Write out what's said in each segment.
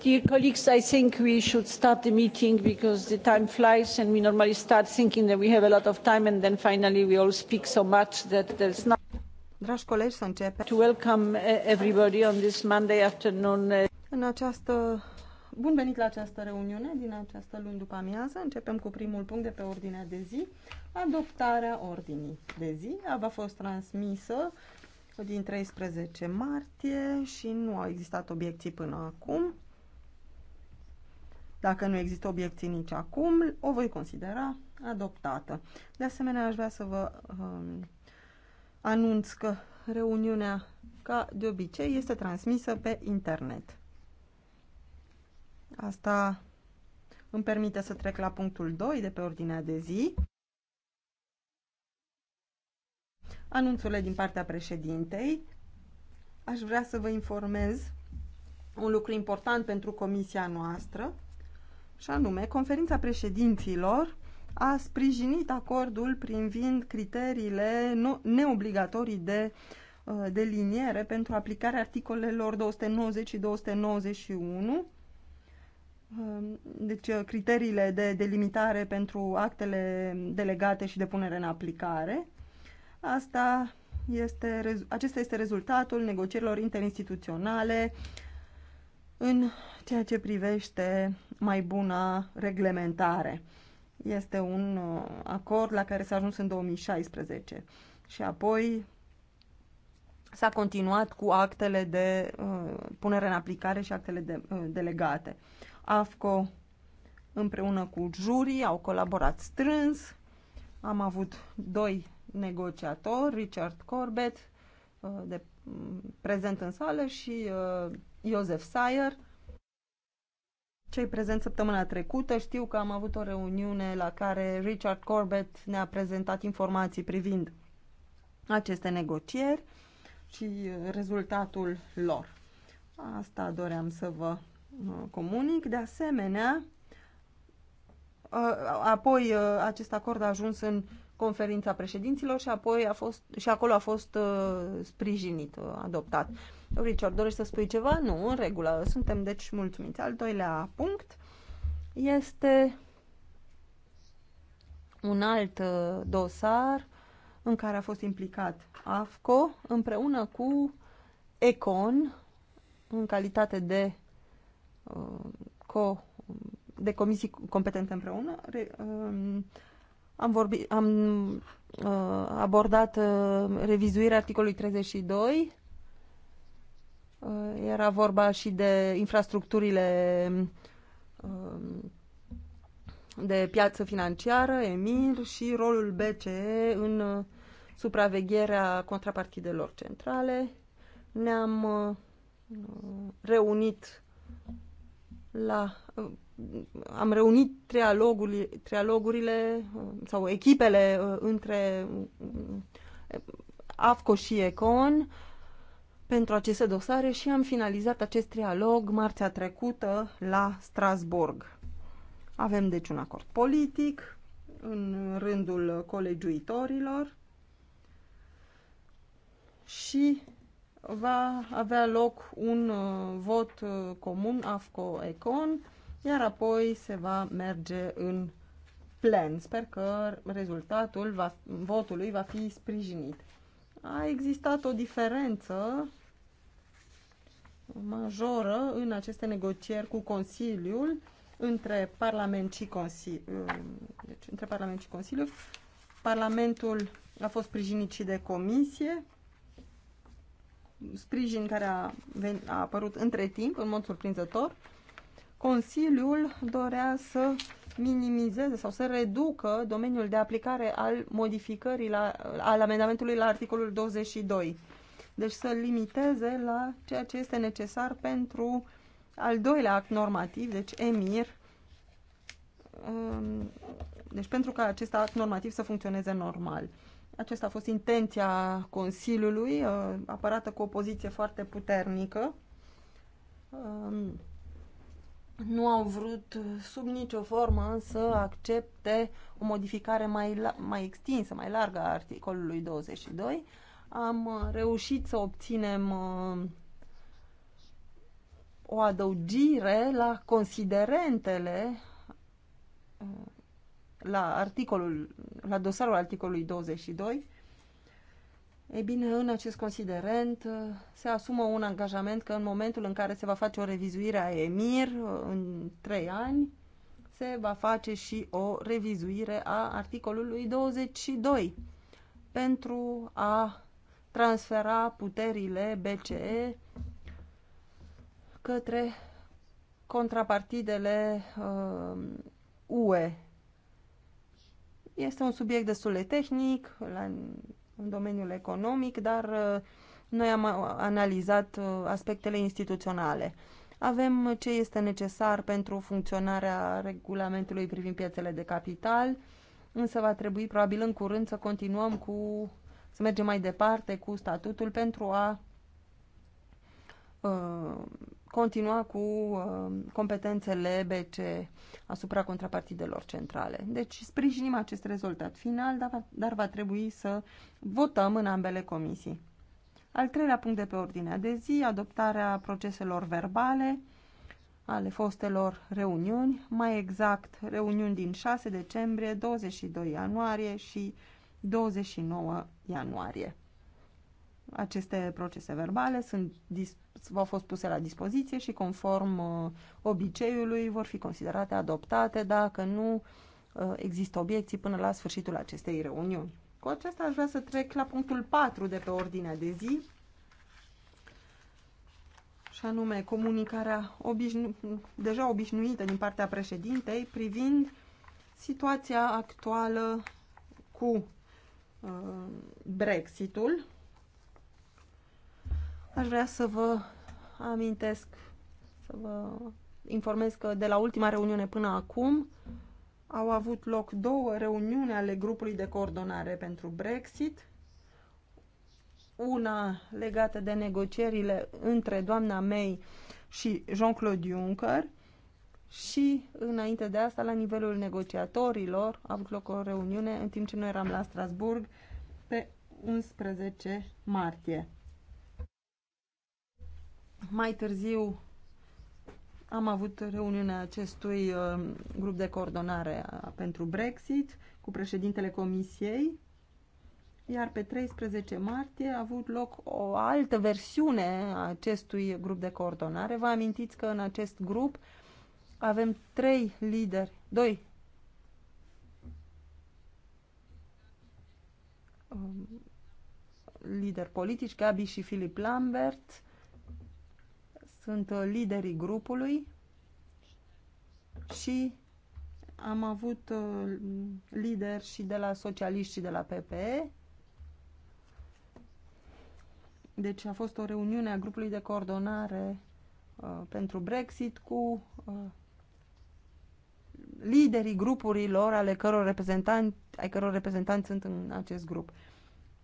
Dear colleagues, I think we should start the meeting because the time flies and we normally start thinking that we have a lot of time and then finally we all speak so much that there's not... Dragi colegi, să începem. To welcome eh, everybody on this Monday afternoon. Eh. În această... Bun venit la această reuniune din această luni după amiază. Începem cu primul punct de pe ordinea de zi. Adoptarea ordinii de zi. Ea a fost transmisă din 13 martie și nu au existat obiecții până acum. Dacă nu există obiecții nici acum, o voi considera adoptată. De asemenea, aș vrea să vă um, anunț că reuniunea, ca de obicei, este transmisă pe internet. Asta îmi permite să trec la punctul 2 de pe ordinea de zi. Anunțurile din partea președintei. Aș vrea să vă informez un lucru important pentru comisia noastră și anume, conferința președinților a sprijinit acordul privind criteriile neobligatorii de uh, deliniere pentru aplicarea articolelor 290 și 291 um, deci uh, criteriile de delimitare pentru actele delegate și de punere în aplicare. Asta este, acesta este rezultatul negocierilor interinstituționale în ceea ce privește mai bună reglementare. Este un uh, acord la care s-a ajuns în 2016 și apoi s-a continuat cu actele de uh, punere în aplicare și actele de, uh, delegate. AFCO împreună cu jurii au colaborat strâns. Am avut doi negociatori, Richard Corbett, uh, de, mm, prezent în sală, și uh, Joseph Sayer, cei prezent săptămâna trecută știu că am avut o reuniune la care Richard Corbett ne-a prezentat informații privind aceste negocieri și uh, rezultatul lor. Asta doream să vă uh, comunic. De asemenea, uh, apoi acest acord a ajuns în conferința președinților și apoi a fost și acolo a fost sprijinit, adoptat. Richard, dorești să spui ceva? Nu, în regulă. Suntem, deci, mulțumiți. Al doilea punct este un alt uh, dosar în care a fost implicat AFCO împreună cu ECON în calitate de uh, co de comisii competente împreună. Um, am, vorbit, am uh, abordat revizuirea articolului 32 Uh, era vorba și de infrastructurile um, de piață financiară, EMIR și rolul BCE în uh, supravegherea contrapartidelor centrale. Ne-am uh, reunit la am reunit trialogurile, trialogurile sau echipele între AFCO și ECON pentru aceste dosare și am finalizat acest trialog marțea trecută la Strasburg. Avem deci un acord politic în rândul colegiuitorilor și va avea loc un uh, vot uh, comun AFCO-ECON, iar apoi se va merge în plen. Sper că rezultatul va, votului va fi sprijinit. A existat o diferență majoră în aceste negocieri cu Consiliul între Parlament și Consiliul, um, Deci, între Parlament și Consiliu. Parlamentul a fost sprijinit și de Comisie, sprijin care a, venit, a apărut între timp, în mod surprinzător. Consiliul dorea să minimizeze sau să reducă domeniul de aplicare al modificării la, al amendamentului la articolul 22. Deci să limiteze la ceea ce este necesar pentru al doilea act normativ, deci EMIR, um, deci pentru ca acest act normativ să funcționeze normal. Aceasta a fost intenția Consiliului, uh, apărată cu o poziție foarte puternică. Um, nu au vrut uh, sub nicio formă să accepte o modificare mai, mai extinsă, mai largă a articolului 22, am uh, reușit să obținem uh, o adăugire la considerentele uh, la articolul, la dosarul articolului 22 ei bine, în acest considerent se asumă un angajament că în momentul în care se va face o revizuire a EMIR în trei ani, se va face și o revizuire a articolului 22 pentru a transfera puterile BCE către contrapartidele uh, UE. Este un subiect destul de tehnic la, în domeniul economic, dar uh, noi am uh, analizat uh, aspectele instituționale. Avem ce este necesar pentru funcționarea regulamentului privind piețele de capital, însă va trebui probabil în curând să continuăm cu să mergem mai departe cu statutul pentru a uh, continua cu uh, competențele BC asupra contrapartidelor centrale. Deci sprijinim acest rezultat final, dar va, dar va trebui să votăm în ambele comisii. Al treilea punct de pe ordinea de zi, adoptarea proceselor verbale ale fostelor reuniuni, mai exact reuniuni din 6 decembrie, 22 ianuarie și 29 ianuarie. Aceste procese verbale sunt, au fost puse la dispoziție și conform uh, obiceiului vor fi considerate adoptate dacă nu uh, există obiecții până la sfârșitul acestei reuniuni. Cu acesta aș vrea să trec la punctul 4 de pe ordinea de zi, și anume comunicarea obișnu- deja obișnuită din partea președintei privind situația actuală cu Brexitul. Aș vrea să vă amintesc, să vă informez că de la ultima reuniune până acum au avut loc două reuniuni ale grupului de coordonare pentru Brexit. Una legată de negocierile între doamna May și Jean-Claude Juncker și înainte de asta, la nivelul negociatorilor, a avut loc o reuniune în timp ce noi eram la Strasburg pe 11 martie. Mai târziu am avut reuniunea acestui uh, grup de coordonare uh, pentru Brexit cu președintele Comisiei, iar pe 13 martie a avut loc o altă versiune a acestui grup de coordonare. Vă amintiți că în acest grup avem trei lideri, doi lideri politici, Gabi și Filip Lambert, sunt liderii grupului și am avut uh, lideri și de la socialiști și de la PPE. Deci a fost o reuniune a grupului de coordonare uh, pentru Brexit cu uh, liderii grupurilor ale căror reprezentanți, ai căror reprezentanți sunt în acest grup.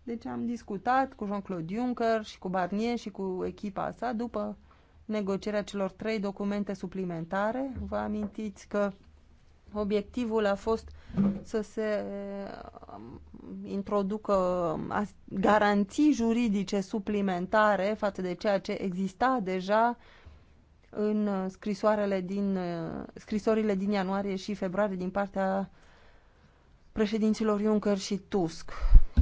Deci am discutat cu Jean-Claude Juncker și cu Barnier și cu echipa sa după negocierea celor trei documente suplimentare. Vă amintiți că obiectivul a fost să se um, introducă um, garanții juridice suplimentare față de ceea ce exista deja în uh, scrisoarele din, uh, scrisorile din ianuarie și februarie din partea președinților Juncker și Tusk.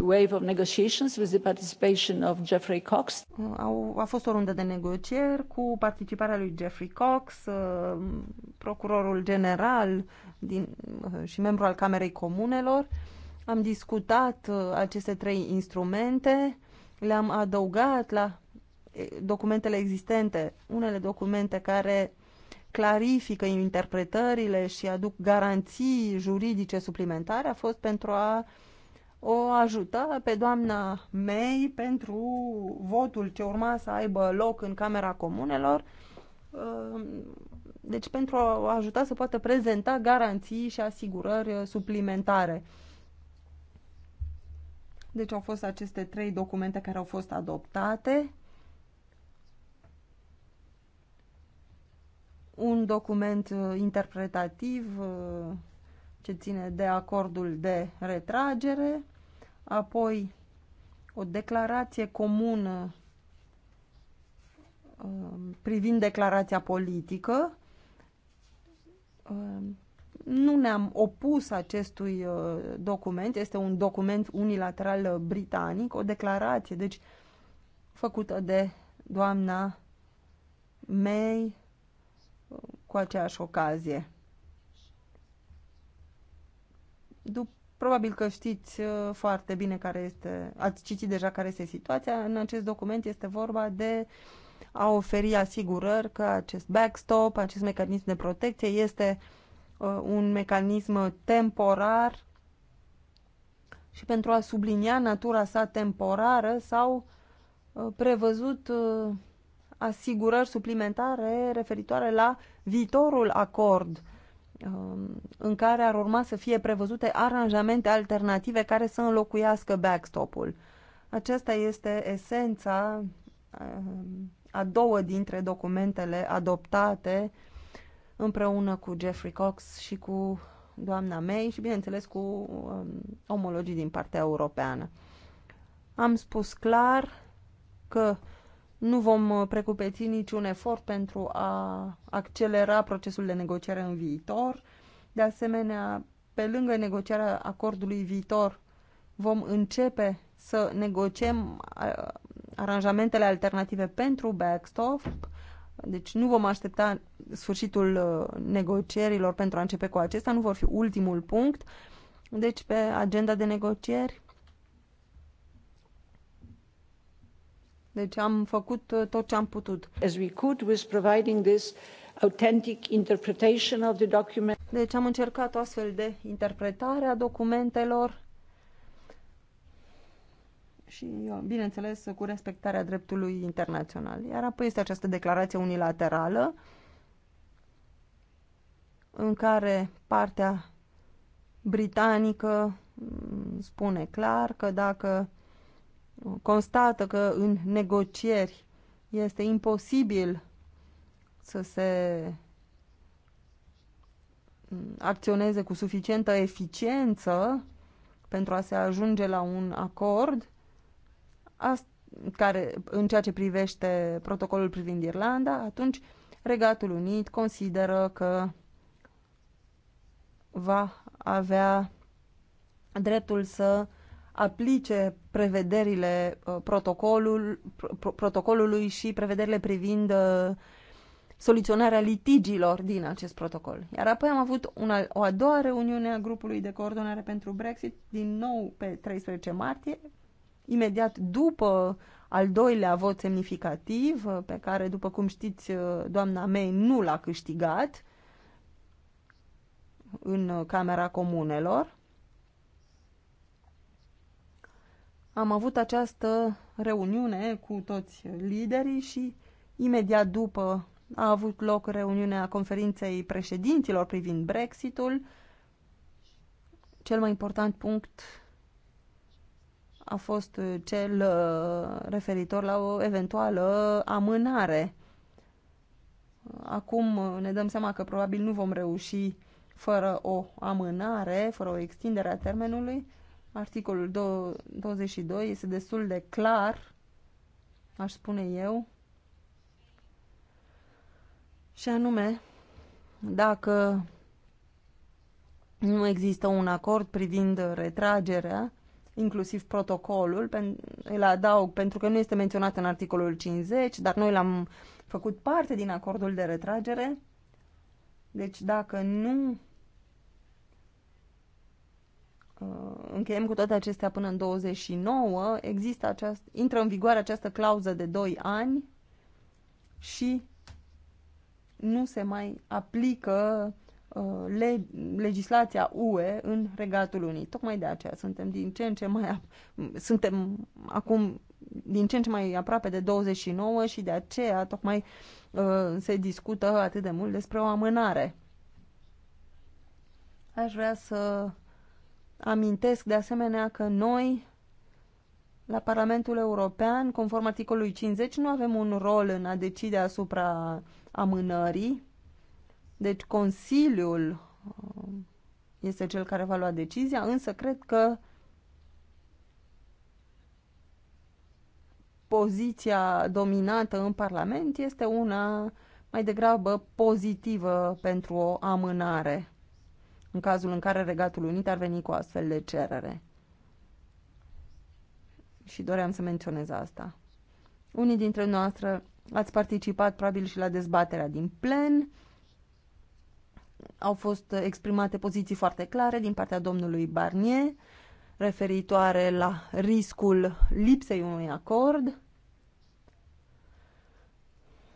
Wave of negotiations with the participation of Jeffrey Cox. Uh, au, a fost o rundă de negocieri cu participarea lui Jeffrey Cox, procurorul general din, și membru al Camerei Comunelor. Am discutat aceste trei instrumente, le-am adăugat la documentele existente, unele documente care clarifică interpretările și aduc garanții juridice suplimentare a fost pentru a o ajuta pe doamna May pentru votul ce urma să aibă loc în Camera Comunelor, uh, deci pentru a ajuta să poată prezenta garanții și asigurări suplimentare. Deci au fost aceste trei documente care au fost adoptate un document uh, interpretativ uh, ce ține de acordul de retragere, apoi o declarație comună um, privind declarația politică. Um, nu ne-am opus acestui uh, document, este un document unilateral britanic, o declarație, deci făcută de doamna May cu aceeași ocazie. Dup probabil că știți uh, foarte bine care este, ați citit deja care este situația. În acest document este vorba de a oferi asigurări că acest backstop, acest mecanism de protecție este uh, un mecanism temporar și pentru a sublinia natura sa temporară s-au uh, prevăzut asigurări suplimentare referitoare la viitorul acord um, în care ar urma să fie prevăzute aranjamente alternative care să înlocuiască backstop-ul. Aceasta este esența um, a două dintre documentele adoptate împreună cu Jeffrey Cox și cu doamna May și, bineînțeles, cu um, omologii din partea europeană. Am spus clar că nu vom uh, precupeți niciun efort pentru a accelera procesul de negociere în viitor. De asemenea, pe lângă negocierea acordului viitor, vom începe să negociem uh, aranjamentele alternative pentru backstop. Deci nu vom aștepta sfârșitul uh, negocierilor pentru a începe cu acesta, nu vor fi ultimul punct. Deci pe agenda de negocieri Deci am făcut uh, tot ce am putut. As we could with providing this authentic interpretation of the document. Deci am încercat o astfel de interpretare a documentelor și, bineînțeles, cu respectarea dreptului internațional. Iar apoi este această declarație unilaterală în care partea britanică mm, spune clar că dacă constată că în negocieri este imposibil să se acționeze cu suficientă eficiență pentru a se ajunge la un acord care, în ceea ce privește protocolul privind Irlanda, atunci Regatul Unit consideră că va avea dreptul să uh, aplice prevederile uh, protocolul, protocolului și prevederile privind uh, soluționarea litigiilor din acest protocol. Iar apoi am avut una, o a doua reuniune a grupului de coordonare pentru Brexit, din nou pe 13 martie, imediat după al doilea vot semnificativ, uh, pe care, după cum știți, doamna May nu l-a câștigat în Camera Comunelor. am avut această reuniune cu toți liderii și imediat după a avut loc reuniunea conferinței președinților privind Brexitul. Cel mai important punct a fost cel uh, referitor la o eventuală amânare. Acum uh, ne dăm seama că probabil nu vom reuși fără o amânare, fără o extindere a termenului, Articolul 22 este destul de clar, aș spune eu, și anume, dacă nu există un acord privind retragerea, inclusiv protocolul, îl adaug pentru că nu este menționat în articolul 50, dar noi l-am făcut parte din acordul de retragere. Deci dacă nu Uh, încheiem cu toate acestea până în 29, există această, intră în vigoare această clauză de 2 ani și nu se mai aplică uh, le, legislația UE în Regatul Unit. Tocmai de aceea suntem din ce în ce mai suntem acum din ce în ce mai aproape de 29 și de aceea tocmai uh, se discută atât de mult despre o amânare. Aș vrea să Amintesc de asemenea că noi, la Parlamentul European, conform articolului 50, nu avem un rol în a decide asupra amânării. Deci Consiliul uh, este cel care va lua decizia, însă cred că poziția dominată în Parlament este una mai degrabă pozitivă pentru o amânare în cazul în care Regatul Unit ar veni cu o astfel de cerere. Și doream să menționez asta. Unii dintre noastre ați participat probabil și la dezbaterea din plen. Au fost exprimate poziții foarte clare din partea domnului Barnier referitoare la riscul lipsei unui acord.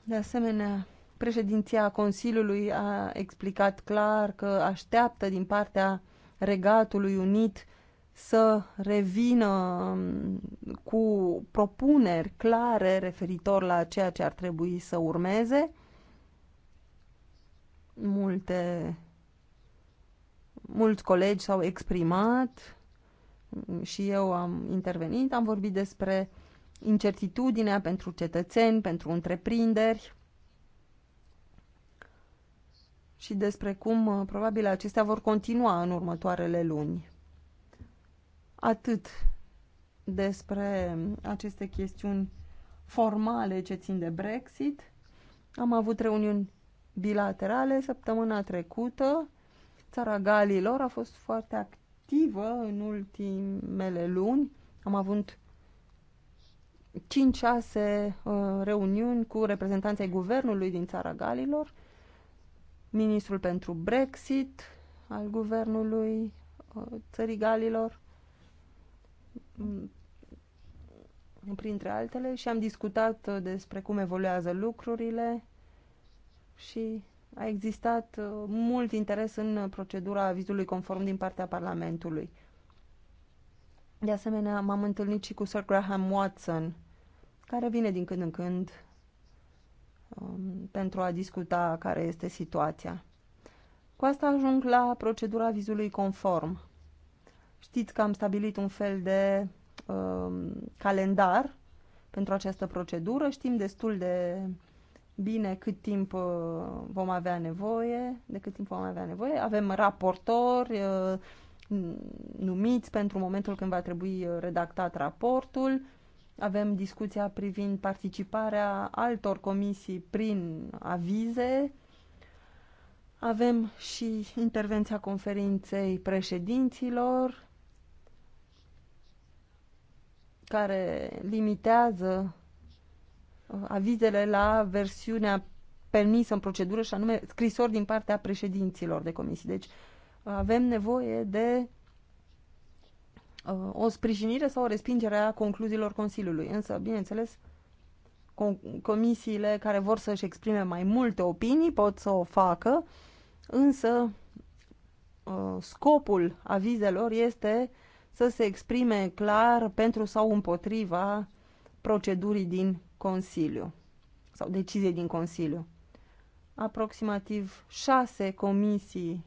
De asemenea, Președinția Consiliului a explicat clar că așteaptă din partea Regatului Unit să revină um, cu propuneri clare referitor la ceea ce ar trebui să urmeze. Multe, mulți colegi s-au exprimat um, și eu am intervenit, am vorbit despre incertitudinea pentru cetățeni, pentru întreprinderi și despre cum uh, probabil acestea vor continua în următoarele luni. Atât despre aceste chestiuni formale ce țin de Brexit. Am avut reuniuni bilaterale săptămâna trecută. Țara Galilor a fost foarte activă în ultimele luni. Am avut 5-6 uh, reuniuni cu reprezentanții guvernului din Țara Galilor ministrul pentru Brexit al guvernului uh, țării Galilor, mm, printre altele, și am discutat uh, despre cum evoluează lucrurile și a existat uh, mult interes în procedura vizului conform din partea Parlamentului. De asemenea, m-am întâlnit și cu Sir Graham Watson, care vine din când în când um, pentru a discuta care este situația. Cu asta ajung la procedura vizului conform. Știți că am stabilit un fel de um, calendar pentru această procedură, știm destul de bine cât timp uh, vom avea nevoie, de cât timp vom avea nevoie. Avem raportori uh, numiți pentru momentul când va trebui uh, redactat raportul avem discuția privind participarea altor comisii prin avize. Avem și intervenția conferinței președinților care limitează uh, avizele la versiunea permisă în procedură și anume scrisori din partea președinților de comisii. Deci uh, avem nevoie de Uh, o sprijinire sau o respingere a concluziilor Consiliului. Însă, bineînțeles, comisiile care vor să-și exprime mai multe opinii pot să o facă, însă uh, scopul avizelor este să se exprime clar pentru sau împotriva procedurii din Consiliu sau deciziei din Consiliu. Aproximativ șase comisii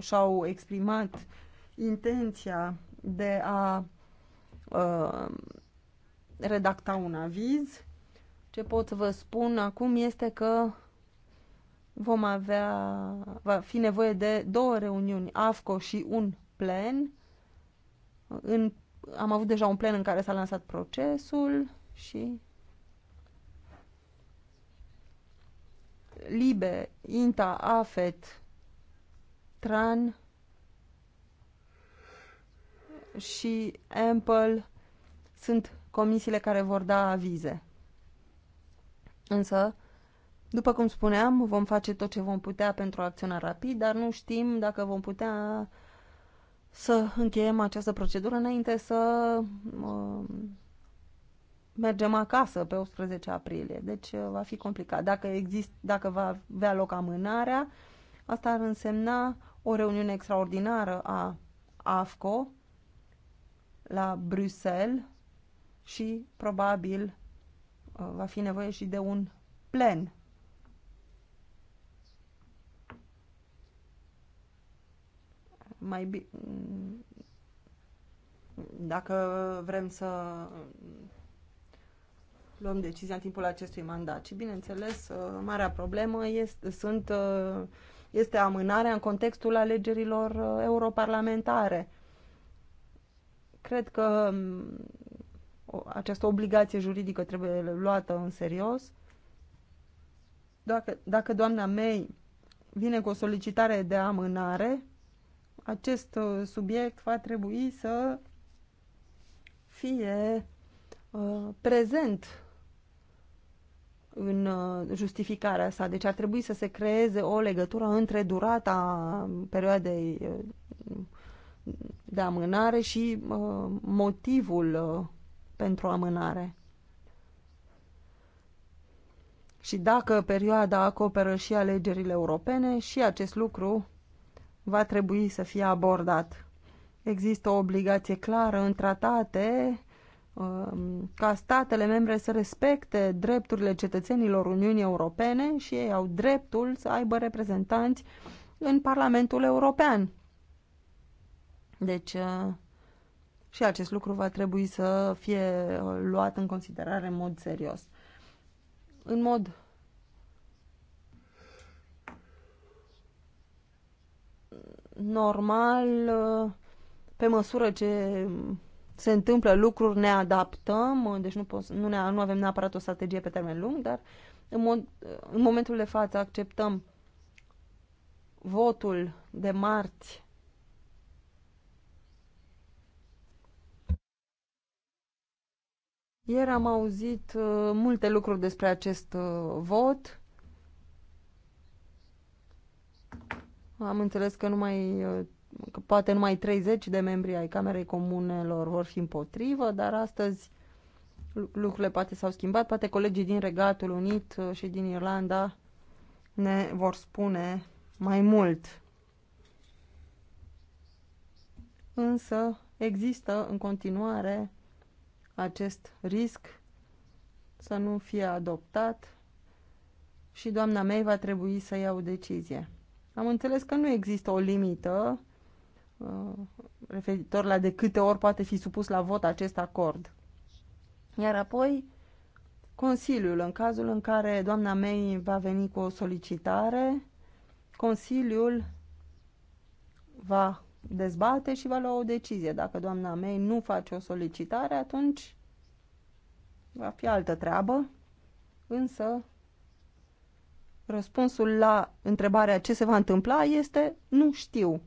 și-au exprimat intenția de a uh, redacta un aviz. Ce pot să vă spun acum este că vom avea, va fi nevoie de două reuniuni, AFCO și un plen. În, am avut deja un plen în care s-a lansat procesul și Libe, Inta, Afet, Tran, și Ample sunt comisiile care vor da avize. Însă, după cum spuneam, vom face tot ce vom putea pentru a acționa rapid, dar nu știm dacă vom putea să încheiem această procedură înainte să uh, mergem acasă pe 18 aprilie. Deci uh, va fi complicat. Dacă, exist, dacă va avea loc amânarea, asta ar însemna o reuniune extraordinară a AFCO la Bruxelles și probabil uh, va fi nevoie și de un plen. Mai bine dacă vrem să luăm decizia în timpul acestui mandat. Și, bineînțeles, uh, marea problemă este, sunt, uh, este amânarea în contextul alegerilor europarlamentare. Cred că mm, această obligație juridică trebuie luată în serios. Dacă, dacă doamna May vine cu o solicitare de amânare, acest uh, subiect va trebui să fie uh, prezent în uh, justificarea sa. Deci ar trebui să se creeze o legătură între durata perioadei uh, de amânare și uh, motivul uh, pentru amânare. Și dacă perioada acoperă și alegerile europene, și acest lucru va trebui să fie abordat. Există o obligație clară în tratate um, ca statele membre să respecte drepturile cetățenilor Uniunii Europene și ei au dreptul să aibă reprezentanți în Parlamentul European. Deci uh, și acest lucru va trebui să fie uh, luat în considerare în mod serios. În mod normal, uh, pe măsură ce se întâmplă lucruri, ne adaptăm, deci nu, pot, nu, ne, nu avem neapărat o strategie pe termen lung, dar în, mod, în momentul de față acceptăm votul de marți Ieri am auzit uh, multe lucruri despre acest uh, vot. Am înțeles că numai uh, că poate numai 30 de membri ai Camerei Comunelor vor fi împotrivă, dar astăzi lucrurile poate s-au schimbat, poate colegii din Regatul Unit uh, și din Irlanda ne vor spune mai mult. Însă există în continuare acest risc să nu fie adoptat și doamna mei va trebui să ia o decizie. Am înțeles că nu există o limită uh, referitor la de câte ori poate fi supus la vot acest acord. Iar apoi, Consiliul, în cazul în care doamna Mei va veni cu o solicitare, Consiliul va dezbate și va lua o decizie. Dacă doamna May nu face o solicitare, atunci va fi altă treabă, însă răspunsul la întrebarea ce se va întâmpla este nu știu.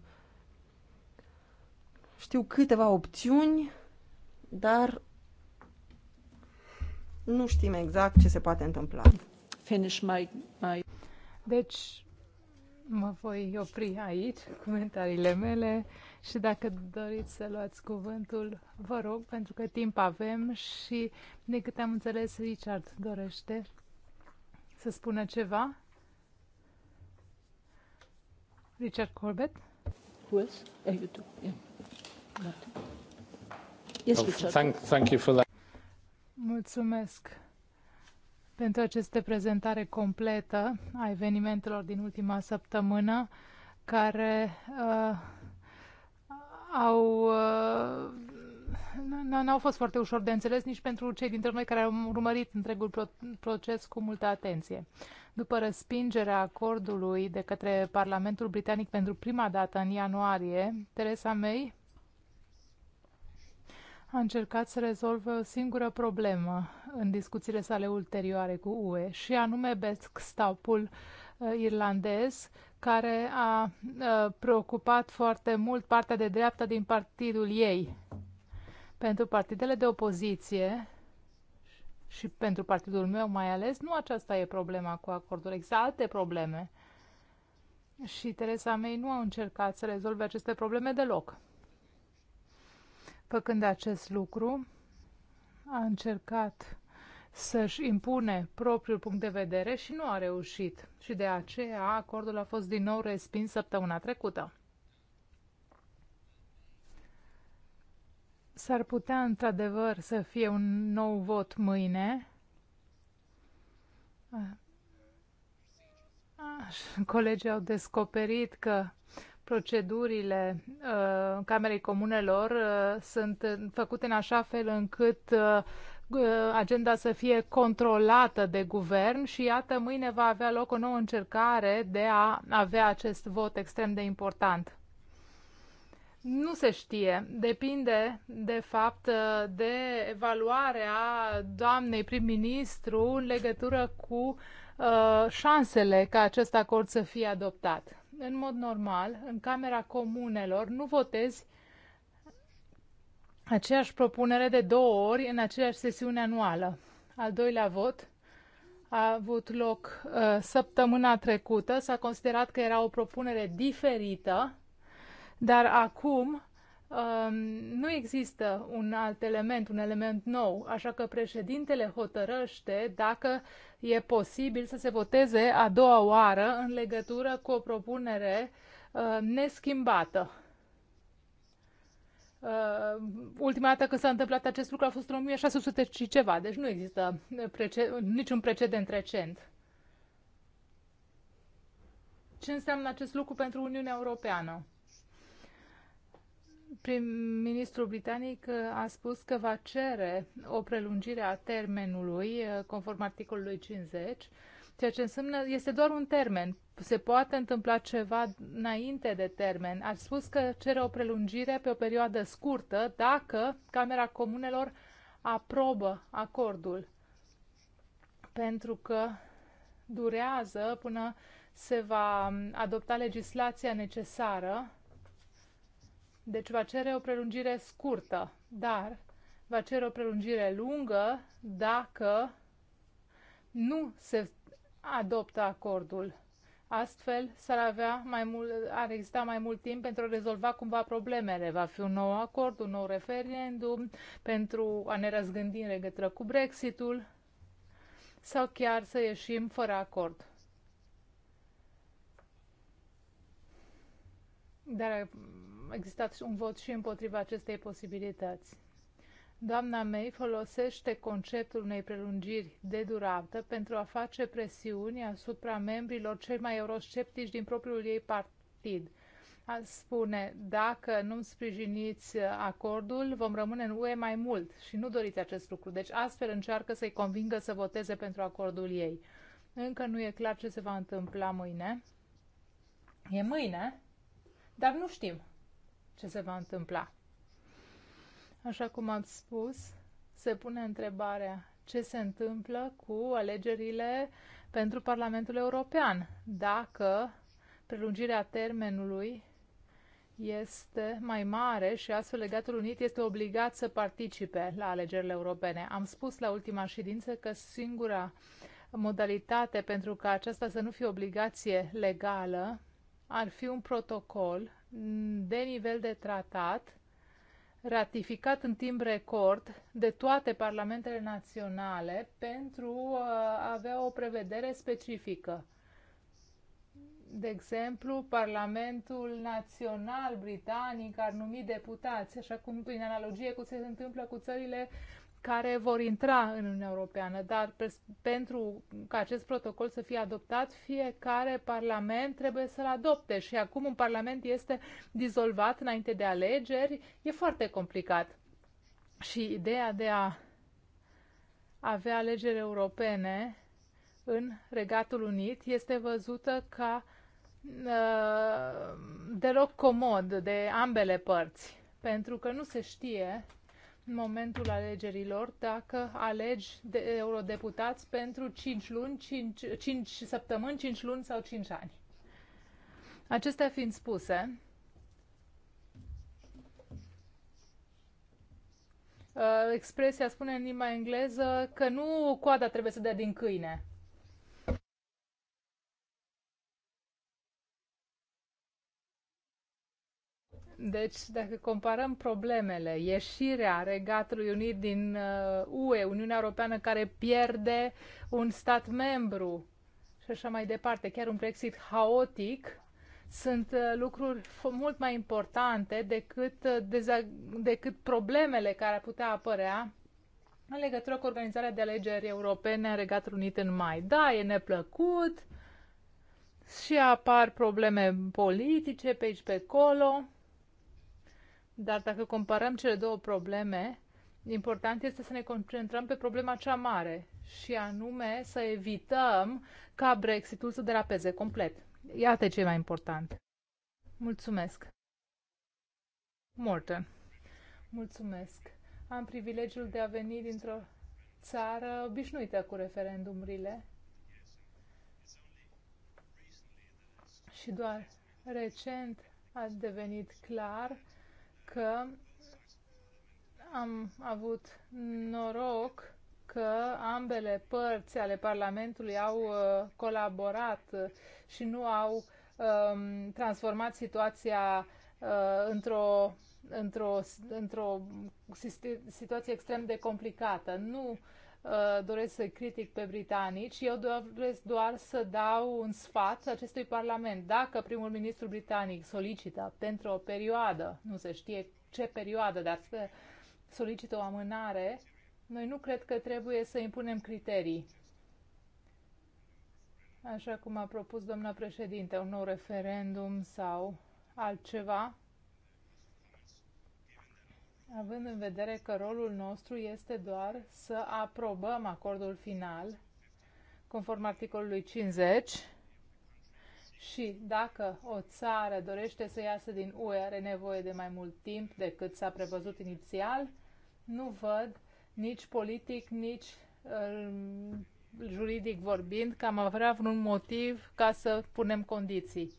Știu câteva opțiuni, dar nu știm exact ce se poate întâmpla. Finish my, my... Deci, Mă voi opri aici comentariile mele și dacă doriți să luați cuvântul, vă rog, pentru că timp avem și, de câte am înțeles, Richard dorește să spună ceva. Richard Corbett? Who else? you Yeah. Yes, oh, Richard. Thank, thank you for that. Mulțumesc pentru această prezentare completă a evenimentelor din ultima săptămână care uh, au uh, nu au fost foarte ușor de înțeles nici pentru cei dintre noi care au urmărit întregul proces cu multă atenție. După respingerea acordului de către Parlamentul Britanic pentru prima dată în ianuarie, Theresa May a încercat să rezolve o singură problemă în discuțiile sale ulterioare cu UE, și anume backstop-ul uh, irlandez, care a uh, preocupat foarte mult partea de dreapta din partidul ei. Pentru partidele de opoziție și pentru partidul meu mai ales, nu aceasta e problema cu acordul, există alte probleme. Și Teresa May nu a încercat să rezolve aceste probleme deloc. Făcând acest lucru, a încercat să-și impune propriul punct de vedere și nu a reușit. Și de aceea acordul a fost din nou respins săptămâna trecută. S-ar putea într-adevăr să fie un nou vot mâine. Colegii au descoperit că procedurile uh, Camerei Comunelor uh, sunt făcute în așa fel încât uh, agenda să fie controlată de guvern și iată, mâine va avea loc o nouă încercare de a avea acest vot extrem de important. Nu se știe. Depinde, de fapt, uh, de evaluarea doamnei prim-ministru în legătură cu uh, șansele ca acest acord să fie adoptat în mod normal, în Camera Comunelor, nu votezi aceeași propunere de două ori în aceeași sesiune anuală. Al doilea vot a avut loc uh, săptămâna trecută. S-a considerat că era o propunere diferită, dar acum Um, nu există un alt element, un element nou, așa că președintele hotărăște dacă e posibil să se voteze a doua oară în legătură cu o propunere uh, neschimbată. Uh, ultima dată când s-a întâmplat acest lucru a fost în 1600 și ceva, deci nu există prece- niciun precedent recent. Ce înseamnă acest lucru pentru Uniunea Europeană? Prim-ministrul britanic a spus că va cere o prelungire a termenului uh, conform articolului 50, ceea ce înseamnă este doar un termen. Se poate întâmpla ceva înainte de termen. A spus că cere o prelungire pe o perioadă scurtă dacă Camera Comunelor aprobă acordul. Pentru că durează până se va adopta legislația necesară deci va cere o prelungire scurtă, dar va cere o prelungire lungă dacă nu se adoptă acordul. Astfel, s-ar avea mai mult, ar exista mai mult timp pentru a rezolva cumva problemele. Va fi un nou acord, un nou referendum pentru a ne răzgândi în legătură cu Brexitul sau chiar să ieșim fără acord. Dar existat un vot și împotriva acestei posibilități. Doamna May folosește conceptul unei prelungiri de durată pentru a face presiuni asupra membrilor cei mai eurosceptici din propriul ei partid. A spune, dacă nu sprijiniți acordul, vom rămâne în UE mai mult și nu doriți acest lucru. Deci astfel încearcă să-i convingă să voteze pentru acordul ei. Încă nu e clar ce se va întâmpla mâine. E mâine, dar nu știm ce se va întâmpla. Așa cum am spus, se pune întrebarea ce se întâmplă cu alegerile pentru Parlamentul European, dacă prelungirea termenului este mai mare și astfel Legatul Unit este obligat să participe la alegerile europene. Am spus la ultima ședință că singura modalitate pentru ca aceasta să nu fie obligație legală ar fi un protocol de nivel de tratat, ratificat în timp record de toate parlamentele naționale pentru a uh, avea o prevedere specifică. De exemplu, Parlamentul Național Britanic ar numi deputați, așa cum prin analogie cu ce se întâmplă cu țările care vor intra în Uniunea Europeană, dar pe, pentru ca acest protocol să fie adoptat, fiecare parlament trebuie să-l adopte și acum un parlament este dizolvat înainte de alegeri, e foarte complicat. Și ideea de a avea alegeri europene în Regatul Unit este văzută ca uh, deloc comod de ambele părți, pentru că nu se știe în momentul alegerilor dacă alegi de eurodeputați pentru 5 luni, 5, 5 săptămâni, 5 luni sau 5 ani. Acestea fiind spuse, uh, expresia spune în limba engleză că nu coada trebuie să dea din câine. Deci, dacă comparăm problemele, ieșirea Regatului Unit din UE, uh, Uniunea Europeană care pierde un stat membru și așa mai departe, chiar un Brexit haotic, sunt uh, lucruri mult mai importante decât, uh, decât problemele care ar putea apărea în legătură cu organizarea de alegeri europene în Regatul Unit în mai. Da, e neplăcut și apar probleme politice pe aici pe acolo, dar dacă comparăm cele două probleme, important este să ne concentrăm pe problema cea mare și anume să evităm ca Brexitul să derapeze complet. Iată ce e mai important. Mulțumesc. Morten. Mulțumesc. Am privilegiul de a veni dintr-o țară obișnuită cu referendumurile. Și doar recent a devenit clar că am avut noroc că ambele părți ale Parlamentului au uh, colaborat și nu au um, transformat situația uh, într-o într-o, într-o situație extrem de complicată. Nu Uh, doresc să critic pe britanici, eu doresc doar să dau un sfat acestui Parlament. Dacă primul ministru britanic solicită pentru o perioadă, nu se știe ce perioadă, dar să solicită o amânare, noi nu cred că trebuie să impunem criterii. Așa cum a propus doamna președinte, un nou referendum sau altceva având în vedere că rolul nostru este doar să aprobăm acordul final, conform articolului 50, și dacă o țară dorește să iasă din UE, are nevoie de mai mult timp decât s-a prevăzut inițial, nu văd nici politic, nici uh, juridic vorbind, că am avea vreun motiv ca să punem condiții.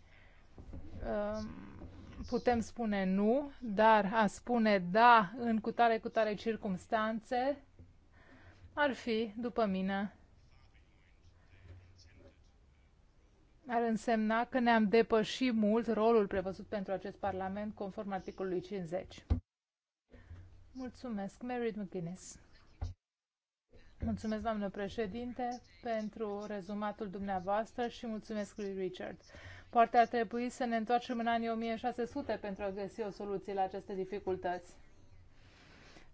Uh, putem spune nu, dar a spune da în cutare cutare circumstanțe ar fi, după mine, ar însemna că ne-am depășit mult rolul prevăzut pentru acest Parlament conform articolului 50. Mulțumesc, Merit McGuinness. Mulțumesc, doamnă președinte, pentru rezumatul dumneavoastră și mulțumesc lui Richard. Poate ar trebui să ne întoarcem în anii 1600 pentru a găsi o soluție la aceste dificultăți.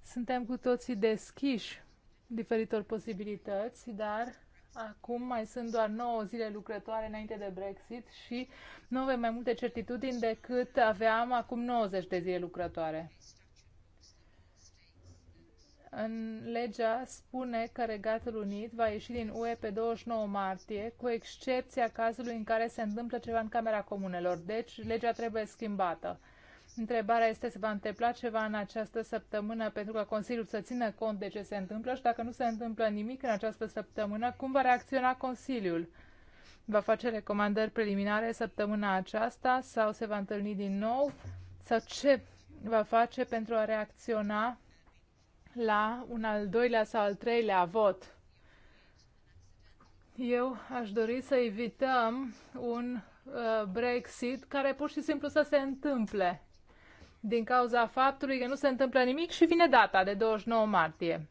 Suntem cu toții deschiși diferitor posibilități, dar acum mai sunt doar 9 zile lucrătoare înainte de Brexit și nu avem mai multe certitudini decât aveam acum 90 de zile lucrătoare în legea spune că Regatul Unit va ieși din UE pe 29 martie, cu excepția cazului în care se întâmplă ceva în Camera Comunelor. Deci, legea trebuie schimbată. Întrebarea este, se va întâmpla ceva în această săptămână pentru ca Consiliul să țină cont de ce se întâmplă și dacă nu se întâmplă nimic în această săptămână, cum va reacționa Consiliul? Va face recomandări preliminare săptămâna aceasta sau se va întâlni din nou? Sau ce va face pentru a reacționa la un al doilea sau al treilea vot. Eu aș dori să evităm un uh, Brexit care pur și simplu să se întâmple din cauza faptului că nu se întâmplă nimic și vine data de 29 martie.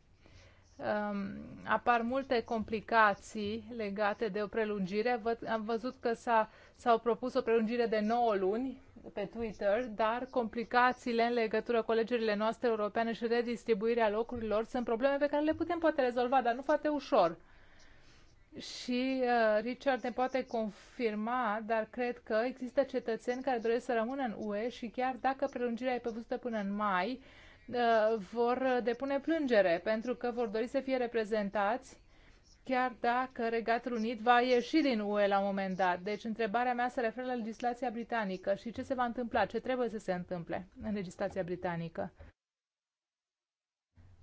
Um, apar multe complicații legate de o prelungire. Vă, am văzut că s-a, s-au propus o prelungire de 9 luni pe Twitter, dar complicațiile în legătură cu alegerile noastre europene și redistribuirea locurilor sunt probleme pe care le putem poate rezolva, dar nu foarte ușor. Și uh, Richard ne poate confirma, dar cred că există cetățeni care doresc să rămână în UE și chiar dacă prelungirea e prevăzută până în mai, uh, vor uh, depune plângere pentru că vor dori să fie reprezentați chiar dacă Regatul Unit va ieși din UE la un moment dat. Deci întrebarea mea se referă la legislația britanică și ce se va întâmpla, ce trebuie să se întâmple în legislația britanică.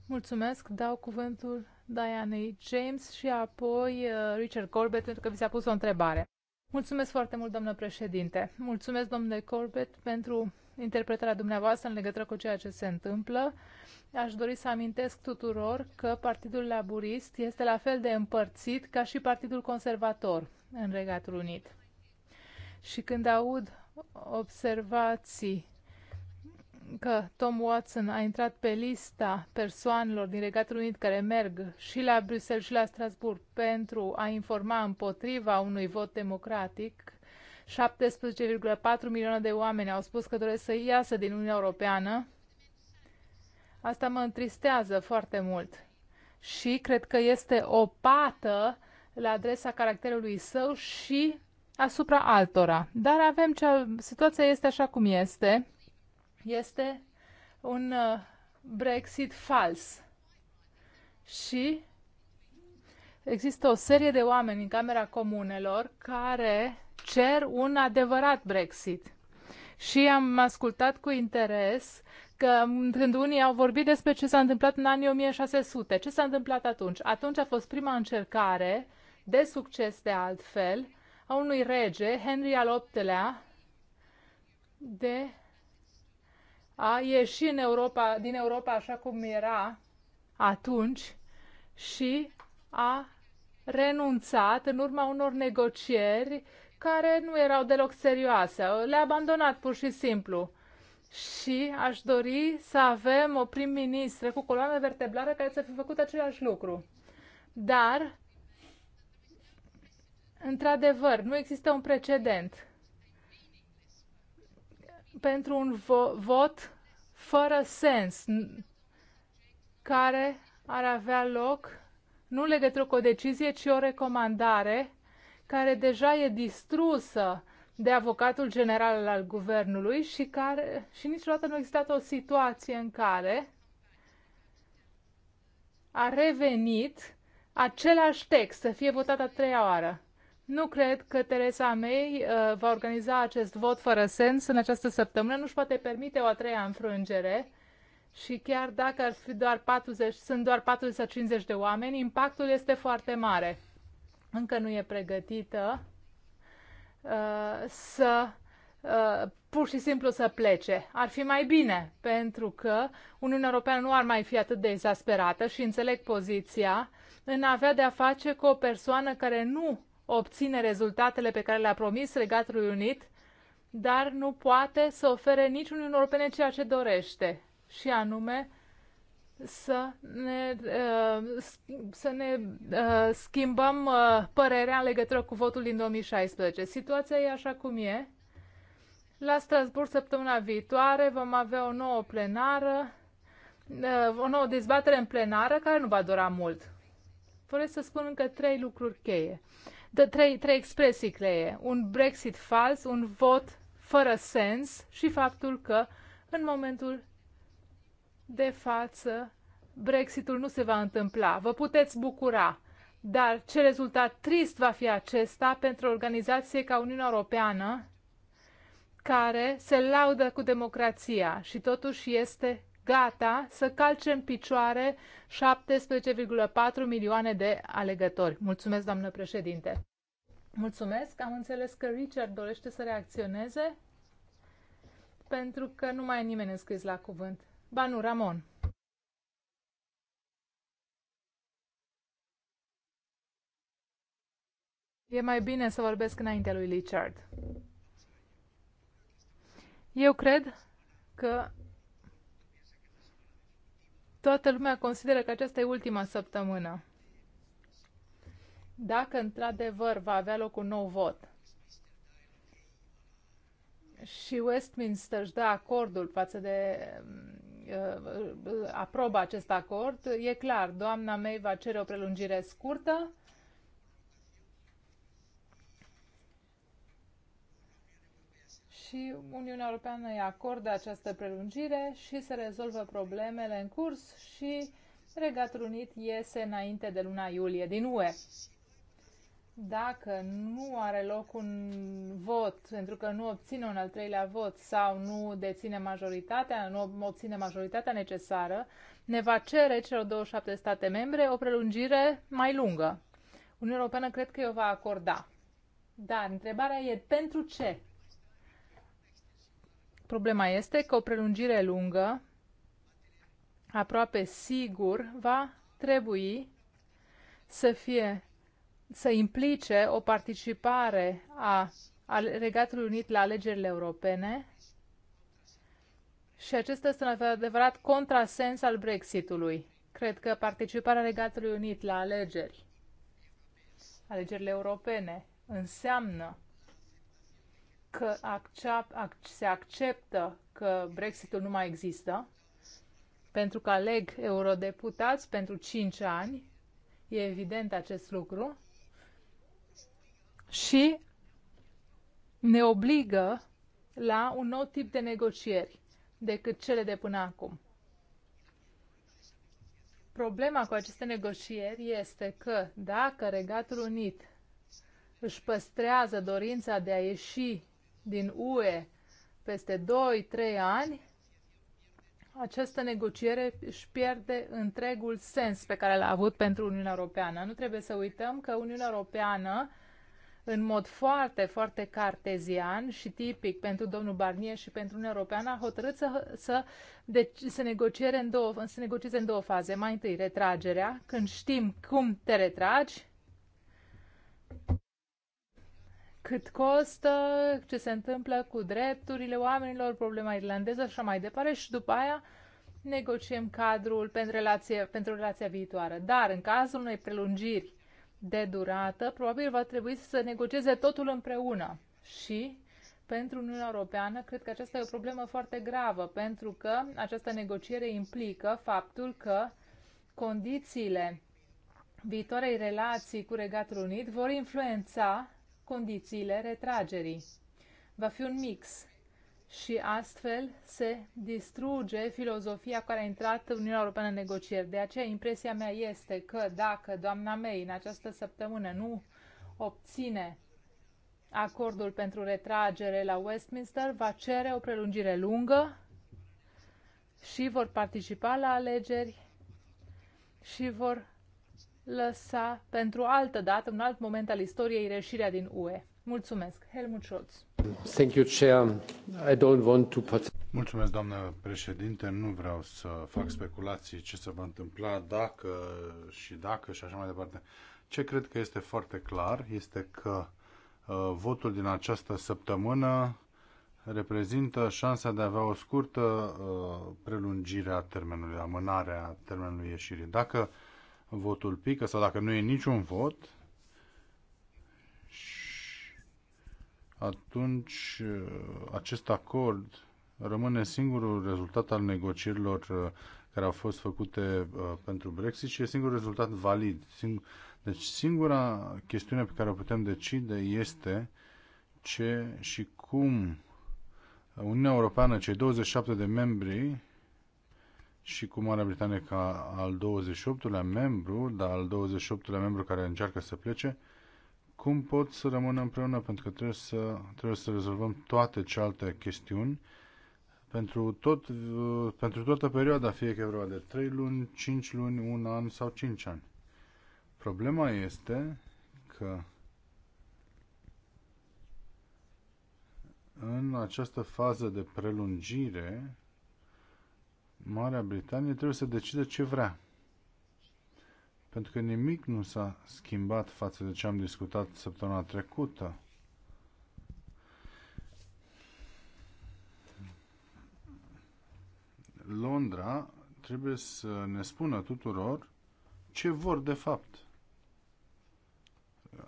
Mulțumesc, dau cuvântul Dianei James și apoi uh, Richard Corbett pentru că vi s-a pus o întrebare. Mulțumesc foarte mult, doamnă președinte. Mulțumesc, domnule Corbett, pentru interpretarea dumneavoastră în legătură cu ceea ce se întâmplă. Aș dori să amintesc tuturor că Partidul Laburist este la fel de împărțit ca și Partidul Conservator în Regatul Unit. Și când aud observații că Tom Watson a intrat pe lista persoanelor din Regatul Unit care merg și la Bruxelles și la Strasburg pentru a informa împotriva unui vot democratic, 17,4 milioane de oameni au spus că doresc să iasă din Uniunea Europeană. Asta mă întristează foarte mult și cred că este o pată la adresa caracterului său și asupra altora. Dar avem cea, situația este așa cum este. Este un uh, Brexit fals. Și există o serie de oameni în Camera Comunelor care cer un adevărat Brexit. Și am ascultat cu interes că când unii au vorbit despre ce s-a întâmplat în anii 1600. Ce s-a întâmplat atunci? Atunci a fost prima încercare de succes de altfel a unui rege, Henry al VIII-lea, de a ieși în Europa, din Europa așa cum era atunci și a renunțat în urma unor negocieri care nu erau deloc serioase. Le-a abandonat pur și simplu. Și aș dori să avem o prim-ministră cu coloană vertebrală care să fi făcut același lucru. Dar, într-adevăr, nu există un precedent pentru un vo- vot fără sens care ar avea loc nu legătură cu o decizie, ci o recomandare care deja e distrusă de avocatul general al guvernului și, care, și niciodată nu a existat o situație în care a revenit același text să fie votat a treia oară. Nu cred că Teresa May uh, va organiza acest vot fără sens în această săptămână. Nu-și poate permite o a treia înfrângere și chiar dacă ar fi doar 40, sunt doar 40-50 de oameni, impactul este foarte mare încă nu e pregătită uh, să uh, pur și simplu să plece. Ar fi mai bine, pentru că Uniunea Europeană nu ar mai fi atât de exasperată și înțeleg poziția în a avea de-a face cu o persoană care nu obține rezultatele pe care le-a promis Regatului Unit, dar nu poate să ofere nici Uniunii Europene ceea ce dorește, și anume să ne, uh, să ne uh, schimbăm uh, părerea în legătură cu votul din 2016. Situația e așa cum e. La Strasburg, săptămâna viitoare, vom avea o nouă plenară, o nouă dezbatere în plenară, care nu va dura mult. Vreau să spun încă trei lucruri cheie. De trei, trei expresii cheie. Un Brexit fals, un vot fără sens și faptul că în momentul de față Brexitul nu se va întâmpla. Vă puteți bucura, dar ce rezultat trist va fi acesta pentru o organizație ca Uniunea Europeană, care se laudă cu democrația și totuși este gata să calce în picioare 17,4 milioane de alegători. Mulțumesc, doamnă președinte. Mulțumesc. Am înțeles că Richard dorește să reacționeze pentru că nu mai e nimeni înscris la cuvânt. Banu Ramon. E mai bine să vorbesc înaintea lui Richard. Eu cred că toată lumea consideră că aceasta e ultima săptămână. Dacă într-adevăr va avea loc un nou vot și Westminster își dă acordul față de Uh, aprobă acest acord. E clar, doamna May va cere o prelungire scurtă. și Uniunea Europeană îi acordă această prelungire și se rezolvă problemele în curs și Regatul Unit iese înainte de luna iulie din UE dacă nu are loc un vot, pentru că nu obține un al treilea vot sau nu deține majoritatea, nu obține majoritatea necesară, ne va cere celor 27 state membre o prelungire mai lungă. Uniunea Europeană cred că o va acorda. Dar întrebarea e pentru ce? Problema este că o prelungire lungă, aproape sigur, va trebui să fie să implice o participare a, Regatului Unit la alegerile europene și acesta este un adevărat contrasens al Brexitului. Cred că participarea Regatului Unit la alegeri, alegerile europene, înseamnă că accept, se acceptă că Brexitul nu mai există, pentru că aleg eurodeputați pentru 5 ani, e evident acest lucru, și ne obligă la un nou tip de negocieri decât cele de până acum. Problema cu aceste negocieri este că dacă Regatul Unit își păstrează dorința de a ieși din UE peste 2-3 ani, această negociere își pierde întregul sens pe care l-a avut pentru Uniunea Europeană. Nu trebuie să uităm că Uniunea Europeană în mod foarte, foarte cartezian și tipic pentru domnul Barnier și pentru Uniunea Europeană, a hotărât să, să, de, deci, să, negociere în două, să negocieze în două faze. Mai întâi retragerea, când știm cum te retragi, cât costă, ce se întâmplă cu drepturile oamenilor, problema irlandeză și așa mai departe și după aia negociem cadrul pentru, relația pentru relația viitoare. Dar în cazul unei prelungiri de durată, probabil va trebui să negocieze totul împreună. Și pentru Uniunea Europeană, cred că aceasta e o problemă foarte gravă, pentru că această negociere implică faptul că condițiile viitoarei relații cu Regatul Unit vor influența condițiile retragerii. Va fi un mix și astfel se distruge filozofia care a intrat în Uniunea Europeană în negocieri. De aceea, impresia mea este că dacă doamna May în această săptămână nu obține acordul pentru retragere la Westminster, va cere o prelungire lungă și vor participa la alegeri și vor lăsa pentru altă dată, un alt moment al istoriei, reșirea din UE. Mulțumesc. Helmut Scholz. Thank you, Chair. I don't want to Mulțumesc, doamnă președinte. Nu vreau să fac speculații ce se va întâmpla dacă și dacă și așa mai departe. Ce cred că este foarte clar este că uh, votul din această săptămână reprezintă șansa de a avea o scurtă uh, prelungire a termenului, amânarea termenului ieșirii. Dacă votul pică sau dacă nu e niciun vot, atunci uh, acest acord rămâne singurul rezultat al negocierilor uh, care au fost făcute uh, pentru Brexit și e singurul rezultat valid. deci singura chestiune pe care o putem decide este ce și cum Uniunea Europeană, cei 27 de membri și cu Marea Britanie ca al 28-lea membru, dar al 28-lea membru care încearcă să plece, cum pot să rămână împreună, pentru că trebuie să, trebuie să rezolvăm toate cealaltă chestiuni pentru, tot, pentru toată perioada, fie că e vorba de 3 luni, 5 luni, 1 an sau 5 ani. Problema este că în această fază de prelungire, Marea Britanie trebuie să decide ce vrea pentru că nimic nu s-a schimbat față de ce am discutat săptămâna trecută. Londra trebuie să ne spună tuturor ce vor de fapt.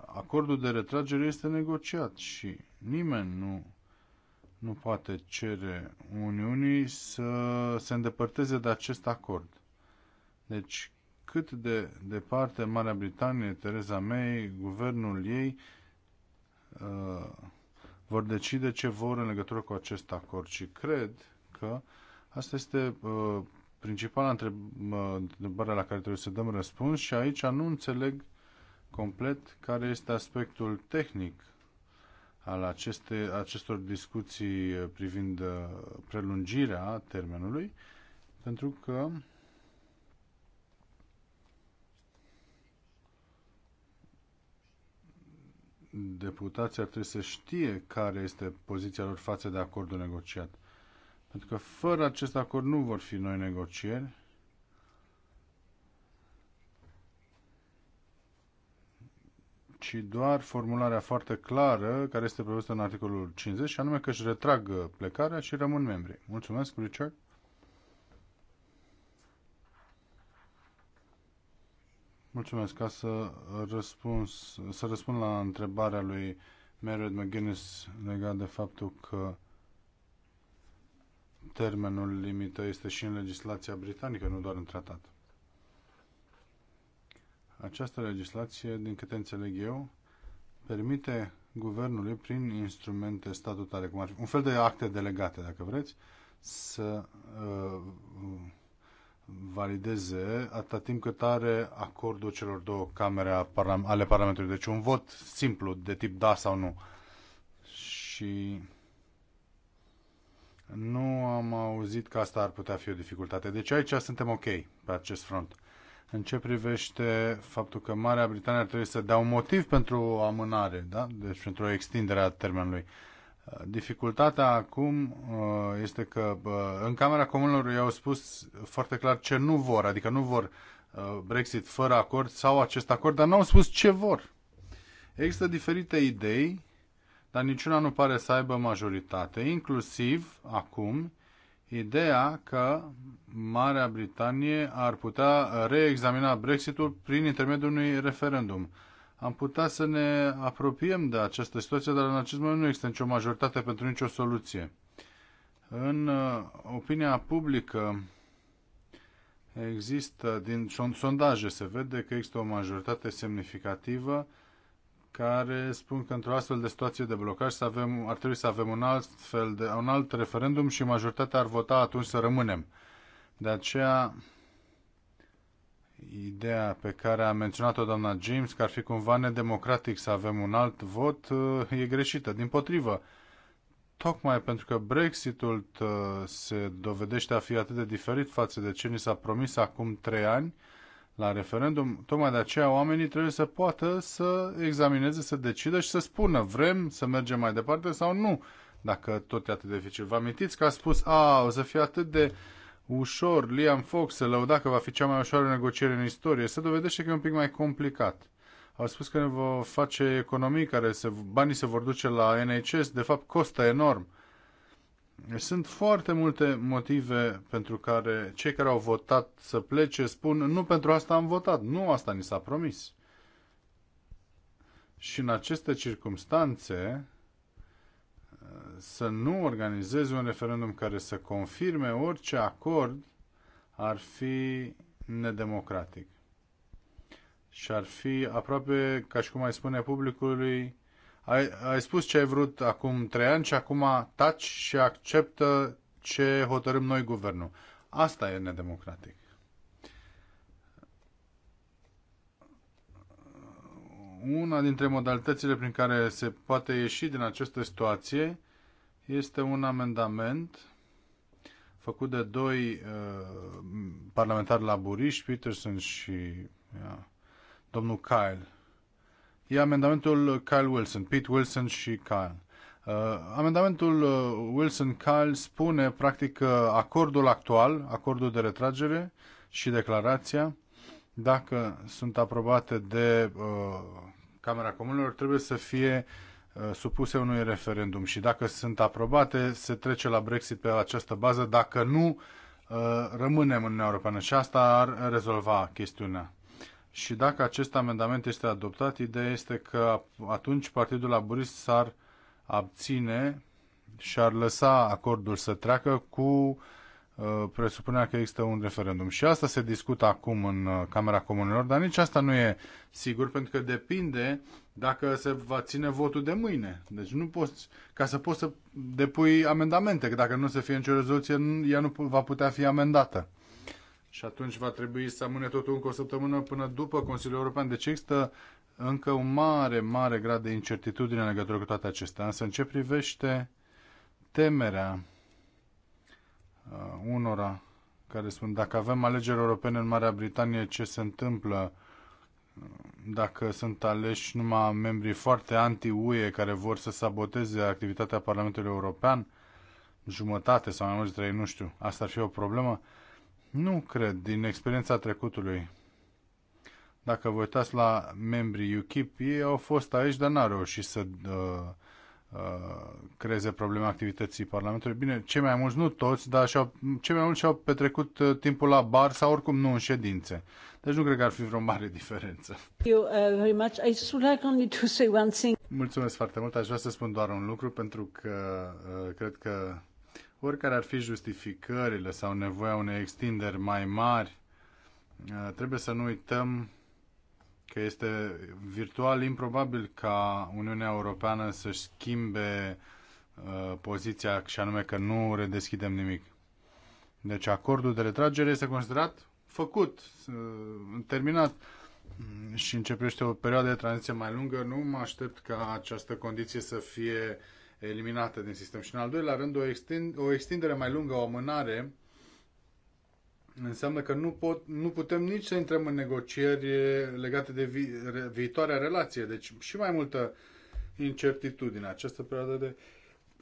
Acordul de retragere este negociat și nimeni nu, nu poate cere Uniunii să se îndepărteze de acest acord. Deci cât de departe Marea Britanie, Tereza May, guvernul ei uh, vor decide ce vor în legătură cu acest acord și cred că asta este uh, principala întrebare la care trebuie să dăm răspuns și aici nu înțeleg complet care este aspectul tehnic al aceste, acestor discuții privind uh, prelungirea termenului, pentru că deputații ar trebui să știe care este poziția lor față de acordul negociat. Pentru că fără acest acord nu vor fi noi negocieri. ci doar formularea foarte clară care este prevăzută în articolul 50, și anume că își retrag plecarea și rămân membri. Mulțumesc, Richard. Mulțumesc. Ca să, răspuns, să răspund la întrebarea lui Meredith McGuinness legat de faptul că termenul limită este și în legislația britanică, nu doar în tratat. Această legislație, din câte înțeleg eu, permite guvernului, prin instrumente statutare, cum ar fi un fel de acte delegate, dacă vreți, să uh, valideze atâta timp cât are acordul celor două camere ale Parlamentului. Deci un vot simplu, de tip da sau nu. Și nu am auzit că asta ar putea fi o dificultate. Deci aici suntem ok pe acest front. În ce privește faptul că Marea Britanie ar trebui să dea un motiv pentru o amânare, da? deci pentru o extindere a termenului. Uh, Dificultatea acum uh, este că uh, în Camera Comunilor i-au spus foarte clar ce nu vor, adică nu vor uh, Brexit fără acord sau acest acord, dar nu au spus ce vor. Există diferite idei, dar niciuna nu pare să aibă majoritate, inclusiv acum ideea că Marea Britanie ar putea reexamina Brexitul prin intermediul unui referendum am putea să ne apropiem de această situație, dar în acest moment nu există nicio majoritate pentru nicio soluție. În uh, opinia publică există, din sondaje se vede că există o majoritate semnificativă care spun că într-o astfel de situație de blocaj să avem, ar trebui să avem un alt, fel de, un alt referendum și majoritatea ar vota atunci să rămânem. De aceea ideea pe care a menționat-o doamna James, că ar fi cumva nedemocratic să avem un alt vot, uh, e greșită. Din potrivă, tocmai pentru că Brexitul uh, se dovedește a fi atât de diferit față de ce ni s-a promis acum trei ani la referendum, tocmai de aceea oamenii trebuie să poată să examineze, să decidă și să spună vrem să mergem mai departe sau nu, dacă tot e atât de dificil. Vă amintiți că a spus, a, o să fie atât de uh, ușor. Liam Fox se lăuda că va fi cea mai ușoară negociere în istorie. Se dovedește că e un pic mai complicat. Au spus că ne va face economii care se, banii se vor duce la NHS. De fapt, costă enorm. Sunt foarte multe motive pentru care cei care au votat să plece spun nu pentru asta am votat, nu asta ni s-a promis. Și în aceste circunstanțe, să nu organizeze un referendum care să confirme orice acord ar fi nedemocratic. Și ar fi aproape, ca și cum ai spune publicului, ai, ai spus ce ai vrut acum trei ani și acum taci și acceptă ce hotărâm noi guvernul. Asta e nedemocratic. Una dintre modalitățile prin care se poate ieși din această situație este un amendament făcut de doi uh, parlamentari laburiști, Peterson și uh, domnul Kyle. E amendamentul Kyle Wilson, Pete Wilson și Kyle. Uh, amendamentul uh, Wilson-Kyle spune practic că acordul actual, acordul de retragere și declarația, dacă sunt aprobate de uh, Camera Comunilor, trebuie să fie uh, Uh, supuse unui referendum și dacă sunt aprobate, se trece la Brexit pe această bază. Dacă nu, uh, rămânem în Uniunea Europeană și asta ar rezolva chestiunea. Și dacă acest amendament este adoptat, ideea este că atunci Partidul Laborist s-ar abține și ar lăsa acordul să treacă cu uh, presupunea că există un referendum. Și asta se discută acum în Camera Comunilor, dar nici asta nu e sigur, pentru că depinde dacă se va ține votul de mâine. Deci nu poți, ca să poți să depui amendamente, că dacă nu se fie nicio rezoluție, ea nu va putea fi amendată. Și atunci va trebui să amâne totul încă o săptămână până după Consiliul European. Deci există încă un mare, mare grad de incertitudine în legătură cu toate acestea. Însă în ce privește temerea uh, unora care spun dacă avem alegeri europene în Marea Britanie, ce se întâmplă dacă sunt aleși numai membrii foarte anti-UE care vor să saboteze activitatea Parlamentului European, jumătate sau mai mulți trei, nu știu, asta ar fi o problemă? Nu cred, din experiența trecutului. Dacă vă uitați la membrii UKIP, ei au fost aici, dar n-au reușit să uh, uh, creeze probleme activității Parlamentului. Bine, cei mai mulți, nu toți, dar și-au, cei mai mulți și-au petrecut uh, timpul la bar sau oricum nu în ședințe. Deci nu cred că ar fi vreo mare diferență. Uh, Mulțumesc foarte mult. Aș vrea să spun doar un lucru pentru că uh, cred că oricare ar fi justificările sau nevoia unei extinderi mai mari, uh, trebuie să nu uităm că este virtual improbabil ca Uniunea Europeană să-și schimbe uh, poziția și anume că nu redeschidem nimic. Deci acordul de retragere este considerat făcut, uh, terminat și începește o perioadă de tranziție mai lungă, nu mă aștept ca această condiție să fie eliminată din sistem. Și în al doilea rând, o, extind, o extindere mai lungă, o amânare, înseamnă că nu, pot, nu putem nici să intrăm în negocieri legate de vi, re, viitoarea relație. Deci și mai multă incertitudine. Această perioadă de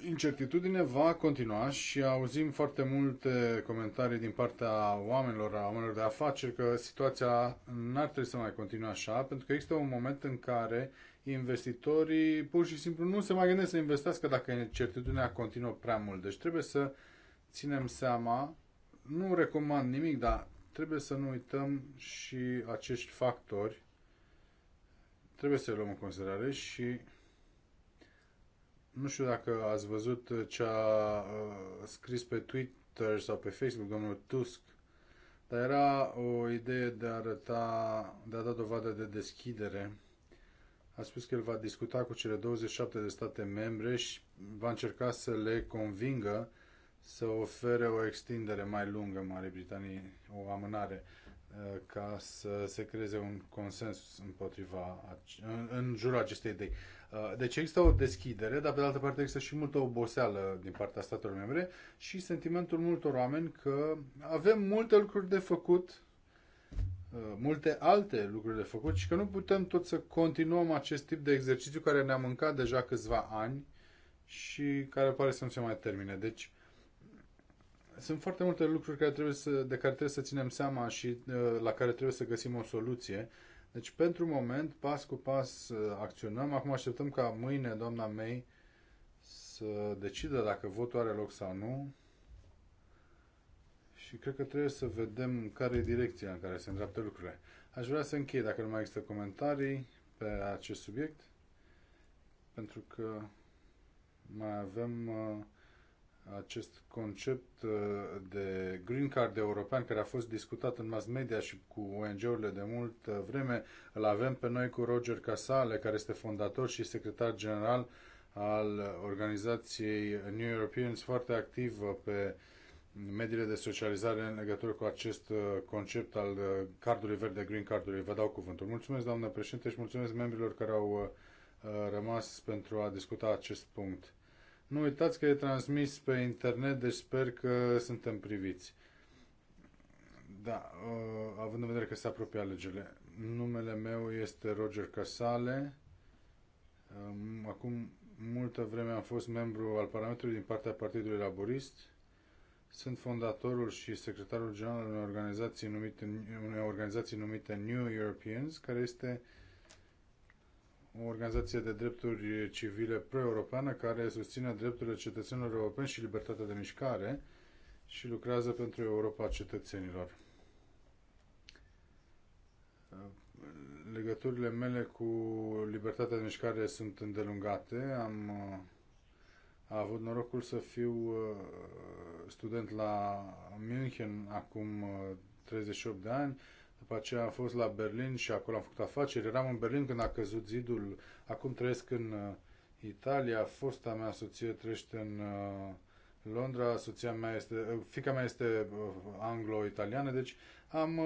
incertitudine va continua și auzim foarte multe comentarii din partea oamenilor, a oamenilor de afaceri, că situația n-ar trebui să mai continue așa, pentru că există un moment în care investitorii pur și simplu nu se mai gândesc să investească dacă incertitudinea continuă prea mult. Deci trebuie să ținem seama, nu recomand nimic, dar trebuie să nu uităm și acești factori, trebuie să-i luăm în considerare și nu știu dacă ați văzut ce a scris pe Twitter sau pe Facebook domnul Tusk, dar era o idee de a arăta, de a da dovadă de deschidere. A spus că el va discuta cu cele 27 de state membre și va încerca să le convingă să ofere o extindere mai lungă Marii Britanii, o amânare, ca să se creeze un consens împotriva, în, în jurul acestei idei. Uh, deci există o deschidere, dar pe de altă parte există și multă oboseală din partea statelor membre și sentimentul multor oameni că avem multe lucruri de făcut, uh, multe alte lucruri de făcut și că nu putem tot să continuăm acest tip de exercițiu care ne-a mâncat deja câțiva ani și care pare să nu se mai termine. Deci, sunt foarte multe lucruri care trebuie să, de care trebuie să ținem seama și uh, la care trebuie să găsim o soluție deci, pentru moment, pas cu pas uh, acționăm. Acum așteptăm ca mâine doamna May să decidă dacă votul are loc sau nu. Și cred că trebuie să vedem care e direcția în care se îndreaptă lucrurile. Aș vrea să închei, dacă nu mai există comentarii pe acest subiect, pentru că mai avem uh, acest concept uh, de green card european care a fost discutat în mass media și cu ONG-urile de mult uh, vreme. Îl avem pe noi cu Roger Casale, care este fondator și secretar general al organizației New Europeans, foarte activ uh, pe mediile de socializare în legătură cu acest concept al cardului verde, green cardului. Vă dau cuvântul. Mulțumesc, doamnă președinte, și mulțumesc membrilor care au rămas pentru a discuta acest punct. Nu uitați că e transmis pe internet, deci sper că suntem priviți. Da, uh, având în vedere că se apropie alegerile. Numele meu este Roger Casale. Um, acum multă vreme am fost membru al Parlamentului din partea Partidului Laborist. Sunt fondatorul și secretarul general al unei organizații numite, unei organizații numite New Europeans, care este uh, o organizație de drepturi civile pro-europeană care susține drepturile cetățenilor europeni și libertatea de mișcare și lucrează pentru Europa cetățenilor. Legăturile mele cu libertatea de mișcare sunt îndelungate. Am a avut norocul să fiu student la München acum 38 de ani după aceea am fost la Berlin și acolo am făcut afaceri. Eram în Berlin când a căzut zidul. Acum trăiesc în uh, Italia. Fosta mea soție trăiește în uh, Londra. Soția mea este, uh, fica mea este anglo-italiană. Deci am,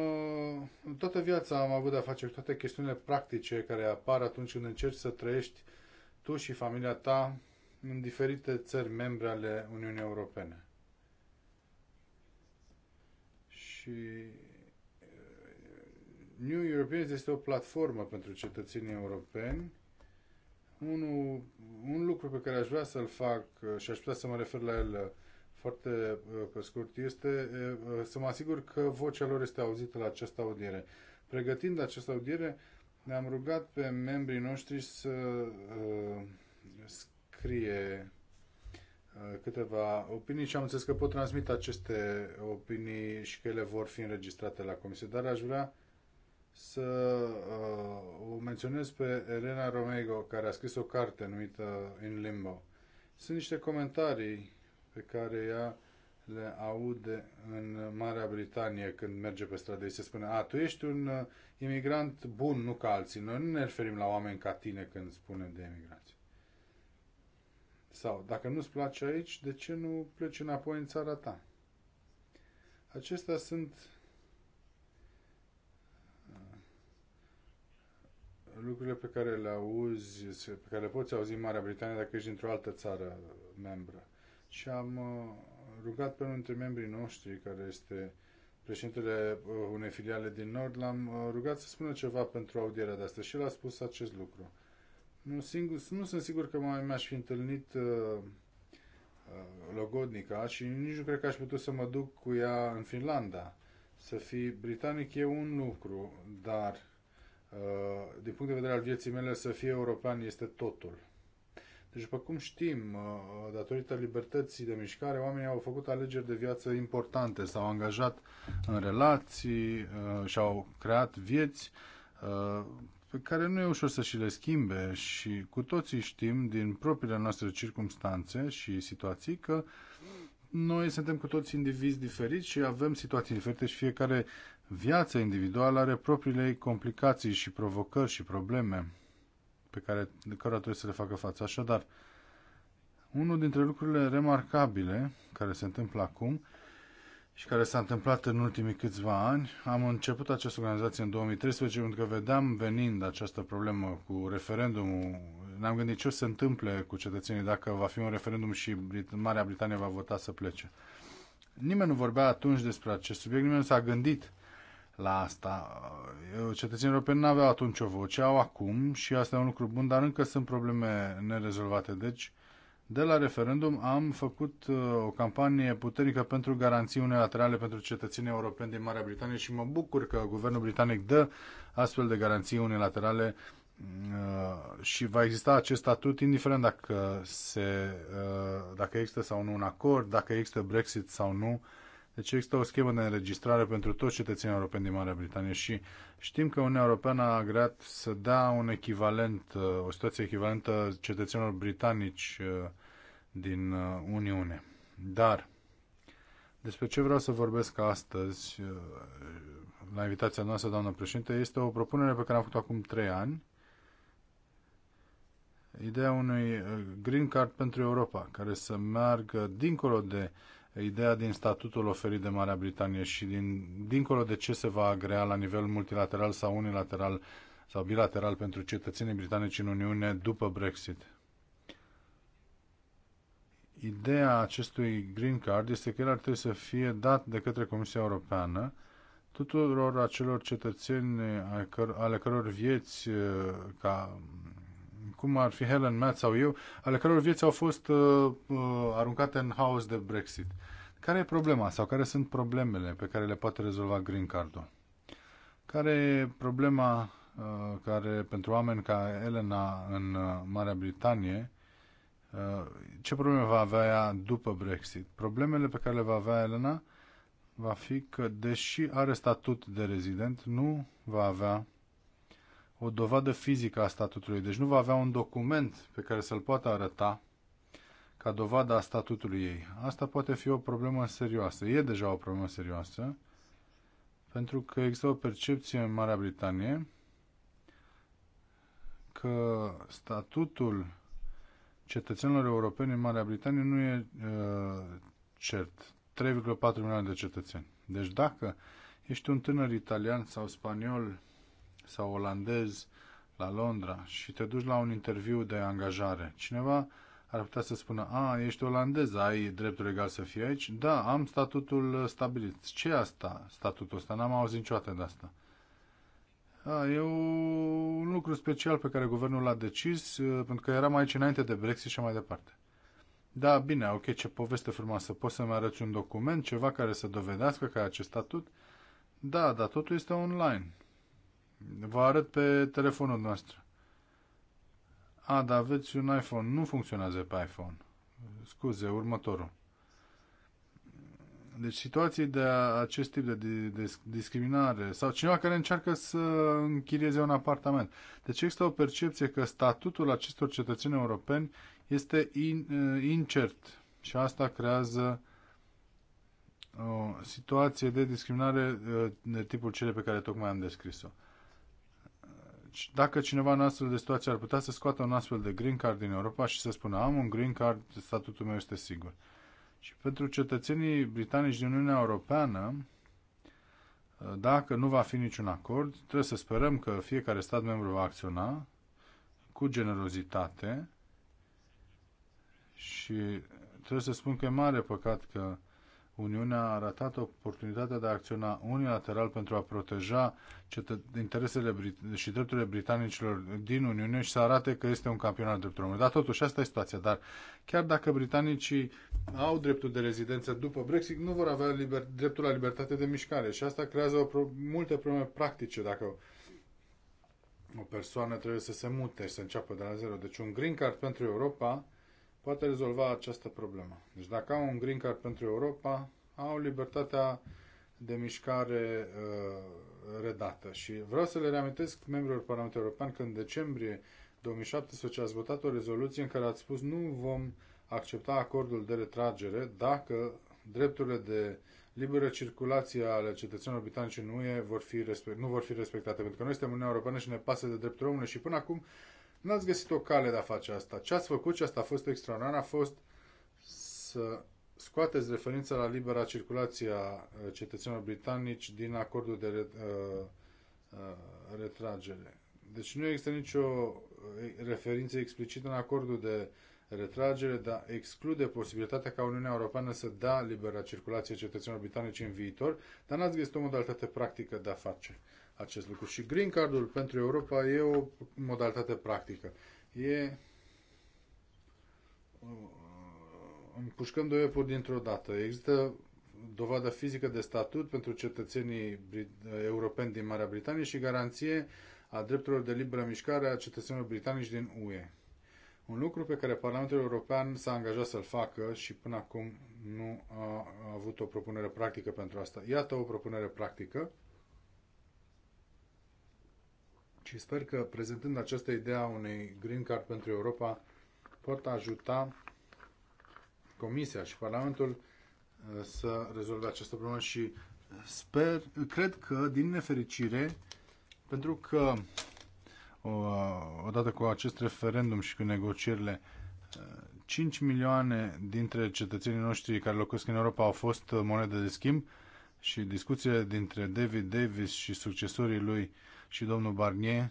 toată viața am avut de-a face cu toate chestiunile practice care apar atunci când încerci să trăiești tu și familia ta în diferite țări membre ale Uniunii Europene. Și New Europeans este o platformă pentru cetățenii europeni. Unul, un lucru pe care aș vrea să-l fac uh, și aș putea să mă refer la el uh, foarte uh, pe scurt este să mă asigur că vocea lor este auzită la această audiere. Pregătind această audiere, ne-am rugat pe membrii noștri să uh, scrie uh, câteva opinii și am înțeles că pot transmite aceste opinii și că ele vor fi înregistrate la comisie, dar aș vrea să uh, o menționez pe Elena Romego, care a scris o carte numită In Limbo. Sunt niște comentarii pe care ea le aude în Marea Britanie când merge pe stradă și se spune a, tu ești un uh, imigrant bun, nu ca alții. Noi nu ne referim la oameni ca tine când spunem de imigrație. Sau, dacă nu-ți place aici, de ce nu pleci înapoi în țara ta? Acestea sunt lucrurile pe care le auzi, pe care le poți auzi în Marea Britanie dacă ești într-o altă țară membră. Și am uh, rugat pe unul dintre membrii noștri, care este președintele uh, unei filiale din Nord, l-am uh, rugat să spună ceva pentru audierea de astăzi și el a spus acest lucru. Nu, singur, nu sunt sigur că mai mi-aș fi întâlnit logodnica și nici nu cred că aș putea să mă duc cu ea în Finlanda. Să fii britanic e un lucru, dar Uh, din punct de vedere al vieții mele, să fie european este totul. Deci, după cum știm, uh, datorită libertății de mișcare, oamenii au făcut alegeri de viață importante, s-au angajat în relații uh, și-au creat vieți pe care nu e ușor să și le schimbe și cu toții știm din propriile noastre circumstanțe și situații că noi suntem cu toți indivizi diferiți și avem situații diferite și fiecare Viața individuală are propriile ei complicații și provocări și probleme pe care, de care trebuie să le facă față. Așadar, unul dintre lucrurile remarcabile care se întâmplă acum și care s-a întâmplat în ultimii câțiva ani, am început această organizație în 2013 pentru că vedeam venind această problemă cu referendumul. Ne-am gândit ce o se întâmple cu cetățenii dacă va fi un referendum și Marea Britanie va vota să plece. Nimeni nu vorbea atunci despre acest subiect, nimeni nu s-a gândit la asta. Cetățenii europeni nu aveau atunci o voce, au acum și asta e un lucru bun, dar încă sunt probleme nerezolvate. Deci, de la referendum am făcut uh, o campanie puternică pentru garanții unilaterale pentru cetățenii europeni din Marea Britanie și mă bucur că guvernul britanic dă astfel de garanții unilaterale uh, și va exista acest statut indiferent dacă, se, uh, dacă există sau nu un acord, dacă există Brexit sau nu deci există o schemă de înregistrare pentru toți cetățenii europeni din Marea Britanie și știm că Uniunea Europeană a agreat să dea un echivalent, uh, o situație echivalentă cetățenilor britanici uh, din uh, Uniune. Dar despre ce vreau să vorbesc astăzi, la invitația noastră, doamnă președinte, este o propunere pe care am făcut-o acum trei ani, ideea unui green card pentru Europa, care să meargă dincolo de uh, ideea din statutul oferit de Marea Britanie și din, dincolo de ce se va agrea la nivel multilateral sau unilateral sau bilateral pentru cetățenii britanici în Uniune după Brexit. Ideea acestui green card este că el ar trebui să fie dat de către Comisia Europeană tuturor acelor cetățeni ale căror vieți uh, ca cum ar fi Helen Matt sau eu, ale căror vieți au fost uh, uh, aruncate în haos de Brexit. Care e problema sau care sunt problemele pe care le poate rezolva Green Card-ul? Care e problema uh, care pentru oameni ca Elena în uh, Marea Britanie, uh, ce probleme va avea ea după Brexit? Problemele pe care le va avea Elena va fi că, deși are statut de rezident, nu va avea o dovadă fizică a statutului. Deci nu va avea un document pe care să-l poată arăta ca dovada a statutului ei. Asta poate fi o problemă serioasă. E deja o problemă serioasă, pentru că există o percepție în Marea Britanie că statutul cetățenilor europeni în Marea Britanie nu e uh, cert. 3,4 milioane de cetățeni. Deci dacă ești un tânăr italian sau spaniol sau olandez la Londra și te duci la un interviu de angajare, cineva ar putea să spună, a, ești olandez, ai dreptul legal să fii aici? Da, am statutul stabilit. ce asta, statutul ăsta? N-am auzit niciodată de asta. A, e un lucru special pe care guvernul l-a decis, uh, pentru că eram aici înainte de Brexit și mai departe. Da, bine, ok, ce poveste frumoasă. Poți să-mi arăți un document, ceva care să dovedească că ai acest statut? Da, dar totul este online. Vă arăt pe telefonul nostru. A, dar aveți un iPhone. Nu funcționează pe iPhone. Scuze, următorul. Deci situații de acest tip de, de discriminare sau cineva care încearcă să închirieze un apartament. Deci există o percepție că statutul acestor cetățeni europeni este in, ă, incert și asta creează o situație de discriminare ă, de tipul cele pe care tocmai am descris-o. Deci, dacă cineva în astfel de situație ar putea să scoată un astfel de green card din Europa și să spună am un green card, statutul meu este sigur. Și pentru cetățenii britanici din Uniunea Europeană, dacă nu va fi niciun acord, trebuie să sperăm că fiecare stat membru va acționa cu generozitate și trebuie să spun că e mare păcat că Uniunea a ratat oportunitatea de a acționa unilateral pentru a proteja interesele și drepturile britanicilor din Uniune și să arate că este un campion al drepturilor Dar totuși, asta e situația. Dar chiar dacă britanicii au dreptul de rezidență după Brexit, nu vor avea liber, dreptul la libertate de mișcare și asta creează o pro- multe probleme practice dacă o persoană trebuie să se mute și să înceapă de la zero. Deci un green card pentru Europa poate rezolva această problemă. Deci dacă au un green card pentru Europa, au libertatea de mișcare uh, redată. Și vreau să le reamintesc membrilor Parlamentului European că în decembrie 2017 ați votat o rezoluție în care ați spus nu vom accepta acordul de retragere dacă drepturile de liberă circulație ale cetățenilor britanici nu e vor fi respect, nu vor fi respectate, pentru că noi suntem Uniunea Europeană și ne pasă de drepturile omului și până acum N-ați găsit o cale de a face asta. Ce ați făcut, ce asta a fost extraordinar, a fost să scoateți referința la libera circulație a uh, cetățenilor britanici din acordul de re, uh, uh, retragere. Deci nu există nicio uh, referință explicită în acordul de retragere, dar exclude posibilitatea ca Uniunea Europeană să dea libera circulație cetățenilor britanici în viitor, dar n-ați găsit o modalitate practică de a face acest lucru. Și green cardul pentru Europa e o modalitate practică. E uh, împușcând două iepuri dintr-o dată. Există dovadă fizică de statut pentru cetățenii europeni din Marea Britanie și garanție a drepturilor de liberă mișcare a cetățenilor britanici din UE. Un lucru pe care Parlamentul European s-a angajat să-l facă și până acum nu a avut o propunere practică pentru asta. Iată o propunere practică și sper că prezentând această idee a unei green card pentru Europa pot ajuta Comisia și Parlamentul uh, să rezolve această problemă și sper, cred că din nefericire, pentru că odată cu acest referendum și cu negocierile 5 uh, milioane dintre cetățenii noștri care locuiesc în Europa au fost monede de schimb și discuțiile dintre David Davis și succesorii lui și domnul Barnier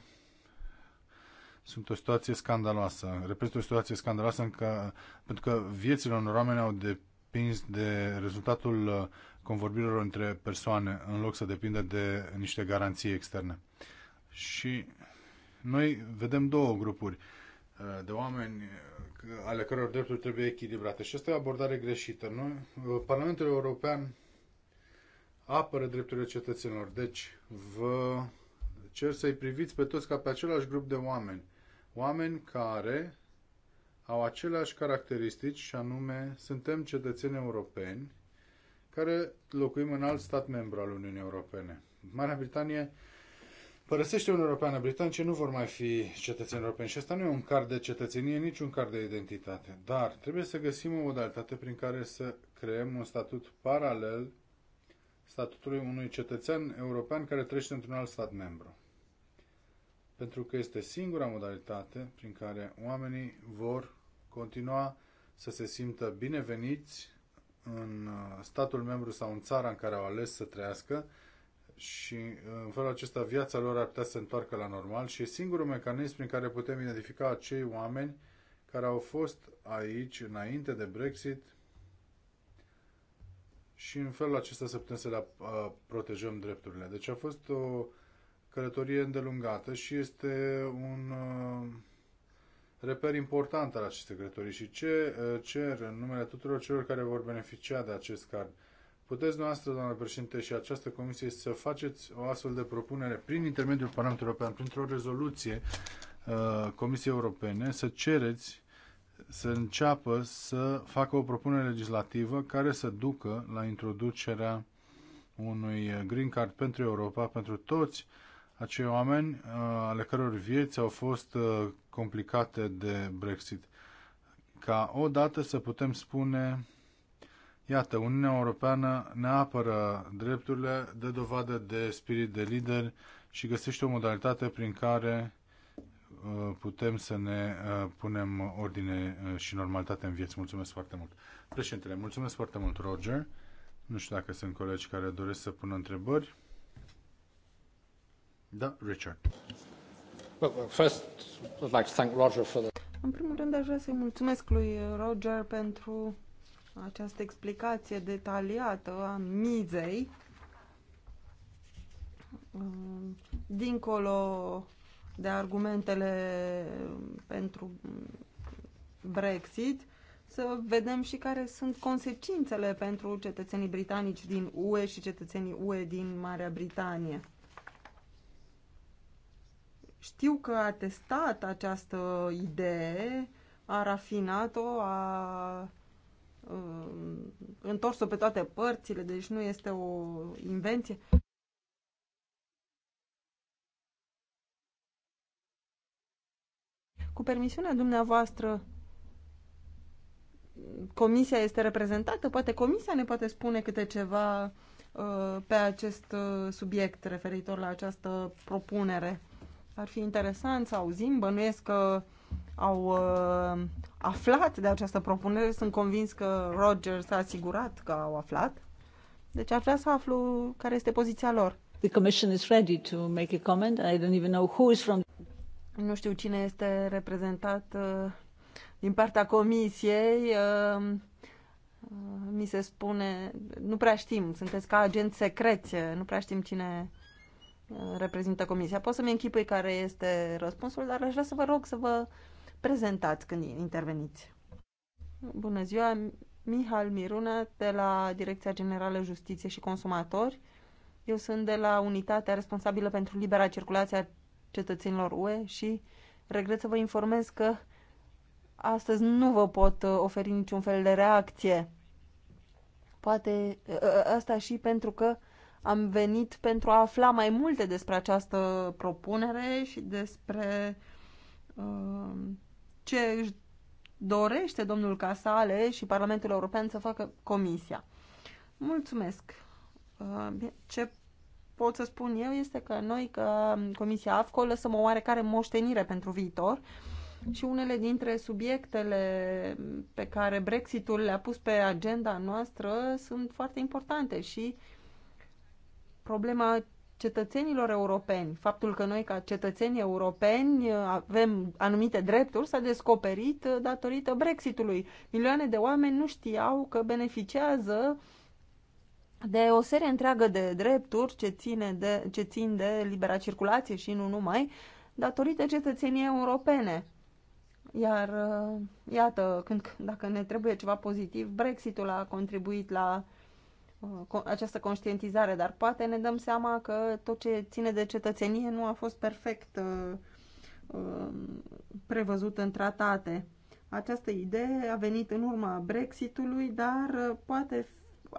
sunt o situație scandaloasă. Reprezintă o situație scandaloasă încă, pentru că viețile unor oameni au depins de rezultatul uh, convorbirilor între persoane, în loc să depindă de niște garanții externe. Și noi vedem două grupuri uh, de oameni uh, ale căror drepturi trebuie echilibrate. Și asta e o abordare greșită. Noi, Parlamentul European apără drepturile cetățenilor. Deci, vă cer să-i priviți pe toți ca pe același grup de oameni. Oameni care au aceleași caracteristici și anume suntem cetățeni europeni care locuim în alt stat membru al Uniunii Europene. Marea Britanie părăsește Uniunea Europeană, britanicii nu vor mai fi cetățeni europeni și asta nu e un card de cetățenie, nici un card de identitate, dar trebuie să găsim o modalitate prin care să creăm un statut paralel statutului unui cetățean european care trăiește într-un alt stat membru pentru că este singura modalitate prin care oamenii vor continua să se simtă bineveniți în uh, statul membru sau în țara în care au ales să trăiască și uh, în felul acesta viața lor ar putea să se întoarcă la normal și e singurul mecanism prin care putem identifica acei oameni care au fost aici înainte de Brexit și în felul acesta să putem să le uh, protejăm drepturile. Deci a fost o călătorie îndelungată și este un uh, reper important al acestei călătorii și ce uh, cer în numele tuturor celor care vor beneficia de acest card. Puteți noastră, doamnă președinte, și această comisie să faceți o astfel de propunere prin intermediul Parlamentului European, printr-o rezoluție uh, Comisiei Europene, să cereți să înceapă să facă o propunere legislativă care să ducă la introducerea unui uh, Green Card pentru Europa, pentru toți acei oameni uh, ale căror vieți au fost uh, complicate de Brexit. Ca odată să putem spune, iată, Uniunea Europeană ne apără drepturile, dă dovadă de spirit de lider și găsește o modalitate prin care uh, putem să ne punem ordine și normalitate în vieți. Mulțumesc foarte mult. Președintele, mulțumesc foarte mult, Roger. Nu știu dacă sunt colegi care doresc să pună întrebări. Da, Richard. În primul rând, aș vrea să-i mulțumesc lui Roger pentru această explicație detaliată a mizei dincolo de argumentele pentru Brexit, să vedem și care sunt consecințele pentru cetățenii britanici din UE și cetățenii UE din Marea Britanie. Știu că a testat această idee, a rafinat-o, a um, întors-o pe toate părțile, deci nu este o invenție. Cu permisiunea dumneavoastră, comisia este reprezentată? Poate comisia ne poate spune câte ceva uh, pe acest uh, subiect referitor la această propunere. Ar fi interesant să auzim, bănuiesc că au uh, aflat de această propunere, sunt convins că Roger s-a asigurat că au aflat. Deci ar vrea să aflu care este poziția lor. The commission is ready to make a comment. I don't even know who is from nu știu cine este reprezentat uh, din partea comisiei. Uh, uh mi se spune, nu prea știm, sunteți ca agenți secreți, nu prea știm cine reprezintă comisia. Pot să-mi închipui care este răspunsul, dar aș vrea să vă rog să vă prezentați când interveniți. Bună ziua, Mihal Miruna de la Direcția Generală Justiție și Consumatori. Eu sunt de la unitatea responsabilă pentru libera circulație a cetățenilor UE și regret să vă informez că astăzi nu vă pot uh, oferi niciun fel de reacție. Poate uh, uh, asta și pentru că uh, am venit pentru a afla mai multe despre această propunere și despre uh, ce își dorește domnul Casale și Parlamentul European să facă comisia. Mulțumesc! Uh, ce pot să spun eu este că noi, că Comisia AFCO, lăsăm o oarecare moștenire pentru viitor și unele dintre subiectele pe care Brexitul le-a pus pe agenda noastră sunt foarte importante și uh, problema cetățenilor europeni. Faptul că noi, ca cetățeni europeni, avem anumite drepturi s-a descoperit datorită Brexitului. Milioane de oameni nu știau că beneficiază de o serie întreagă de drepturi ce, ține de, ce țin de libera circulație și nu numai, datorită cetățeniei europene. Iar, uh, iată, când, dacă ne trebuie ceva pozitiv, Brexitul a contribuit la uh, Uh, această conștientizare, dar poate ne dăm seama că tot ce ține de cetățenie nu a fost perfect uh, um, prevăzut în tratate. Această idee a venit în urma Brexitului, dar uh, poate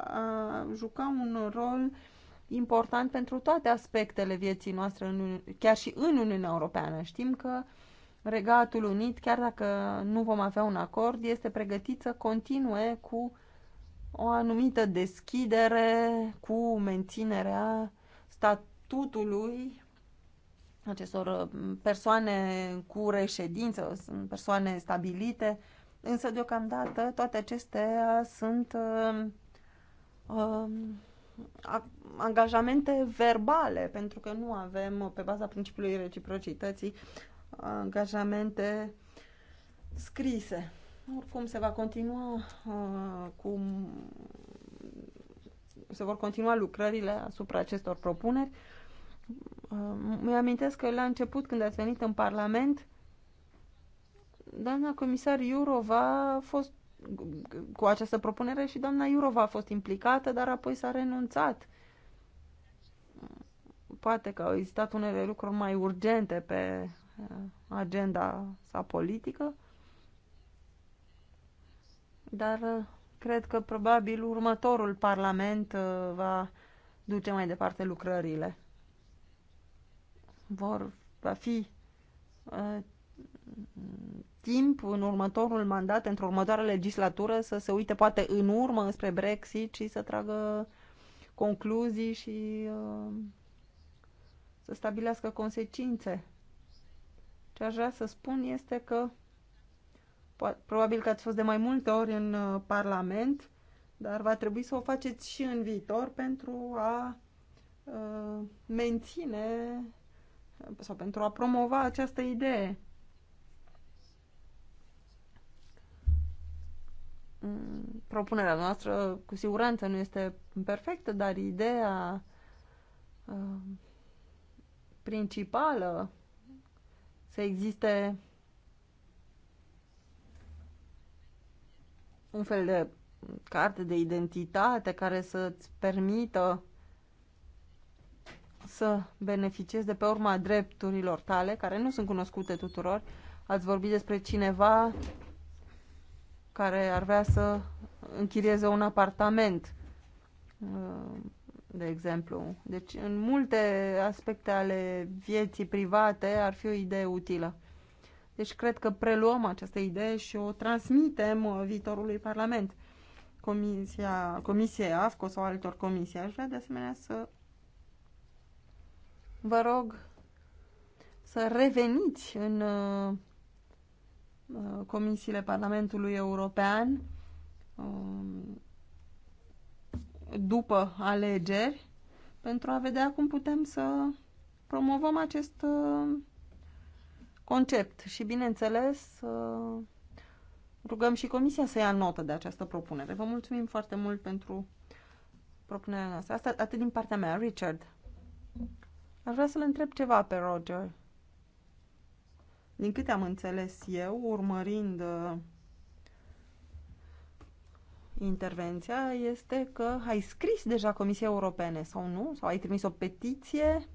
a juca un rol important pentru toate aspectele vieții noastre, chiar și în Uniunea Europeană. Știm că Regatul Unit, chiar dacă nu vom avea un acord, este pregătit să continue cu o anumită deschidere cu menținerea statutului acestor mm, persoane cu reședință, sunt persoane stabilite, însă deocamdată toate acestea sunt uh, uh, angajamente verbale, pentru că nu avem, pe baza principiului reciprocității, angajamente scrise. Oricum se va continua uh, cu se vor continua lucrările asupra acestor propuneri. Uh, Mi-amintesc că la început, când ați venit în Parlament, doamna comisar Iurova a fost cu această propunere și doamna Iurova a fost implicată, dar apoi s-a renunțat. Poate că au existat unele lucruri mai urgente pe uh, agenda sa politică, dar uh, cred că probabil următorul parlament uh, va duce mai departe lucrările. Vor, va fi uh, timp în următorul mandat, într-o următoare legislatură, să se uite poate în urmă spre Brexit și să tragă concluzii și uh, să stabilească consecințe. Ce aș vrea să spun este că Probabil că ați fost de mai multe ori în uh, Parlament, dar va trebui să o faceți și în viitor pentru a uh, menține sau pentru a promova această idee. Mm, propunerea noastră cu siguranță nu este perfectă, dar ideea uh, principală să existe un fel de carte de identitate care să-ți permită să beneficiezi de pe urma drepturilor tale, care nu sunt cunoscute tuturor. Ați vorbit despre cineva care ar vrea să închirieze un apartament, de exemplu. Deci, în multe aspecte ale vieții private ar fi o idee utilă. Deci cred că preluăm această idee și o transmitem uh, viitorului Parlament, Comisia, comisia AFCO sau altor comisii. Aș vrea de asemenea să vă rog să reveniți în uh, uh, comisiile Parlamentului European um, după alegeri pentru a vedea cum putem să promovăm acest concept și, bineînțeles, rugăm și Comisia să ia notă de această propunere. Vă mulțumim foarte mult pentru propunerea noastră. Asta atât din partea mea. Richard, aș vrea să-l întreb ceva pe Roger. Din câte am înțeles eu, urmărind uh, intervenția, este că ai scris deja Comisia Europene, sau nu? Sau ai trimis o petiție?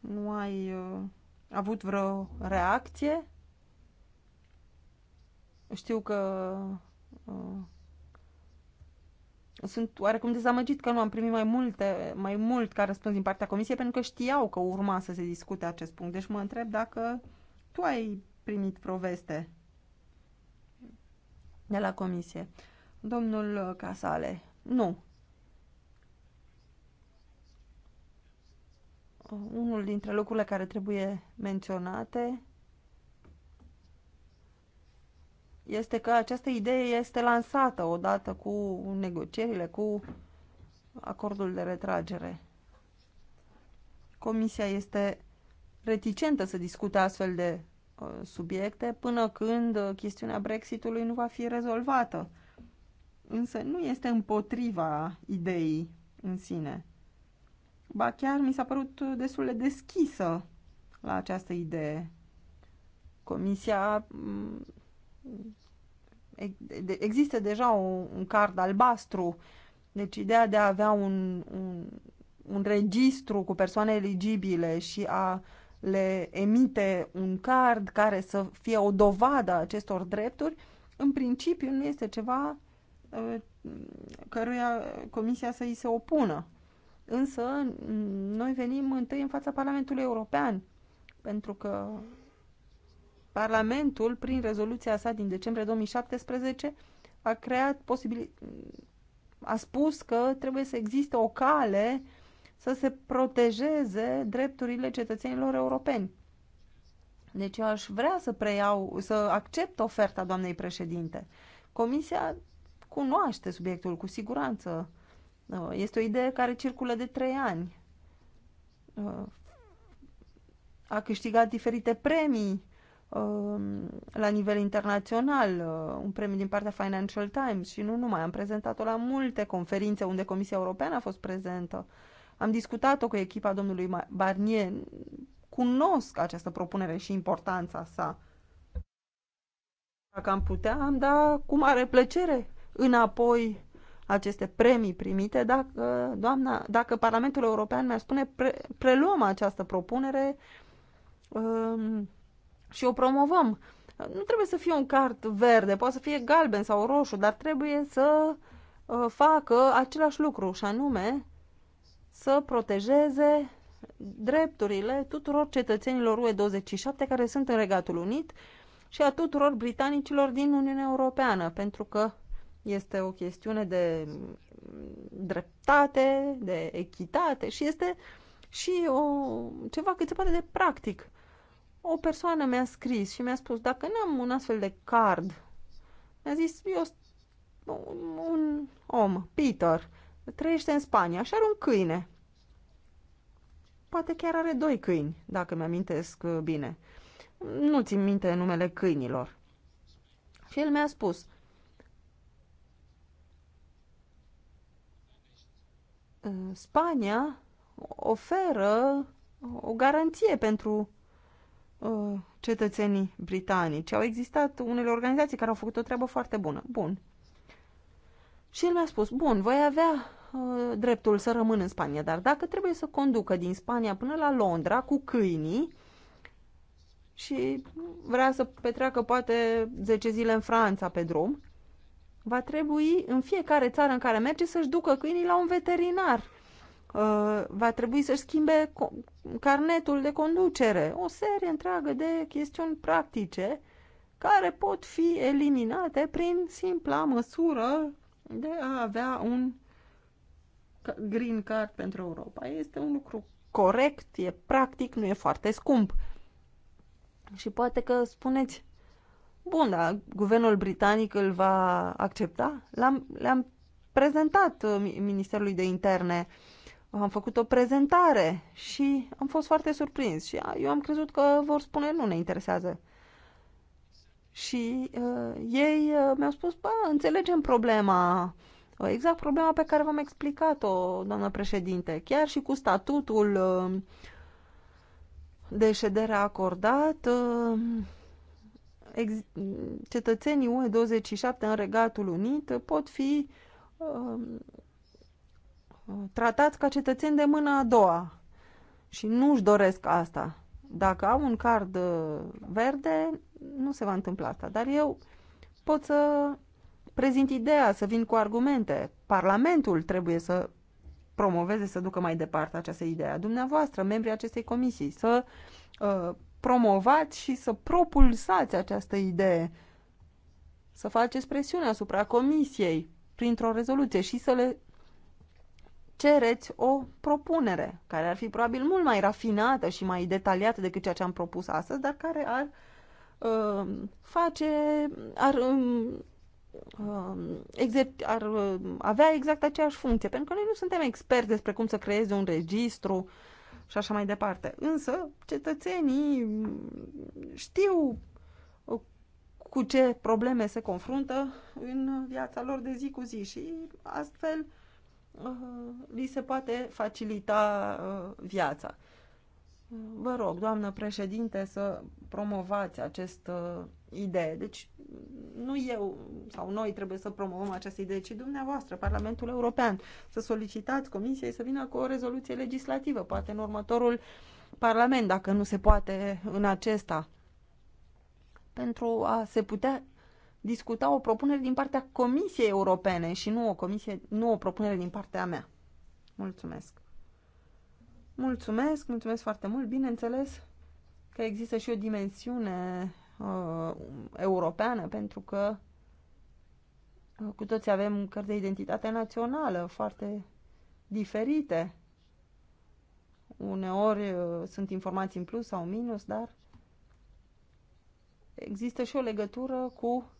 Nu ai... Uh, avut vreo reacție? Știu că uh, sunt oarecum dezamăgit că nu am primit mai multe, mai mult ca răspuns din partea comisiei, pentru că știau că urma să se discute acest punct. Deci mă întreb dacă tu ai primit proveste de la comisie. Domnul Casale, nu. unul dintre lucrurile care trebuie menționate este că această idee este lansată odată cu negocierile, cu acordul de retragere. Comisia este reticentă să discute astfel de uh, subiecte până când uh, chestiunea Brexitului nu va fi rezolvată. Însă nu este împotriva ideii în sine. Ba chiar mi s-a părut destul de deschisă la această idee. Comisia mm, există deja un card albastru, deci ideea de a avea un, un, un registru cu persoane eligibile și a le emite un card care să fie o dovadă a acestor drepturi, în principiu nu este ceva uh, căruia comisia să îi se opună. Însă, noi venim întâi în fața Parlamentului European, pentru că Parlamentul, prin rezoluția sa din decembrie 2017, a creat posibil... a spus că trebuie să existe o cale să se protejeze drepturile cetățenilor europeni. Deci eu aș vrea să preiau, să accept oferta doamnei președinte. Comisia cunoaște subiectul cu siguranță Uh, este o idee care circulă de trei ani. Uh, a câștigat diferite premii uh, la nivel internațional, un premiu din partea Financial Times și nu numai. Am prezentat-o la multe conferințe unde Comisia Europeană a fost prezentă. Am discutat-o cu echipa domnului Barnier. Cunosc această propunere și importanța sa. Dacă am putea, am da cu mare plăcere înapoi aceste premii primite dacă, doamna, dacă Parlamentul European mi-ar spune pre, preluăm această propunere um, și o promovăm. Nu trebuie să fie un cart verde, poate să fie galben sau roșu, dar trebuie să uh, facă același lucru și anume să protejeze drepturile tuturor cetățenilor UE27 care sunt în Regatul Unit și a tuturor britanicilor din Uniunea Europeană, pentru că este o chestiune de dreptate, de echitate și este și o, ceva cât se poate de practic. O persoană mi-a scris și mi-a spus, dacă n-am un astfel de card, mi-a zis, eu un, un om, Peter, trăiește în Spania și are un câine. Poate chiar are doi câini, dacă mi-amintesc uh, bine. Nu țin minte numele câinilor. Și el mi-a spus, Spania oferă o garanție pentru uh, cetățenii britanici. Au existat unele organizații care au făcut o treabă foarte bună. Bun. Și el mi-a spus, bun, voi avea uh, dreptul să rămân în Spania, dar dacă trebuie să conducă din Spania până la Londra cu câinii și vrea să petreacă poate 10 zile în Franța pe drum, va trebui în fiecare țară în care merge să-și ducă câinii la un veterinar. Uh, va trebui să-și schimbe carnetul de conducere. O serie întreagă de chestiuni practice care pot fi eliminate prin simpla măsură de a avea un green card pentru Europa. Este un lucru corect, e practic, nu e foarte scump. Și poate că spuneți, Bun, dar guvernul britanic îl va accepta? L-am, le-am prezentat uh, Ministerului de Interne, am făcut o prezentare și am fost foarte surprins și eu am crezut că vor spune nu ne interesează. Și uh, ei uh, mi-au spus, bă, înțelegem problema, exact problema pe care v-am explicat-o, doamnă președinte, chiar și cu statutul uh, de ședere acordat, uh, cetățenii UE27 în Regatul Unit pot fi um, tratați ca cetățeni de mâna a doua și nu își doresc asta. Dacă au un card uh, verde, nu se va întâmpla asta. Dar eu pot să prezint ideea, să vin cu argumente. Parlamentul trebuie să promoveze, să ducă mai departe această idee. Dumneavoastră, membrii acestei comisii, să uh, promovați și să propulsați această idee, să faceți presiune asupra Comisiei printr-o rezoluție și să le cereți o propunere care ar fi probabil mult mai rafinată și mai detaliată decât ceea ce am propus astăzi, dar care ar uh, face, ar, um, uh, ar uh, avea exact aceeași funcție, pentru că noi nu suntem experți despre cum să creeze un registru uh, și așa mai departe. Însă, cetățenii știu cu ce probleme se confruntă în viața lor de zi cu zi și astfel uh, li se poate facilita uh, viața. Vă rog, doamnă președinte, să promovați această uh, idee. Deci nu eu sau noi trebuie să promovăm această idee, ci dumneavoastră, Parlamentul European, să solicitați Comisiei să vină cu o rezoluție legislativă, poate în următorul Parlament, dacă nu se poate în acesta, pentru a se putea discuta o propunere din partea Comisiei Europene și nu o, comisie, nu o propunere din partea mea. Mulțumesc! Mulțumesc, mulțumesc foarte mult. Bineînțeles că există și o dimensiune uh, europeană, pentru că uh, cu toți avem cărți de identitate națională foarte diferite. Uneori uh, sunt informații în plus sau minus, dar există și o legătură cu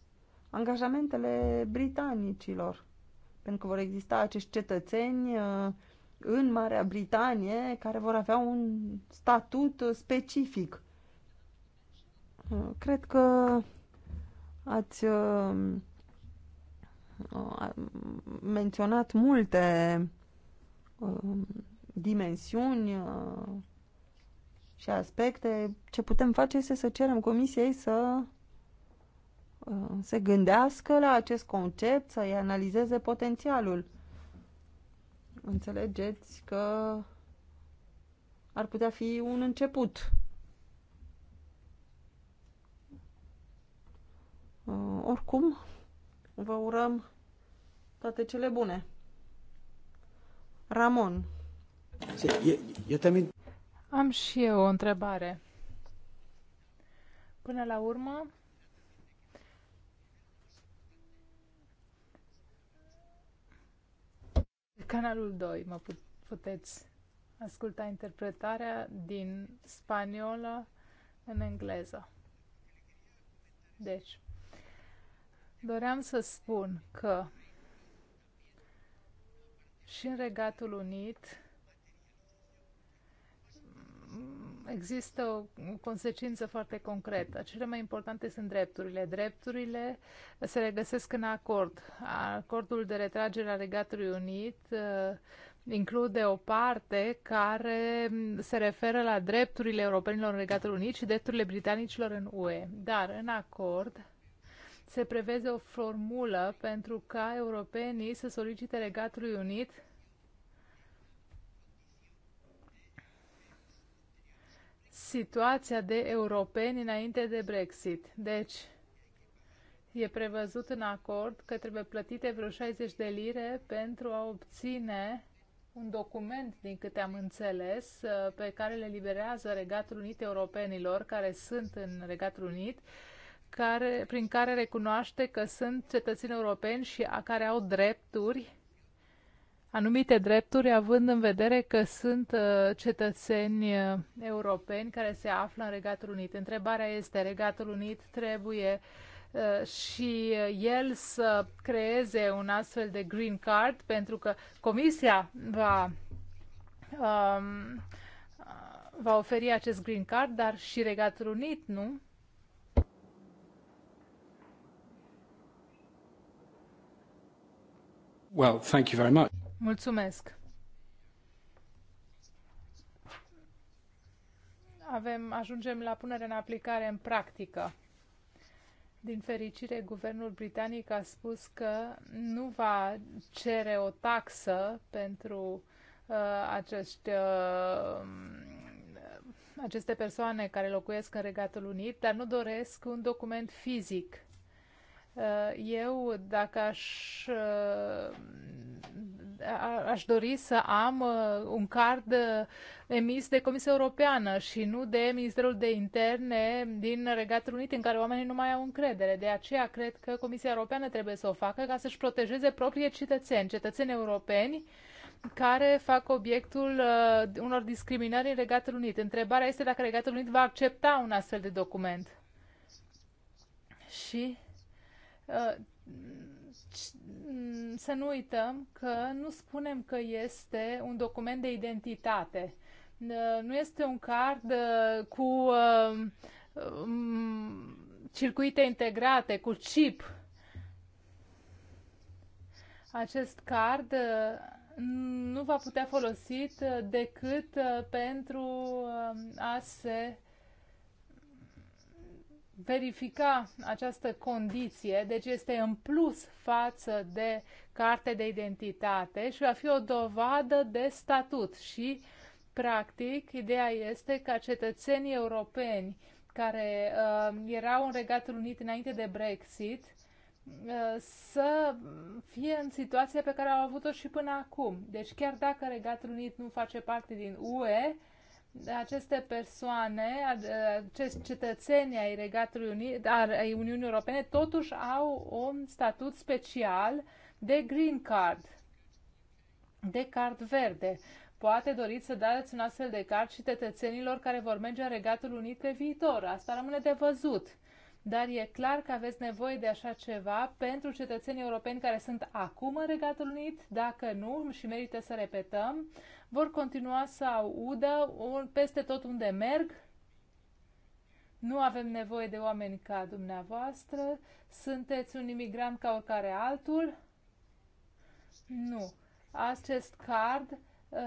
angajamentele britanicilor, pentru că vor exista acești cetățeni uh, în Marea Britanie care vor avea un statut specific. Cred că ați uh, menționat multe uh, dimensiuni uh, și aspecte. Ce putem face este să cerem comisiei să se gândească la acest concept, să-i analizeze potențialul înțelegeți că ar putea fi un început. Uh, oricum, vă urăm toate cele bune. Ramon. Am și eu o întrebare. Până la urmă, canalul 2 mă put, puteți asculta interpretarea din spaniolă în engleză. Deci, doream să spun că și în Regatul Unit există o consecință foarte concretă. Cele mai importante sunt drepturile. Drepturile se regăsesc în acord. Acordul de retragere a Regatului Unit uh, include o parte care se referă la drepturile europenilor în Regatul Unit și drepturile britanicilor în UE. Dar în acord se prevede o formulă pentru ca europenii să solicite Regatului Unit situația de europeni înainte de Brexit. Deci, e prevăzut în acord că trebuie plătite vreo 60 de lire pentru a obține un document, din câte am înțeles, uh, pe care le liberează Regatul Unit europenilor care sunt în Regatul Unit, care, prin care recunoaște că sunt cetățeni europeni și a, care au drepturi anumite drepturi, având în vedere că sunt uh, cetățeni uh, europeni care se află în Regatul Unit. Întrebarea este, Regatul Unit trebuie uh, și el să creeze un astfel de green card, pentru că Comisia va, um, va oferi acest green card, dar și Regatul Unit, nu? Well, thank you very much. Mulțumesc. Avem, ajungem la punere în aplicare în practică. Din fericire, guvernul britanic a spus că nu va cere o taxă pentru uh, acești, uh, aceste persoane care locuiesc în Regatul Unit, dar nu doresc un document fizic. Uh, eu, dacă aș uh, aș dori să am uh, un card uh, emis de Comisia Europeană și nu de Ministerul de Interne din Regatul Unit, în care oamenii nu mai au încredere. De aceea cred că Comisia Europeană trebuie să o facă ca să-și protejeze proprii cetățeni, cetățeni europeni, care fac obiectul uh, unor discriminări în Regatul Unit. Întrebarea este dacă Regatul Unit va accepta un astfel de document. Și uh, Mm, să nu uităm că nu spunem că este un document de identitate. Uh, nu este un card uh, cu uh, mm, circuite integrate, cu chip. Acest card nu va putea folosit decât pentru a se verifica această condiție, deci este în plus față de carte de identitate și va fi o dovadă de statut și practic ideea este ca cetățenii europeni care uh, erau în Regatul Unit înainte de Brexit uh, să fie în situația pe care au avut-o și până acum. Deci chiar dacă Regatul Unit nu face parte din UE, aceste persoane, acești cetățeni ai Regatului Unii, dar ai Uniunii Europene, totuși au un statut special de green card, de card verde. Poate doriți să dați un astfel de card și cetățenilor care vor merge în Regatul Unit pe viitor. Asta rămâne de văzut. Dar e clar că aveți nevoie de așa ceva pentru cetățenii europeni care sunt acum în Regatul Unit. Dacă nu, și merită să repetăm, vor continua să audă peste tot unde merg. Nu avem nevoie de oameni ca dumneavoastră. Sunteți un imigrant ca oricare altul. Nu. Acest card uh,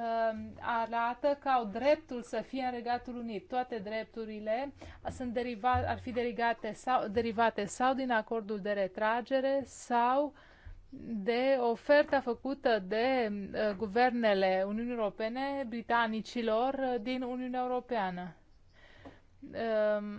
arată că au dreptul să fie în Regatul Unit. Toate drepturile sunt deriva, ar fi derivate sau, derivate sau din acordul de retragere sau uh, de oferta făcută de uh, guvernele Uniunii Europene britanicilor uh, din Uniunea Europeană. Uh, um,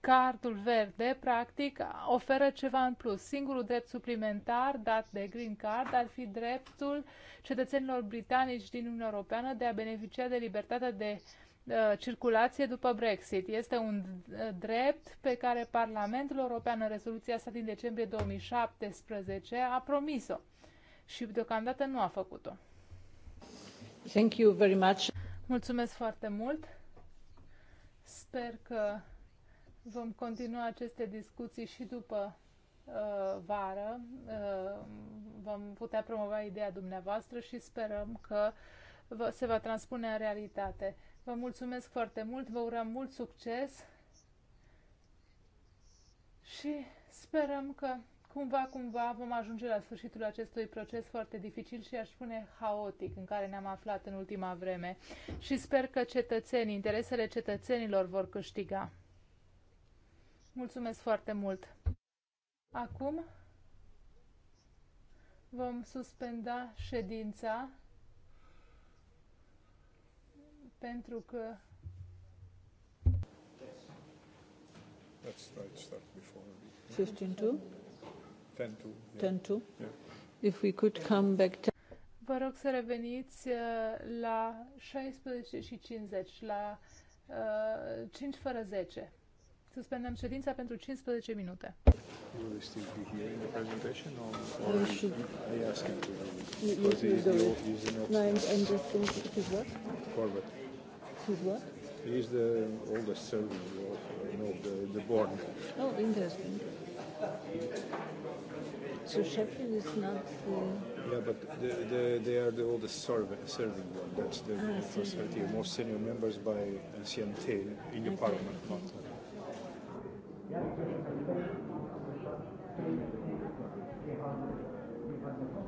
Cardul verde, practic, oferă ceva în plus. Singurul drept suplimentar dat de Green Card ar fi dreptul cetățenilor britanici din Uniunea Europeană de a beneficia de libertatea de uh, Uh, circulație după Brexit. Este un uh, drept pe care Parlamentul European în rezoluția sa din decembrie 2017 a promis-o și deocamdată nu a făcut-o. Thank you very much. Mulțumesc foarte mult. Sper că vom continua aceste discuții și după uh, vară. Uh, vom putea promova ideea dumneavoastră și sperăm că se va transpune în realitate. Vă mulțumesc foarte mult, vă urăm mult succes și sperăm că cumva, cumva vom ajunge la sfârșitul acestui proces foarte dificil și aș spune haotic în care ne-am aflat în ultima vreme și sper că cetățenii, interesele cetățenilor vor câștiga. Mulțumesc foarte mult! Acum vom suspenda ședința pentru că 15 10 10 If we could come back Vă rog să reveniți uh, la 16 și 50, la uh, 5 fără 10. Suspendăm ședința pentru 15 minute. Will Who's work? He is the oldest son of, you know, the, the born. Oh, interesting. So Sheffield is not the... Yeah, but the, the, they are the oldest serving, serving one. That's the ah, first idea. Most senior members by ancienneté in the okay. parliament. Not. Thank you.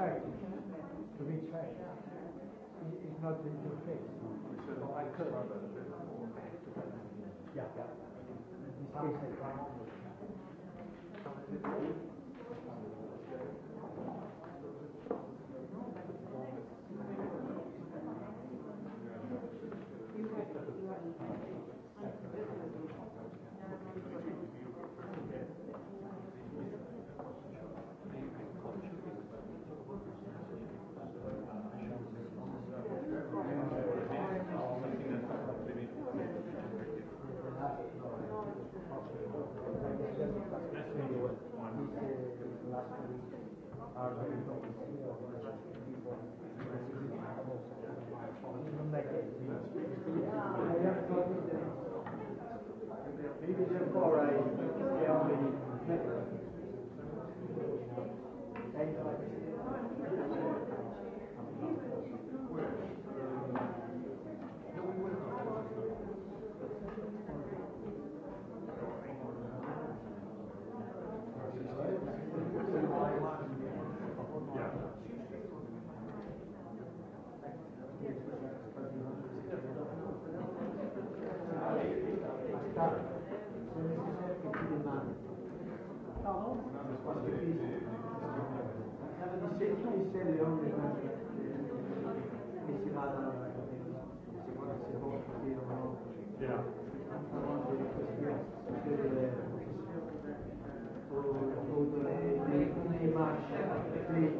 child, to be changed is not in your face. I could. Yeah, yeah. Thank you.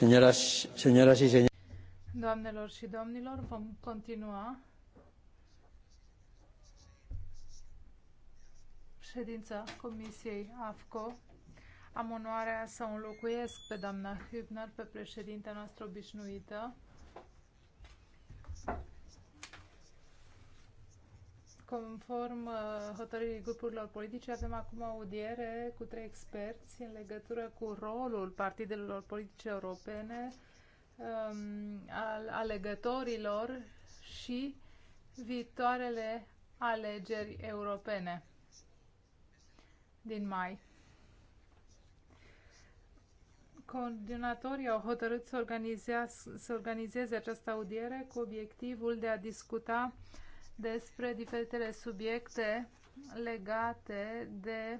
Doamnelor și domnilor, vom continua ședința Comisiei AFCO. Am onoarea să înlocuiesc pe doamna Hübner, pe președintea noastră obișnuită. conform uh, hotărârii grupurilor politice, avem acum o audiere cu trei experți în legătură cu rolul partidelor politice europene, um, al alegătorilor și viitoarele alegeri europene din mai. Coordinatorii au hotărât să, să organizeze această audiere cu obiectivul de a discuta uh, despre diferitele subiecte legate de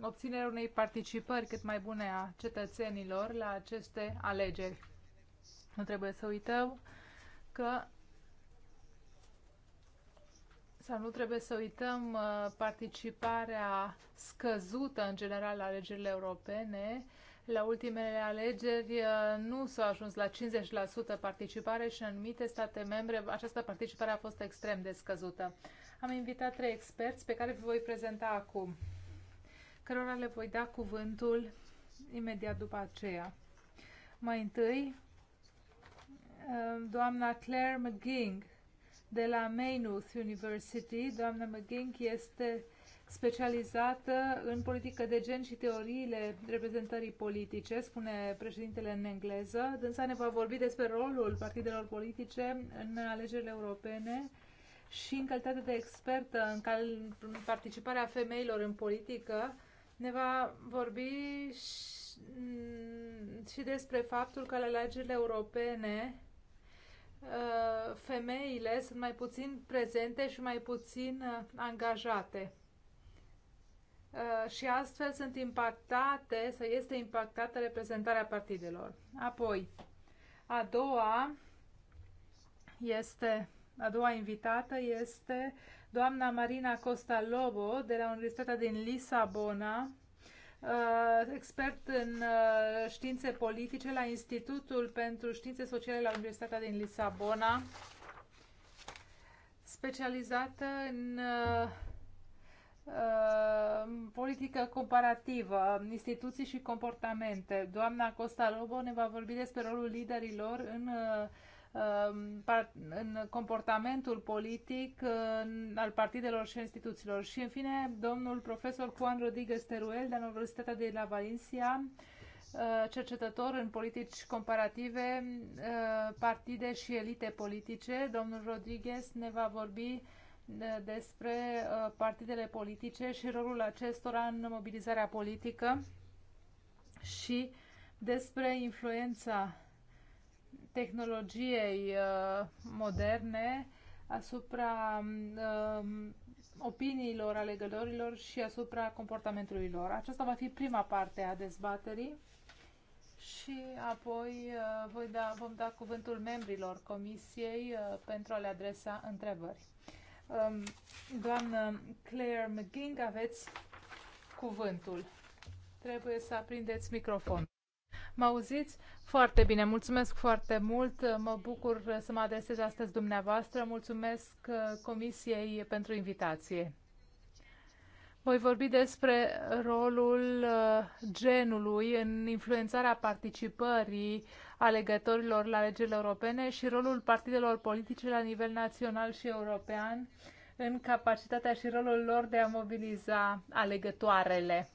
obținerea unei participări cât mai bune a cetățenilor la aceste alegeri. Nu trebuie să uităm că sau nu trebuie să uităm uh, participarea scăzută în general la alegerile europene la ultimele alegeri uh, nu s-a ajuns la 50% participare și în anumite state membre această participare a fost extrem de scăzută. Am invitat trei experți pe care vi voi prezenta acum, cărora le voi da cuvântul imediat după aceea. Mai întâi, uh, doamna Claire McGing de la Maynooth University. Doamna McGing este specializată în politică de gen și teoriile reprezentării politice, spune președintele în engleză. Dânsa ne va vorbi despre rolul partidelor politice în alegerile europene și în calitate de expertă în, participarea femeilor în politică, ne va vorbi și, și despre faptul că la alegerile europene uh, femeile sunt mai puțin prezente și mai puțin uh, angajate. Uh, și astfel sunt impactate, să este impactată reprezentarea partidelor. Apoi, a doua este, a doua invitată este doamna Marina Costa Lobo de la Universitatea din Lisabona, uh, expert în uh, științe politice la Institutul pentru Științe Sociale la Universitatea din Lisabona, specializată în Uh, politică comparativă, instituții și comportamente. Doamna Costa Lobo ne va vorbi despre rolul liderilor în, uh, um, în comportamentul politic al partidelor și instituțiilor. Și, în fine, domnul profesor Juan Rodriguez Teruel de la Universitatea de la Valencia, uh, cercetător în politici comparative, partide și elite politice. Domnul Rodriguez ne va vorbi despre uh, partidele politice și rolul acestora în mobilizarea politică și despre influența tehnologiei uh, moderne asupra um, opiniilor alegătorilor și asupra comportamentului lor. Aceasta va fi prima parte a dezbaterii și apoi uh, voi da, vom da cuvântul membrilor comisiei pentru a le adresa întrebări. Um, doamnă Claire McGing, aveți cuvântul. Trebuie să aprindeți microfonul. Mă auziți? Foarte bine, mulțumesc foarte mult. Mă bucur să mă adresez astăzi dumneavoastră. Mulțumesc uh, Comisiei pentru invitație. Voi vorbi despre rolul uh, genului în influențarea participării alegătorilor la legile europene și rolul partidelor politice la nivel național și european în capacitatea și rolul lor de a mobiliza alegătoarele.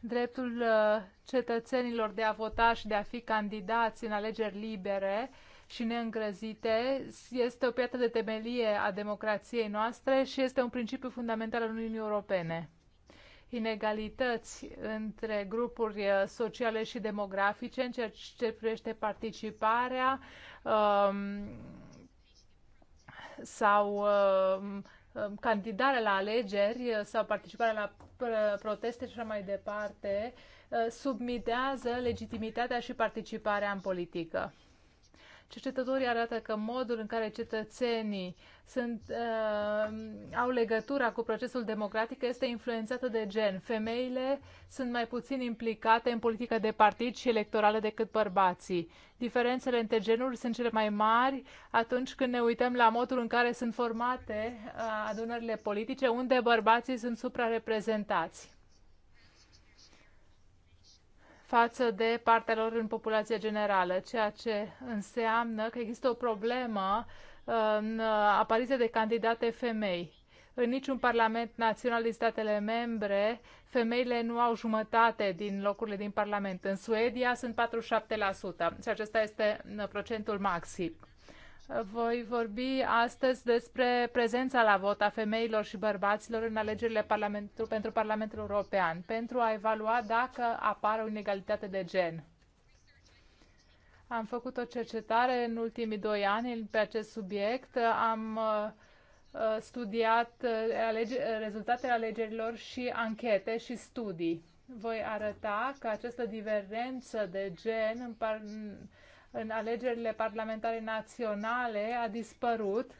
Dreptul uh, cetățenilor de a vota și de a fi candidați în alegeri libere și neîngrăzite este o piatră de temelie a democrației noastre și este un principiu fundamental al Uniunii Europene inegalități între grupuri eh, sociale și demografice în ceea ce privește participarea um, sau um, candidarea la alegeri eh, sau participarea la proteste și așa mai departe eh, submitează legitimitatea și participarea în politică. Cercetătorii arată că modul în care cetățenii sunt, uh, au legătura cu procesul democratic este influențată de gen. Femeile sunt mai puțin implicate în politica de partid și electorală decât bărbații. Diferențele între genuri sunt cele mai mari atunci când ne uităm la modul în care sunt formate uh, adunările politice, unde bărbații sunt suprareprezentați față de partea lor în populația generală, ceea ce înseamnă că există o problemă în um, apariția de candidate femei. În niciun parlament național din statele membre, femeile nu au jumătate din locurile din parlament. În Suedia sunt 47% și acesta este uh, procentul maxim. Voi vorbi astăzi despre prezența la vot a femeilor și bărbaților în alegerile parlamentul, pentru Parlamentul European, pentru a evalua dacă apare o inegalitate de gen. Am făcut o cercetare în ultimii doi ani pe acest subiect. Am uh, uh, studiat uh, alege, rezultatele alegerilor și anchete și studii. Voi arăta că această divergență de gen în par- în alegerile parlamentare naționale a dispărut,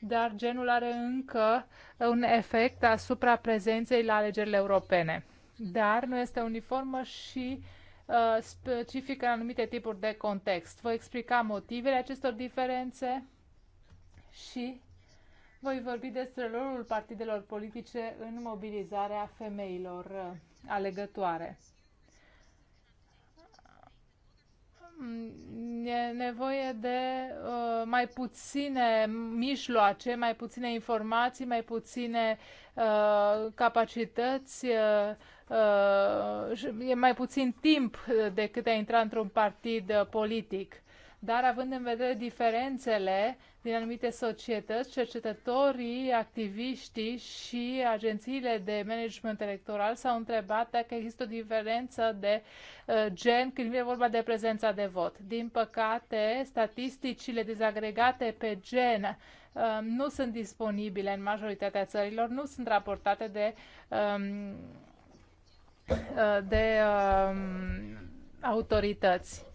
dar genul are încă un efect asupra prezenței la alegerile europene. Dar nu este uniformă și uh, specifică în anumite tipuri de context. Voi explica motivele acestor diferențe și voi vorbi despre rolul partidelor politice în mobilizarea femeilor uh, alegătoare. Mm, e nevoie de uh, mai puține mijloace, mai puține informații, mai puține uh, capacități, uh, uh, e mai puțin timp uh, decât a intra într-un partid uh, politic dar având în vedere diferențele din anumite societăți, cercetătorii, activiștii și agențiile de management electoral s-au întrebat dacă există o diferență de uh, gen când vine vorba de prezența de vot. Din păcate, statisticile dezagregate pe gen uh, nu sunt disponibile în majoritatea țărilor, nu sunt raportate de, um, uh, de um, autorități.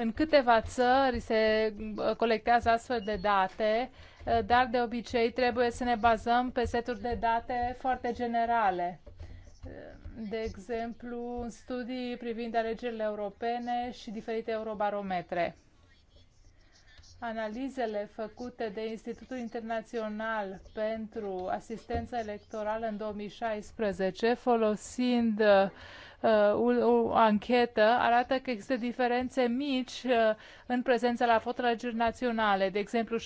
În câteva țări se uh, colectează astfel de date, uh, dar de obicei trebuie să ne bazăm pe seturi de date foarte generale. Uh, de exemplu, studii privind alegerile europene și diferite eurobarometre. Analizele făcute de Institutul Internațional pentru Asistență Electorală în 2016, folosind uh, o anchetă arată că există diferențe mici uh, în prezența la fotolegeri naționale. De exemplu, 61%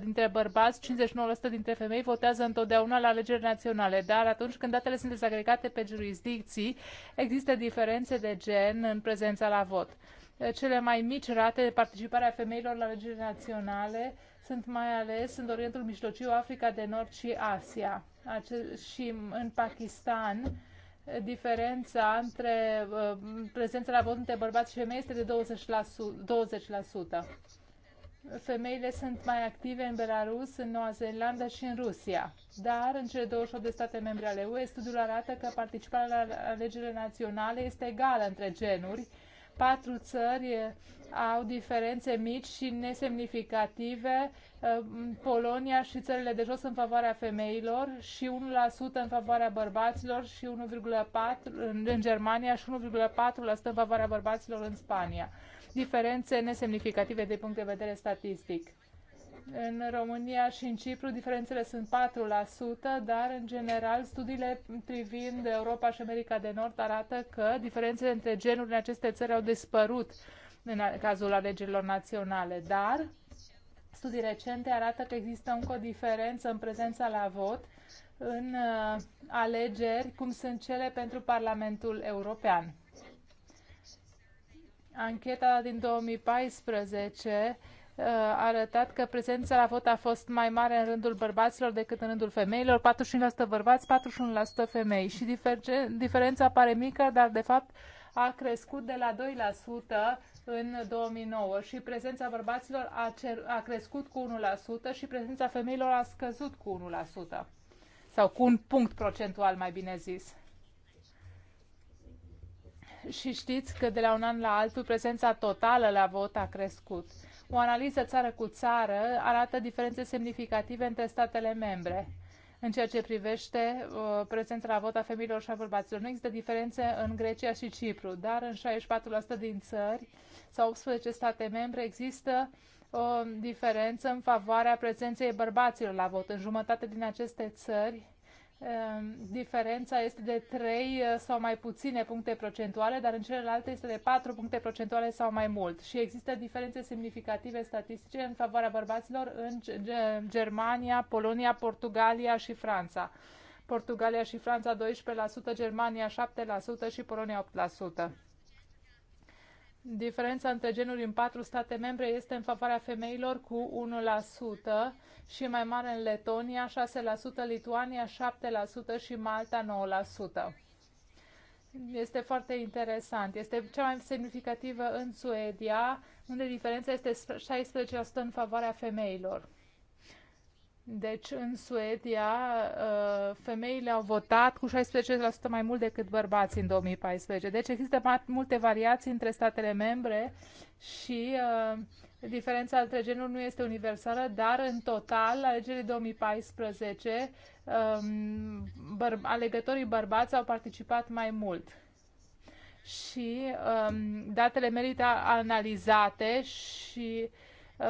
dintre bărbați, 59% dintre femei votează întotdeauna la alegeri naționale, dar atunci când datele sunt dezagregate pe jurisdicții, există diferențe de gen în prezența la vot. Uh, cele mai mici rate de participare a femeilor la alegeri naționale sunt mai ales în Orientul Mijlociu, Africa de Nord și Asia. Ace- și în Pakistan, diferența între uh, prezența la vot între bărbați și femei este de 20%. La 20%. Femeile sunt mai active în Belarus, în Noua Zeelandă și în Rusia. Dar în cele 28 de state membre ale UE, studiul arată că participarea la alegerile naționale este egală între genuri, Patru țări eh, au diferențe mici și nesemnificative, eh, Polonia și țările de jos în favoarea femeilor și 1% în favoarea bărbaților și 1,4% în Germania și 1,4% în favoarea bărbaților în Spania. Diferențe nesemnificative din punct de vedere statistic. În România și în Cipru diferențele sunt 4%, dar în general studiile privind Europa și America de Nord arată că diferențele între genuri în aceste țări au dispărut în cazul alegerilor naționale, dar studii recente arată că există încă o diferență în prezența la vot în uh, alegeri, cum sunt cele pentru Parlamentul European. Ancheta din 2014 arătat că prezența la vot a fost mai mare în rândul bărbaților decât în rândul femeilor, 45% bărbați, 41% femei. Și diferge, diferența pare mică, dar de fapt a crescut de la 2% în 2009 și prezența bărbaților a, cer, a crescut cu 1% și prezența femeilor a scăzut cu 1% sau cu un punct procentual, mai bine zis. Și știți că de la un an la altul prezența totală la vot a crescut. O analiză țară cu țară arată diferențe semnificative între statele membre în ceea ce privește uh, prezența la vot a femeilor și a bărbaților. Nu există diferențe în Grecia și Cipru, dar în 64% din țări sau 18 state membre există o uh, diferență în favoarea prezenței bărbaților la vot. În jumătate din aceste țări Ehm, diferența este de 3 eh, sau mai puține puncte procentuale, dar în celelalte este de 4 puncte procentuale sau mai mult. Și există diferențe semnificative statistice în favoarea bărbaților în Germania, Polonia, Portugalia și Franța. Portugalia și Franța 12%, Germania 7% și Polonia 8%. Diferența între genuri în patru state membre este în favoarea femeilor cu 1% și mai mare în Letonia, 6%, Lituania, 7% și Malta 9%. Este foarte interesant. Este cea mai semnificativă în Suedia, unde diferența este 16% în favoarea femeilor. Deci, în Suedia, uh, femeile au votat cu 16% mai mult decât bărbații în 2014. Deci există multe variații între statele membre și uh, diferența între genuri nu este universală, dar în total, la alegerile 2014, um, alegătorii bărbați au participat mai mult și um, datele merită analizate și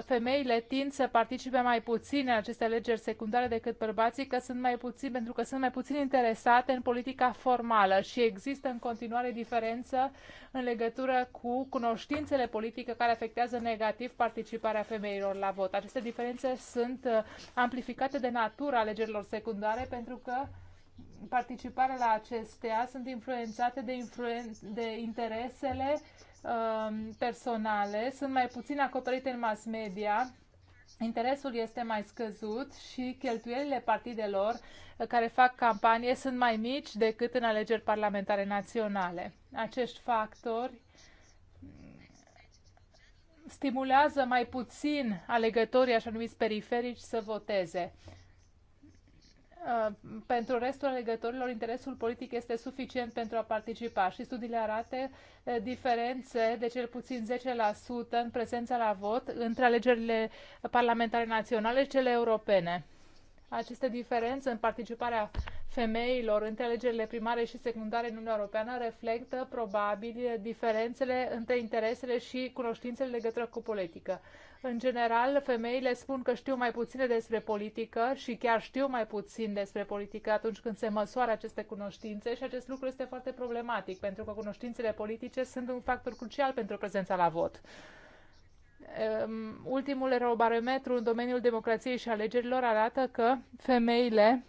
femeile tind să participe mai puțin în aceste alegeri secundare decât bărbații, că sunt mai puțin, pentru că sunt mai puțin interesate în politica formală și există în continuare diferență în legătură cu cunoștințele politice care afectează negativ participarea femeilor la vot. Aceste diferențe sunt uh, amplificate de natura alegerilor secundare pentru că participarea la acestea sunt influențate de, influen- de interesele uh, Um, personale sunt mai puțin acoperite în mass media, interesul este mai scăzut și cheltuielile partidelor care fac campanie sunt mai mici decât în alegeri parlamentare naționale. Acești factori stimulează mai puțin alegătorii așa numiți periferici să voteze. Uh, pentru restul alegătorilor interesul politic este suficient pentru a participa și studiile arată uh, diferențe de cel puțin 10% în prezența la vot între alegerile parlamentare naționale și cele europene. Aceste diferențe în participarea femeilor între alegerile primare și secundare în Uniunea Europeană reflectă probabil diferențele între interesele și cunoștințele legătură cu politică. În general, femeile spun că știu mai puține despre politică și chiar știu mai puțin despre politică atunci când se măsoară aceste cunoștințe și acest lucru este foarte problematic pentru că cunoștințele politice sunt un factor crucial pentru prezența la vot ehm, ultimul eurobarometru în domeniul democrației și alegerilor arată că femeile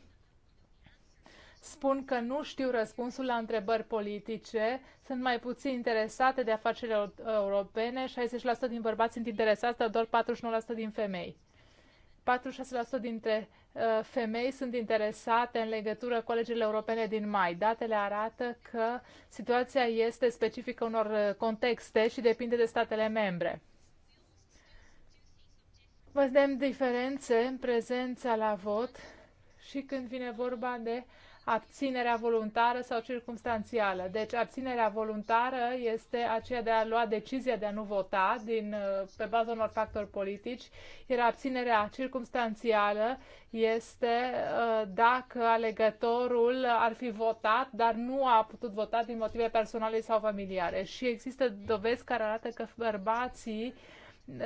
spun că nu știu răspunsul la întrebări politice, sunt mai puțin interesate de afacerile europene, 60% din bărbați sunt interesați, dar doar 49% din femei. 46% dintre uh, femei sunt interesate în legătură cu alegerile europene din mai. Datele arată că situația este specifică unor uh, contexte și depinde de statele membre. Vedem diferențe în prezența la vot și când vine vorba de uh, abținerea voluntară sau circumstanțială. Deci abținerea voluntară este aceea de a lua decizia de a nu vota din, uh, pe baza unor factori politici, iar abținerea circumstanțială este uh, dacă alegătorul ar fi votat, dar nu a putut vota din motive personale sau familiare. Și există dovezi care arată că bărbații uh,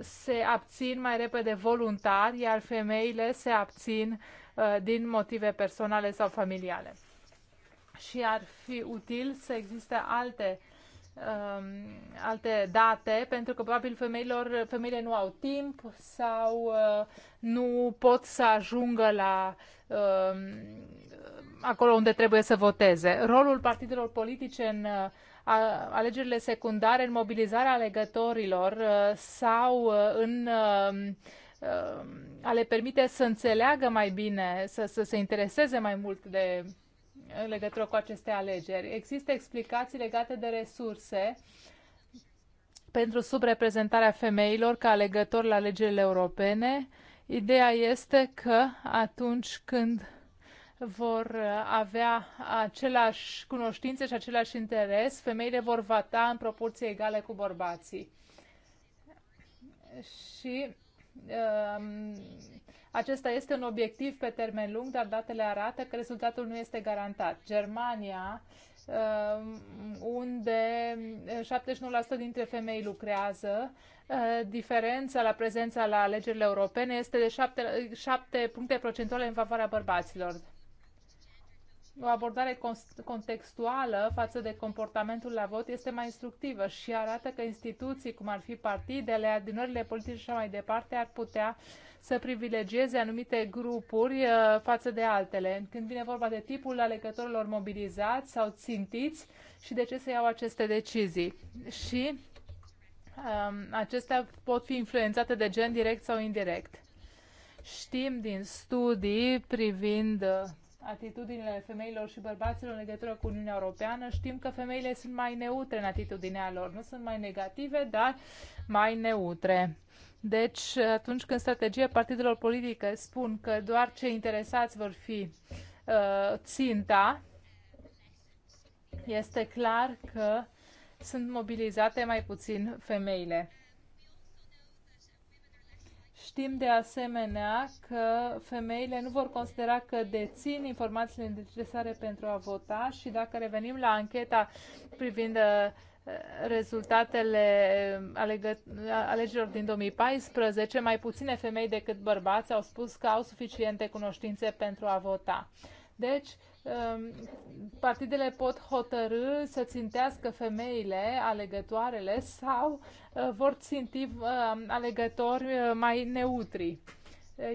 se abțin mai repede voluntar, iar femeile se abțin Uh, din motive personale sau familiale. Și ar fi util să existe alte um, alte date, pentru că probabil femeilor, femeile nu au timp sau uh, nu pot să ajungă la um, acolo unde trebuie să voteze. Rolul partidelor politice în uh, alegerile secundare, în mobilizarea alegătorilor sau în Uh, a le permite să înțeleagă mai bine, să, să se intereseze mai mult de, în legătură cu aceste alegeri. Există explicații legate de resurse pentru subreprezentarea femeilor ca alegători la alegerile europene. Ideea este că atunci când vor avea aceleași cunoștințe și același interes, femeile vor vota în proporție egale cu bărbații. Și Um, acesta este un obiectiv pe termen lung, dar datele arată că rezultatul nu este garantat. Germania, um, unde 79% dintre femei lucrează, uh, diferența la prezența la alegerile europene este de 7, puncte procentuale în favoarea bărbaților o abordare contextuală față de comportamentul la vot este mai instructivă și arată că instituții, cum ar fi partidele, adunările politice și așa mai departe, ar putea să privilegieze anumite grupuri uh, față de altele. Când vine vorba de tipul alegătorilor mobilizați sau țintiți și de ce se iau aceste decizii. Și um, acestea pot fi influențate de gen direct sau indirect. Știm din studii privind atitudinile femeilor și bărbaților în legătură cu Uniunea Europeană. Știm că femeile sunt mai neutre în atitudinea lor. Nu sunt mai negative, dar mai neutre. Deci, atunci când strategia partidelor politice spun că doar cei interesați vor fi uh, ținta, este clar că sunt mobilizate mai puțin femeile. Știm de asemenea că femeile nu vor considera că dețin informațiile necesare pentru a vota și dacă revenim la ancheta privind uh, rezultatele alegerilor din 2014, mai puține femei decât bărbați au spus că au suficiente cunoștințe pentru a vota. Deci, Um, partidele pot hotărâ să țintească femeile, alegătoarele, sau uh, vor ținti uh, alegători uh, mai neutri.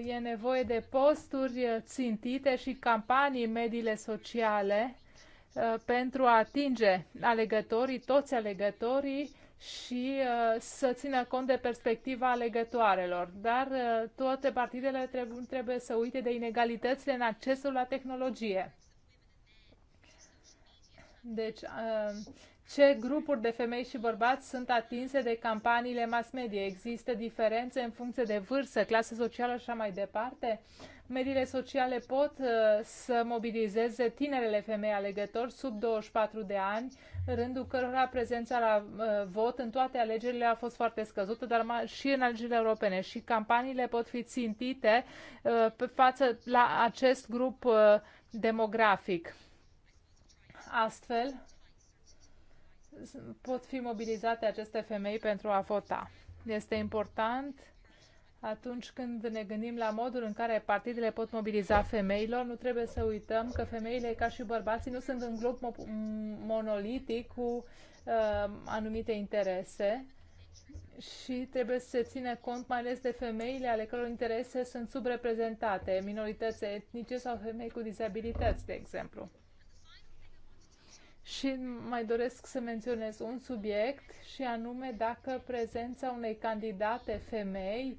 E nevoie de posturi țintite și campanii mediile sociale pentru a atinge alegătorii, toți alegătorii, și să țină cont de perspectiva alegătoarelor. Dar toate partidele trebuie să uite de inegalitățile în accesul la tehnologie. Deci, uh, ce grupuri de femei și bărbați sunt atinse de campaniile mass media? Există diferențe în funcție de vârstă, clasă socială și așa mai departe? Mediile sociale pot uh, să mobilizeze tinerele femei alegători sub 24 de ani, în rândul cărora prezența la uh, vot în toate alegerile a fost foarte scăzută, dar și în alegerile europene. Și campaniile pot fi țintite pe față la acest grup demografic Astfel, pot fi mobilizate aceste femei pentru a vota. Este important atunci când ne gândim la modul în care partidele pot mobiliza femeilor, nu trebuie să uităm că femeile, ca și bărbații, nu sunt în grup monolitic cu uh, anumite interese și trebuie să se ține cont mai ales de femeile ale căror interese sunt subreprezentate, minorități etnice sau femei cu dizabilități, de exemplu. Și mai doresc să menționez un subiect și anume dacă prezența unei candidate femei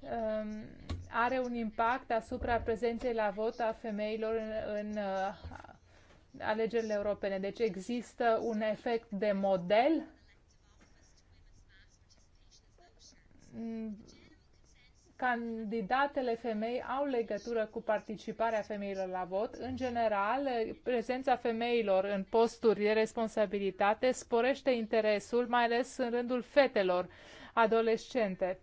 um, are un impact asupra prezenței la vot a femeilor în, în uh, alegerile europene. Deci există un efect de model candidatele femei au legătură cu participarea femeilor la vot. În general, prezența femeilor în posturi de responsabilitate sporește interesul, mai ales în rândul fetelor adolescente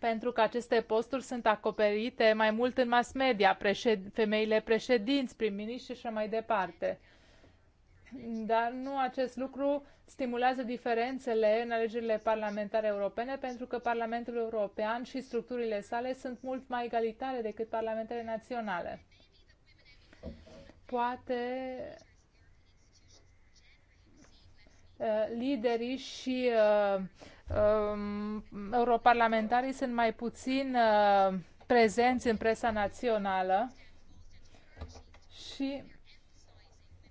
pentru că aceste posturi sunt acoperite mai mult în mass media, președ, femeile președinți, prim-miniștri și așa mai departe. Dar nu acest lucru stimulează diferențele în alegerile parlamentare europene, pentru că Parlamentul European și structurile sale sunt mult mai egalitare decât parlamentele naționale. Poate uh, liderii și uh, um, europarlamentarii sunt mai puțin uh, prezenți în presa națională și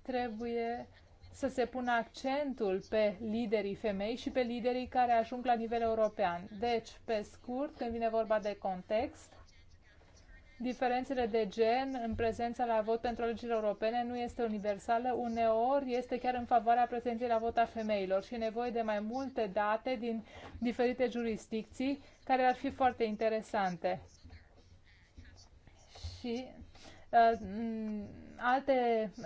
Trebuie să se pună accentul pe liderii femei și pe liderii care ajung la nivel european. Deci, pe scurt, când vine vorba de context, diferențele de gen în prezența la vot pentru legile europene nu este universală, uneori este chiar în favoarea prezenței la vot a femeilor și e nevoie de mai multe date din diferite jurisdicții care ar fi foarte interesante. Și uh, alte uh,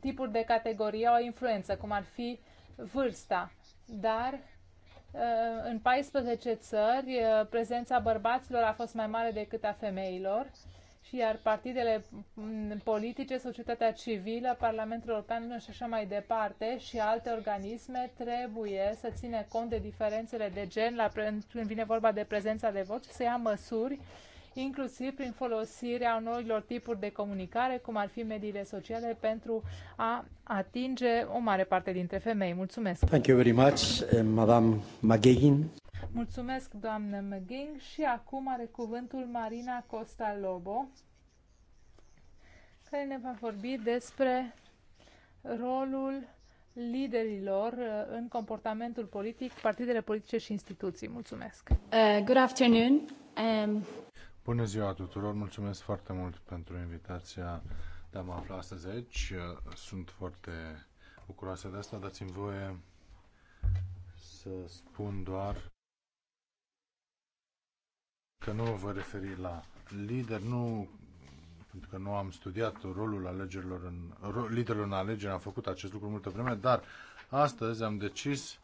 tipuri de categorie, au influență, cum ar fi vârsta, dar uh, în 14 țări uh, prezența bărbaților a fost mai mare decât a femeilor și iar partidele mm, politice, societatea civilă, Parlamentul European și așa mai departe și alte organisme trebuie să ține cont de diferențele de gen la, când vine vorba de prezența de vot și să ia măsuri inclusiv prin folosirea noilor tipuri de comunicare, cum ar fi mediile sociale, pentru a atinge o mare parte dintre femei. Mulțumesc! Thank you very much, eh, Madame McGuigan. Mulțumesc, doamnă McGuigan. Și acum are cuvântul Marina Costa Lobo, care ne va vorbi despre rolul liderilor eh, în comportamentul politic, partidele politice și instituții. Mulțumesc. Uh, good afternoon. Um, Bună ziua tuturor, mulțumesc foarte mult pentru invitația de a mă afla astăzi aici. Sunt foarte bucuroasă de asta, dați-mi voie să spun doar că nu vă referi la lider, nu pentru că nu am studiat rolul alegerilor în, liderilor în alegeri, am făcut acest lucru multă vreme, dar astăzi am decis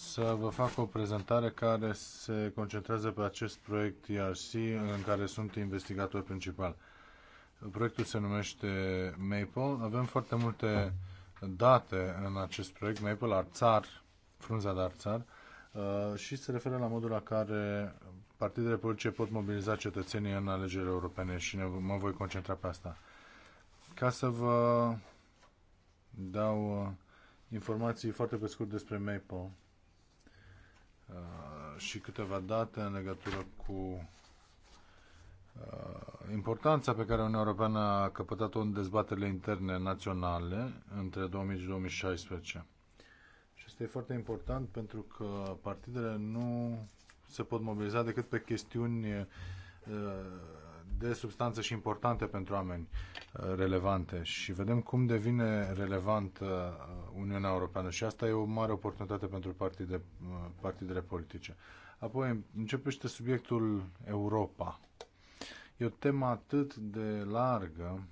să vă fac o prezentare care se concentrează pe acest proiect ERC în care sunt investigator principal. Proiectul se numește Maple. Avem foarte multe date în acest proiect. Maple Arțar, frunza de Arțar, uh, și se referă la modul la care partidele politice pot mobiliza cetățenii în alegerile europene și ne, mă voi concentra pe asta. Ca să vă dau uh, informații foarte pe scurt despre Maple. Uh, și câteva date în legătură cu uh, importanța pe care Uniunea Europeană a căpătat-o în dezbaterile interne naționale între 2000 și 2016. Și asta e foarte important pentru că partidele nu se pot mobiliza decât pe chestiuni uh, de substanță și importante pentru oameni uh, relevante și vedem cum devine relevant uh, Uniunea Europeană și asta e o mare oportunitate pentru partide, uh, partidele politice. Apoi începește subiectul Europa. E o temă atât de largă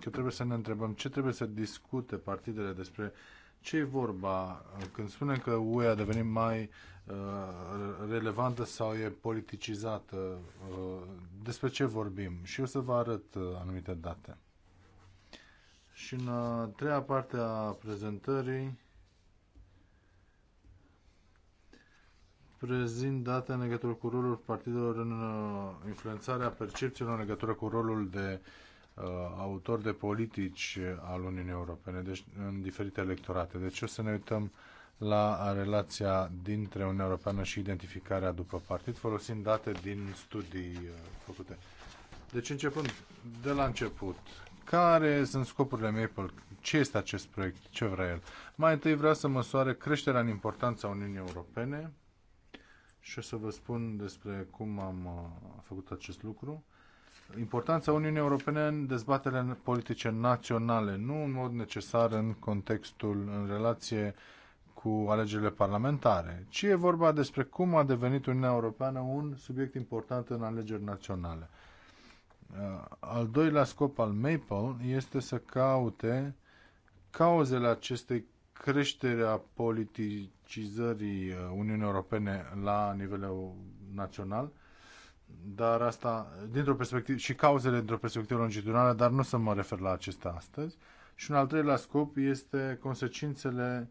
că trebuie să ne întrebăm ce trebuie să discute partidele despre ce e vorba când spunem că UE a devenit mai Uh, relevantă sau e politicizată, uh, despre ce vorbim. Și o să vă arăt uh, anumite date. Și în a treia parte a prezentării prezint date în legătură cu rolul partidelor în influențarea percepțiilor în legătură cu rolul de uh, autor de politici al Uniunii Europene, deci în diferite electorate. Deci o să ne uităm uh, la relația dintre Uniunea Europeană și identificarea după partid, folosind date din studii uh, făcute. Deci începând de la început, care sunt scopurile Maple? Ce este acest proiect? Ce vrea el? Mai întâi vrea să măsoare creșterea în importanța Uniunii Europene și o să vă spun despre cum am uh, făcut acest lucru. Importanța Uniunii Europene în dezbaterile politice naționale, nu în mod necesar în contextul, în relație uh, cu alegerile parlamentare, ci e vorba despre cum a devenit Uniunea Europeană un subiect important în alegeri naționale. Uh, al doilea scop al MAPLE este să caute cauzele acestei creștere a politicizării uh, Uniunii Europene la nivel național, dar asta dintr-o perspectivă și cauzele dintr-o perspectivă longitudinală, dar nu să mă refer la acestea astăzi. Și un al treilea scop este consecințele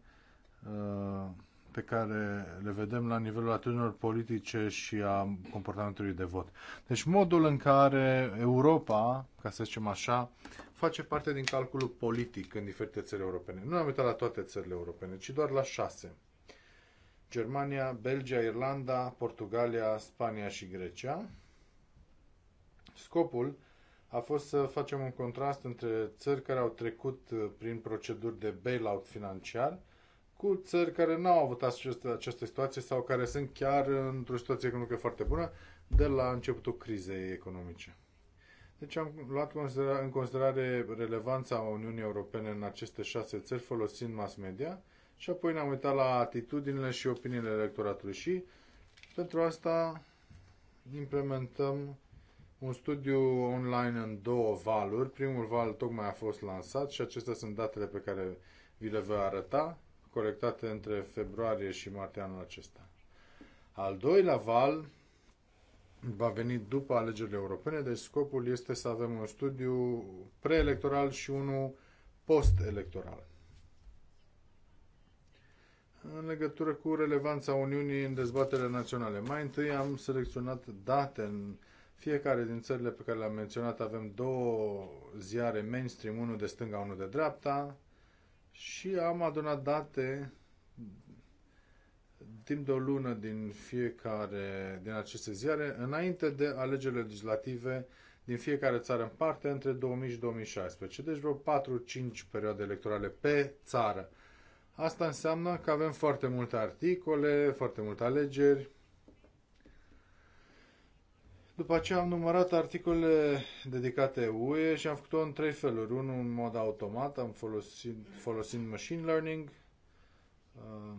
Uh, pe care le vedem la nivelul atitudinilor politice și a comportamentului de vot. Deci modul în care Europa, ca să zicem așa, face parte din calculul politic în diferite țări europene. Nu am uitat la toate țările europene, ci doar la șase. Germania, Belgia, Irlanda, Portugalia, Spania și Grecia. Scopul a fost să facem un contrast între țări care au trecut prin proceduri de bailout financiar – cu țări care nu au avut această, această situație sau care sunt chiar într-o situație economică foarte bună de la începutul crizei economice. Deci am luat considera- în considerare relevanța Uniunii Europene în aceste șase țări folosind mass media și apoi ne-am uitat la atitudinile și opiniile electoratului și pentru asta implementăm un studiu online în două valuri. Primul val tocmai a fost lansat și acestea sunt datele pe care vi le voi arăta colectate între februarie și martie anul acesta. Al doilea val va veni după alegerile europene, deci scopul este să avem un studiu preelectoral și unul post-electoral. În legătură cu relevanța Uniunii în dezbaterea naționale, mai întâi am selecționat date în fiecare din țările pe care le-am menționat. Avem două ziare mainstream, unul de stânga, unul de dreapta, și am adunat date timp de o lună din fiecare din aceste ziare, înainte de alegerile legislative din fiecare țară în parte, între 2000 și 2016. Deci vreo 4-5 perioade electorale pe țară. Asta înseamnă că avem foarte multe articole, foarte multe alegeri, după aceea am numărat articolele dedicate UE și am făcut-o în trei feluri. Unul în mod automat, am folosit, folosind machine learning, uh,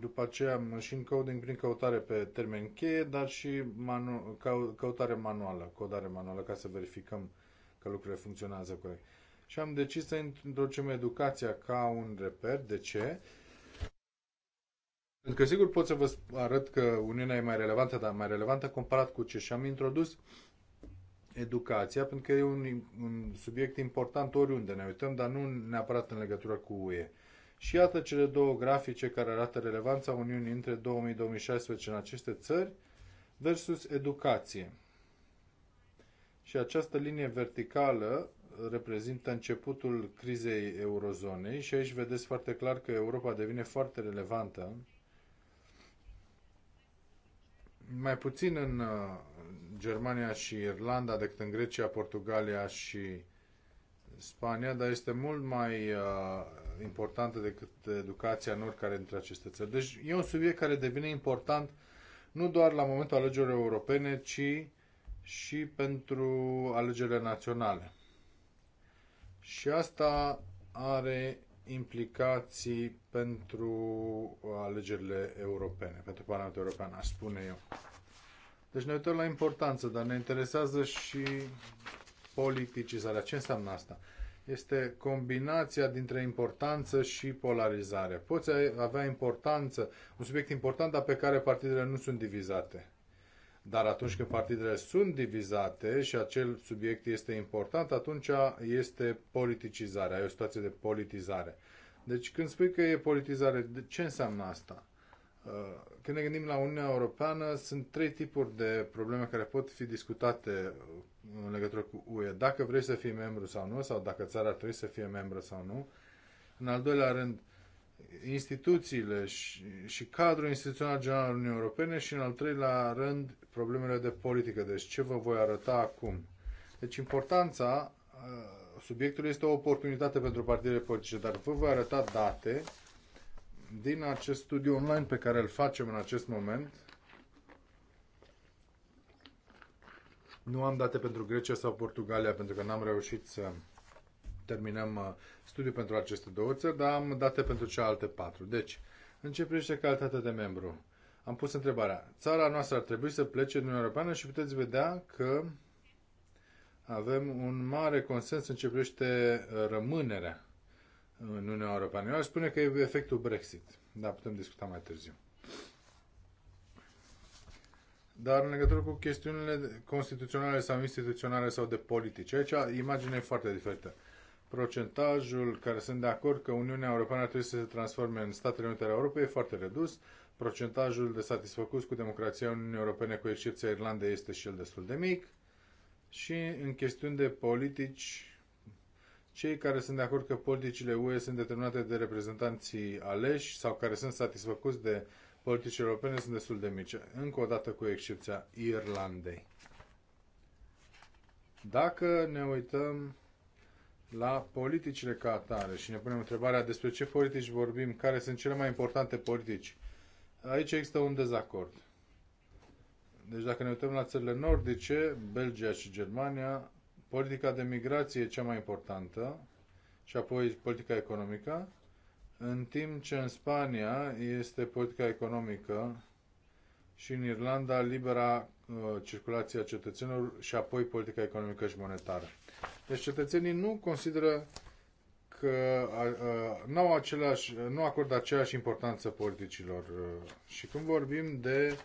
după aceea machine coding prin căutare pe termen cheie, dar și manu- căutare manuală, codare manuală, ca să verificăm că lucrurile funcționează corect. Și am decis să introducem educația ca un reper. De ce? Pentru că sigur pot să vă arăt că Uniunea e mai relevantă, dar mai relevantă comparat cu ce și-am introdus educația, pentru că e un, un subiect important oriunde ne uităm, dar nu neapărat în legătură cu UE. Și iată cele două grafice care arată relevanța Uniunii între 2016 în aceste țări versus educație. Și această linie verticală reprezintă începutul crizei eurozonei și aici vedeți foarte clar că Europa devine foarte relevantă mai puțin uh, în Germania și Irlanda decât în Grecia, Portugalia și Spania, dar este mult mai uh, importantă decât educația în oricare dintre aceste țări. Deci e un subiect care devine important nu doar la momentul alegerilor europene, ci și pentru alegerile naționale. Și asta are implicații pentru alegerile europene, pentru Parlamentul European, aș spune eu. Deci ne uităm la importanță, dar ne interesează și politicizarea. Ce înseamnă asta? Este combinația dintre importanță și polarizare. Poți avea importanță, un subiect important, dar pe care partidele nu sunt divizate. Dar atunci când partidele sunt divizate și acel subiect este important, atunci este politicizare, e o situație de politizare. Deci când spui că e politizare, ce înseamnă asta? Uh, când ne gândim la Uniunea Europeană, sunt trei tipuri de probleme care pot fi discutate uh, în legătură cu UE. Dacă vrei să fii membru sau nu, sau dacă țara trebuie să fie membru sau nu. În al doilea rând, instituțiile și, și cadrul instituțional general al Uniunii Europene și, în al treilea rând, problemele de politică. Deci, ce vă voi arăta acum? Deci, importanța uh, subiectului este o oportunitate pentru partidele politice, dar vă voi arăta date din acest studiu online pe care îl facem în acest moment. Nu am date pentru Grecia sau Portugalia, pentru că n-am reușit să terminăm uh, studiul pentru aceste două țări, dar am date pentru cealaltă patru. Deci, în ce privește calitatea de membru? Am pus întrebarea. Țara noastră ar trebui să plece din Uniunea Europeană și puteți vedea că avem un mare consens în ce privește uh, rămânerea în Uniunea Europeană. Eu aș spune că e efectul Brexit, dar putem discuta mai târziu. Dar în legătură cu chestiunile constituționale sau instituționale sau de politice, aici imaginea e foarte diferită procentajul care sunt de acord că Uniunea Europeană trebuie să se transforme în Statele Unite ale Europei e foarte redus. Procentajul de satisfăcuți cu democrația Uniunii Europene, cu excepția Irlandei, este și el destul de mic. Și în chestiuni de politici, cei care sunt de acord că politicile UE sunt determinate de reprezentanții aleși sau care sunt satisfăcuți de politicile europene sunt destul de mici, încă o dată cu excepția Irlandei. Dacă ne uităm la politicile ca atare și ne punem întrebarea despre ce politici vorbim, care sunt cele mai importante politici. Aici există un dezacord. Deci dacă ne uităm la țările nordice, Belgia și Germania, politica de migrație e cea mai importantă și apoi politica economică, în timp ce în Spania este politica economică și în Irlanda libera uh, circulația cetățenilor și apoi politica economică și monetară. Deci cetățenii nu consideră că nu, au același, nu acordă aceeași importanță politicilor. Și când vorbim de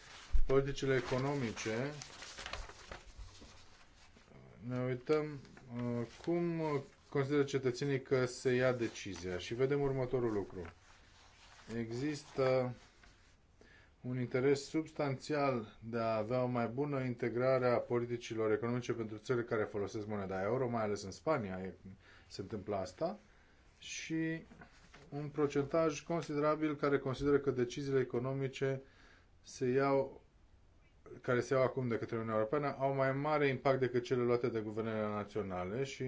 politicile economice, ne uităm cum consideră cetățenii că se ia decizia și vedem următorul lucru. Există un interes substanțial de a avea o mai bună integrare a politicilor economice pentru țările care folosesc moneda euro, mai ales în Spania se întâmplă asta, și un procentaj considerabil care consideră că deciziile economice se iau, care se iau acum de către Uniunea Europeană au mai mare impact decât cele luate de guvernele naționale și,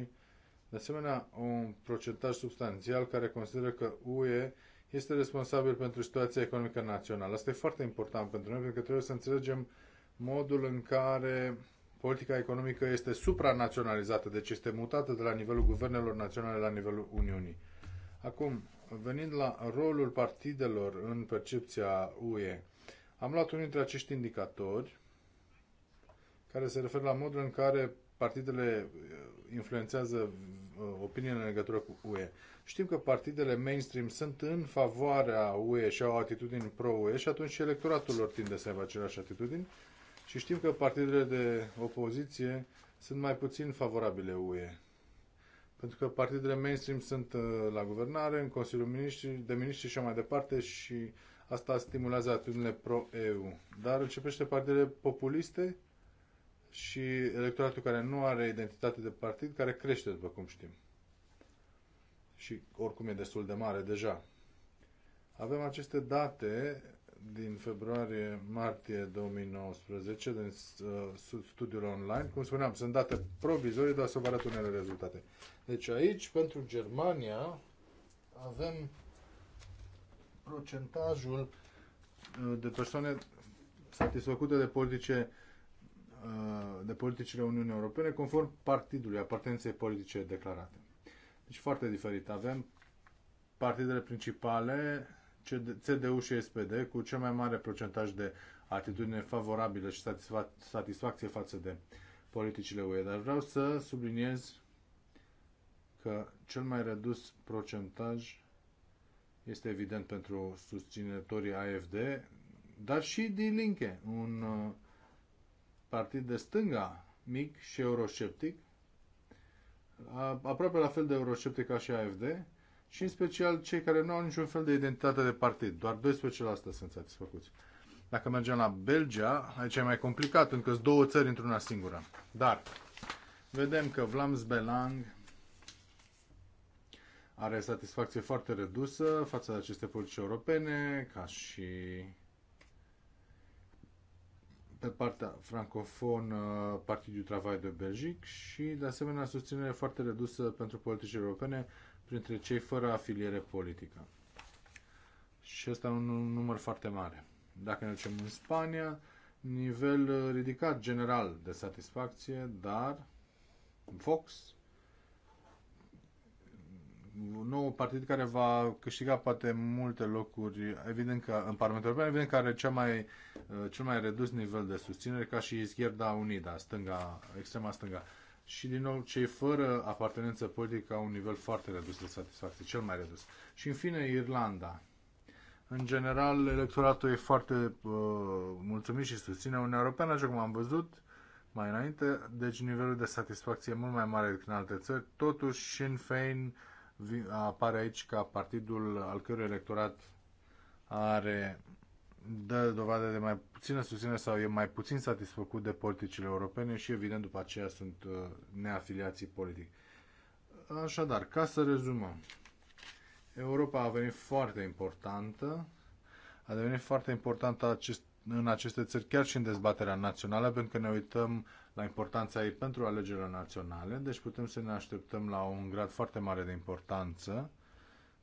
de asemenea, un procentaj substanțial care consideră că UE este responsabil pentru situația economică națională. Asta e foarte important pentru noi, pentru că trebuie să înțelegem modul în care politica economică este supranaționalizată, deci este mutată de la nivelul guvernelor naționale la nivelul Uniunii. Acum, venind la rolul partidelor în percepția UE, am luat unul dintre acești indicatori care se referă la modul în care partidele uh, influențează uh, opinia în legătură cu UE. Știm că partidele mainstream sunt în favoarea UE și au atitudini pro-UE și atunci și electoratul lor tinde să aibă aceleași atitudini și știm că partidele de opoziție sunt mai puțin favorabile UE. Pentru că partidele mainstream sunt uh, la guvernare, în Consiliul Ministri, de Ministri și mai departe și asta stimulează atitudinile pro-EU. Dar începește partidele populiste și electoratul care nu are identitate de partid, care crește, după cum știm. Și oricum e destul de mare deja. Avem aceste date din februarie-martie 2019, din uh, studiul online. Cum spuneam, sunt date provizorii, dar să vă arăt unele rezultate. Deci aici, pentru Germania, avem procentajul uh, de persoane satisfăcute de politice Uh, de politicile Uniunii Europene conform partidului, apartenței politice declarate. Deci foarte diferit. Avem partidele principale, CDU și SPD, cu cel mai mare procentaj de atitudine favorabilă și satisfacție față de politicile UE. Dar vreau să subliniez că cel mai redus procentaj este evident pentru susținătorii AFD, dar și din Linke, un uh, partid de stânga mic și eurosceptic, aproape la fel de eurosceptic ca și AFD, și în special cei care nu au niciun fel de identitate de partid. Doar 12% sunt satisfăcuți. Dacă mergem la Belgia, aici e mai complicat, pentru că sunt două țări într-una singură. Dar vedem că Vlaams Belang are satisfacție foarte redusă față de aceste politici europene, ca și pe partea francofonă Partidul Travail de Belgic și, de asemenea, susținere foarte redusă pentru politici europene printre cei fără afiliere politică. Și ăsta un număr foarte mare. Dacă ne ducem în Spania, nivel ridicat general de satisfacție, dar Vox nou partid care va câștiga poate multe locuri, evident că în Parlamentul European, evident că are cea mai, uh, cel mai redus nivel de susținere, ca și Izgherda Unida, stânga, extrema stânga. Și din nou, cei fără apartenență politică au un nivel foarte redus de satisfacție, cel mai redus. Și în fine, Irlanda. În general, electoratul e foarte uh, mulțumit și susține Uniunea Europeană, așa cum am văzut, mai înainte, deci nivelul de satisfacție e mult mai mare decât în alte țări. Totuși, Sinn Fein apare aici ca partidul al cărui electorat are dă dovadă de mai puțină susținere sau e mai puțin satisfăcut de politicile europene și evident după aceea sunt uh, neafiliații politici. Așadar, ca să rezumăm, Europa a venit foarte importantă, a devenit foarte importantă acest, în aceste țări, chiar și în dezbaterea națională, pentru că ne uităm la importanța ei pentru alegerile naționale, deci putem să ne așteptăm la un grad foarte mare de importanță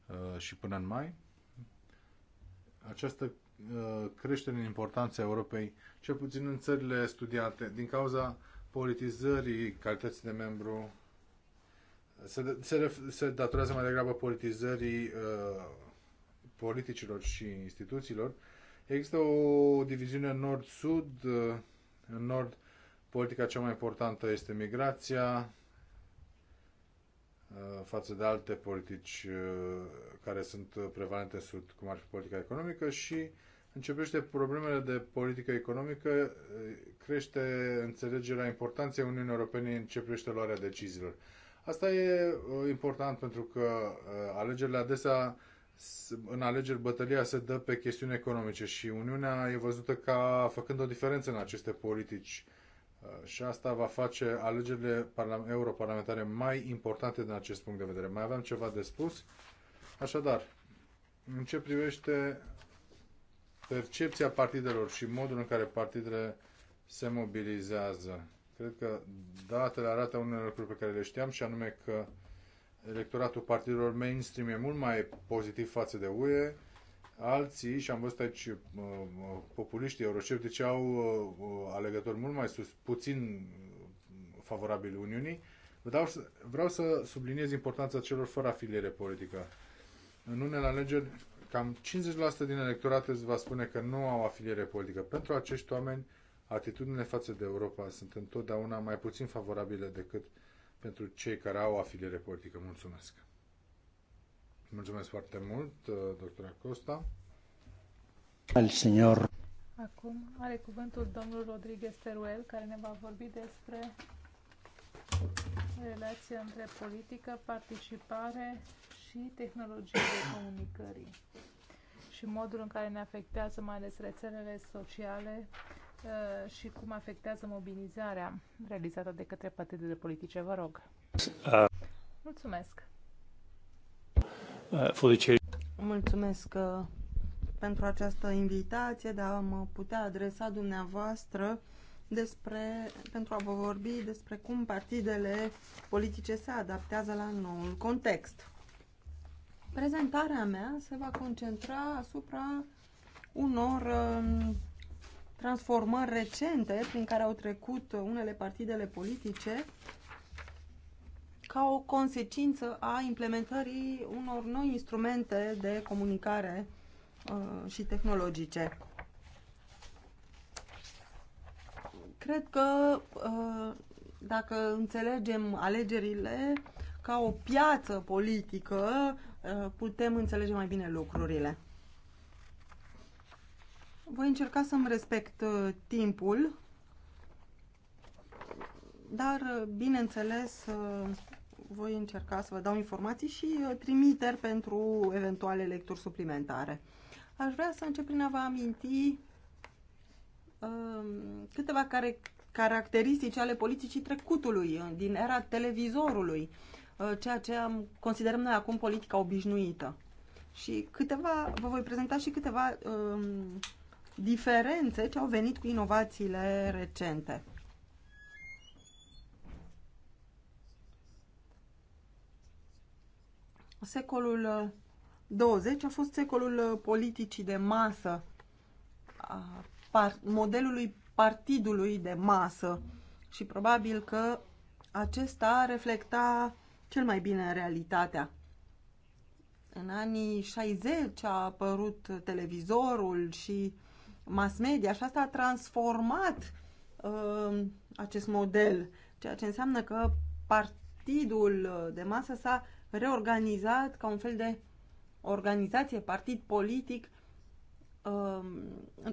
uh, și până în mai. Această uh, creștere în importanța Europei, cel puțin în țările studiate, din cauza politizării calității de membru, se, se, se datorează mai degrabă politizării uh, politicilor și instituțiilor. Există o diviziune nord-sud, în nord Politica cea mai importantă este migrația uh, față de alte politici uh, care sunt prevalente în Sud, cum ar fi politica economică și începește problemele de politică economică, uh, crește înțelegerea importanței Uniunii Europene, începește luarea deciziilor. Asta e important pentru că alegerile adesea, în alegeri, bătălia se dă pe chestiuni economice și Uniunea e văzută ca făcând o diferență în aceste politici Uh, și asta va face alegerile europarlamentare mai importante din acest punct de vedere. Mai aveam ceva de spus. Așadar, în ce privește percepția partidelor și modul în care partidele se mobilizează. Cred că datele arată unele lucruri pe care le știam și anume că electoratul partidelor mainstream e mult mai pozitiv față de UE, Alții, și am văzut aici populiștii eurosceptici, au alegători mult mai sus, puțin favorabili Uniunii. Vreau să, vreau să subliniez importanța celor fără afiliere politică. În unele alegeri, cam 50% din electorate îți va spune că nu au afiliere politică. Pentru acești oameni, atitudinile față de Europa sunt întotdeauna mai puțin favorabile decât pentru cei care au afiliere politică. Mulțumesc! Mulțumesc foarte mult, uh, doctora Costa. Al senior. Acum are cuvântul domnul Rodriguez Teruel, care ne va vorbi despre relația între politică, participare și tehnologie de comunicări și modul în care ne afectează mai ales rețelele sociale uh, și cum afectează mobilizarea realizată de către partidele politice. Vă rog. Uh. Mulțumesc. Uh, for the chair. Mulțumesc uh, pentru această invitație de a mă putea adresa dumneavoastră despre, pentru a vă vorbi despre cum partidele politice se adaptează la noul context. Prezentarea mea se va concentra asupra unor um, transformări recente prin care au trecut unele partidele politice ca o consecință a implementării unor noi instrumente de comunicare uh, și tehnologice. Cred că uh, dacă înțelegem alegerile ca o piață politică, uh, putem înțelege mai bine lucrurile. Voi încerca să-mi respect uh, timpul, dar, uh, bineînțeles, uh, voi încerca să vă dau informații și uh, trimiteri pentru eventuale lecturi suplimentare. Aș vrea să încep prin a vă aminti um, câteva care, caracteristici ale politicii trecutului, uh, din era televizorului, uh, ceea ce am, considerăm noi acum politica obișnuită. Și câteva, vă voi prezenta și câteva um, diferențe ce au venit cu inovațiile recente. Secolul 20 uh, a fost secolul uh, politicii de masă, a par modelului partidului de masă și probabil că acesta reflecta cel mai bine realitatea. În anii 60 a apărut televizorul și mass media și asta a transformat uh, acest model, ceea ce înseamnă că partidul uh, de masă s-a reorganizat ca un fel de organizație, partid politic, um,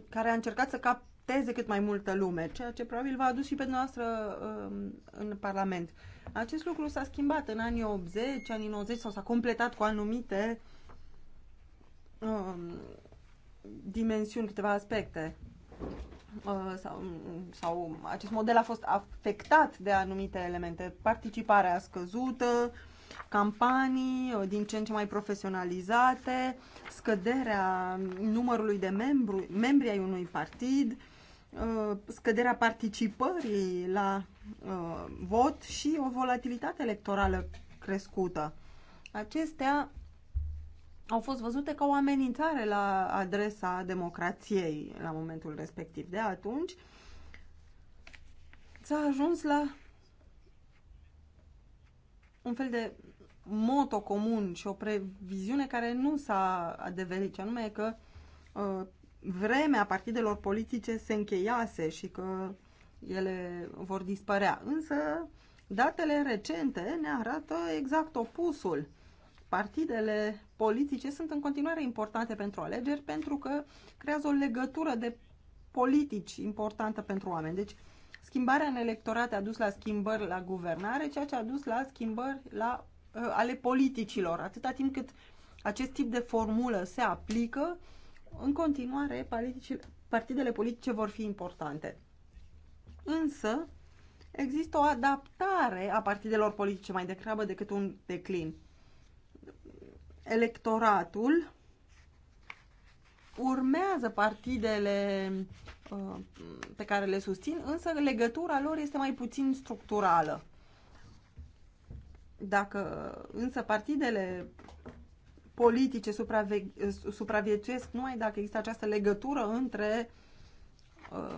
care a încercat să capteze cât mai multă lume, ceea ce probabil v-a adus și pe noastră um, în Parlament. Acest lucru s-a schimbat în anii 80, anii 90 sau s-a completat cu anumite um, dimensiuni, câteva aspecte. Uh, sau, sau acest model a fost afectat de anumite elemente. Participarea scăzută, uh, campanii uh, din ce în ce mai profesionalizate, scăderea numărului de membru, membri ai unui partid, uh, scăderea participării la uh, vot și o volatilitate electorală crescută. Acestea au fost văzute ca o amenințare la adresa democrației la momentul respectiv. De atunci s-a ajuns la un fel de moto comun și o previziune care nu s-a adeverit, anume că uh, vremea partidelor politice se încheiase și că ele vor dispărea. Însă datele recente ne arată exact opusul. Partidele politice sunt în continuare importante pentru alegeri pentru că creează o legătură de politici importantă pentru oameni. Deci schimbarea în electorat a dus la schimbări la guvernare, ceea ce a dus la schimbări la Uh, ale politicilor. Atâta timp cât acest tip de formulă se aplică, în continuare partidele politice vor fi importante. Însă, există o adaptare a partidelor politice mai degrabă decât un declin. Electoratul urmează partidele uh, pe care le susțin, însă legătura lor este mai puțin structurală. Dacă însă partidele politice supravie, supraviețuiesc numai dacă există această legătură între uh,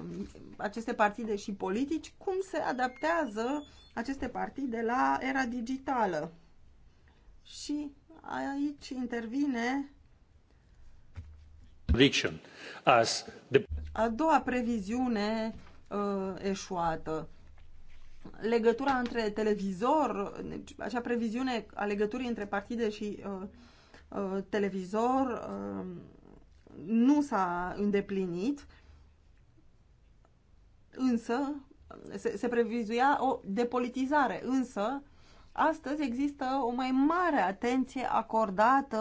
aceste partide și politici, cum se adaptează aceste partide la era digitală. Și aici intervine a doua previziune uh, eșuată legătura între televizor, deci acea previziune a legăturii între partide și uh, uh, televizor uh, nu s-a îndeplinit, însă se, se previzuia o depolitizare, însă astăzi există o mai mare atenție acordată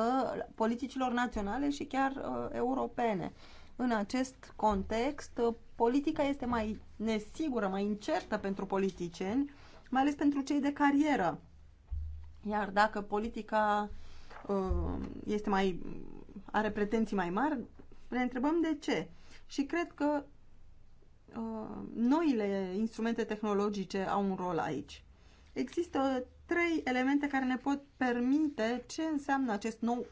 politicilor naționale și chiar uh, europene. În acest context, uh, politica este mai nesigură, mai incertă pentru politicieni, mai ales pentru cei de carieră. Iar dacă politica uh, este mai, are pretenții mai mari, ne întrebăm de ce. Și cred că uh, noile instrumente tehnologice au un rol aici. Există trei elemente care ne pot permite ce înseamnă acest nou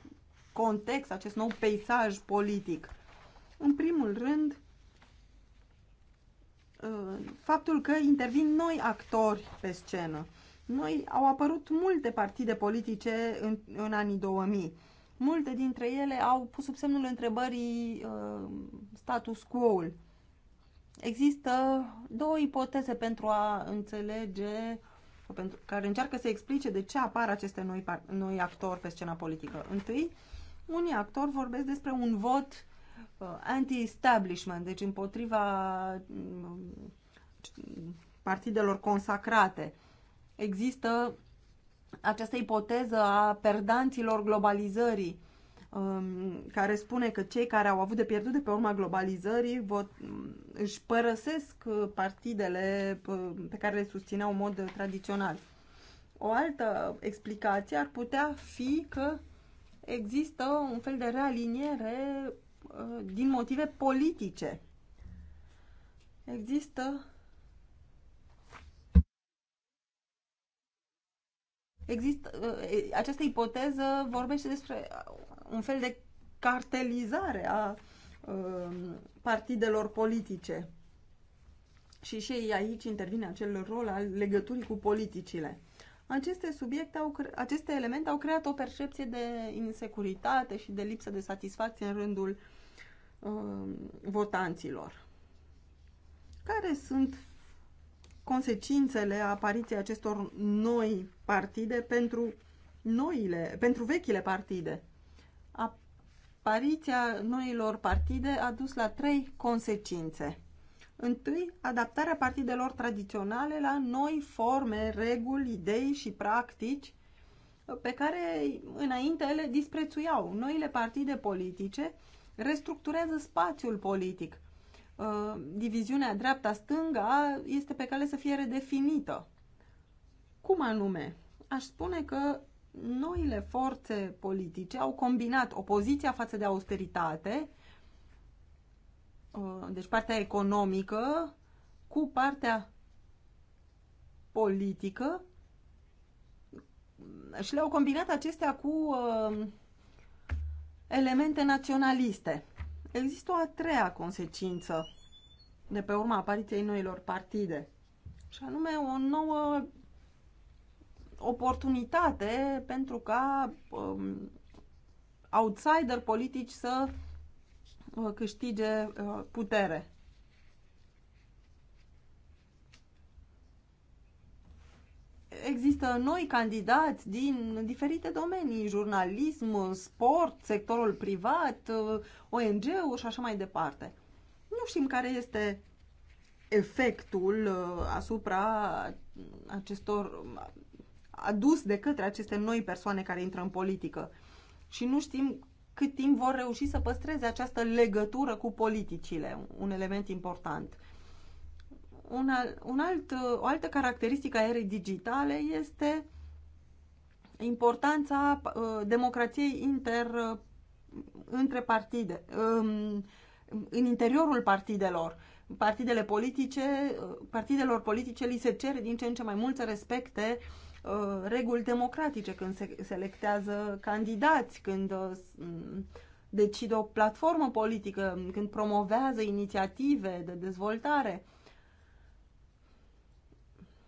context, acest nou peisaj politic. În primul rând, Uh, faptul că intervin noi actori pe scenă. Noi au apărut multe partide politice în, în anii 2000. Multe dintre ele au pus sub semnul întrebării uh, status quo-ul. Există două ipoteze pentru a înțelege, pentru, care încearcă să explice de ce apar aceste noi, noi actori pe scena politică. Întâi, unii actori vorbesc despre un vot Uh, anti-establishment, deci împotriva mm, partidelor consacrate. Există această ipoteză a perdanților globalizării, um, care spune că cei care au avut de pierdut de pe urma globalizării vot, mm, își părăsesc uh, partidele uh, pe care le susțineau în mod tradițional. O altă explicație ar putea fi că există un fel de realiniere Uh, din motive politice. Există Există, uh, această ipoteză vorbește despre uh, un fel de cartelizare a partidelor politice. Și și aici intervine acel rol al legăturii cu politicile. Aceste subiecte au, aceste elemente au creat o percepție de insecuritate și de lipsă de satisfacție în rândul Um, votanților. Care sunt consecințele apariției acestor noi partide pentru noile, pentru vechile partide? Apariția noilor partide a dus la trei consecințe. Întâi, adaptarea partidelor tradiționale la noi forme, reguli, idei și practici pe care înainte ele disprețuiau. Noile partide politice restructurează spațiul politic. Uh, diviziunea dreapta-stânga este pe cale să fie redefinită. Cum anume? Aș spune că noile forțe politice au combinat opoziția față de austeritate, uh, deci partea economică, cu partea politică și le-au combinat acestea cu uh, elemente naționaliste. Există o a treia consecință de pe urma apariției noilor partide, și anume o nouă oportunitate pentru ca um, outsider politici să uh, câștige uh, putere. există noi candidați din diferite domenii, jurnalism, sport, sectorul privat, uh, ONG-uri și așa mai departe. Nu știm care este efectul uh, asupra acestor adus de către aceste noi persoane care intră în politică. Și nu știm cât timp vor reuși să păstreze această legătură cu politicile, un element important. Un, al, un alt, o altă caracteristică a erei digitale este importanța uh, democrației inter, uh, între partide, uh, în interiorul partidelor. Partidele politice, uh, partidelor politice li se cere din ce în ce mai mult să respecte uh, reguli democratice când se selectează candidați, când uh, decide o platformă politică, când promovează inițiative de dezvoltare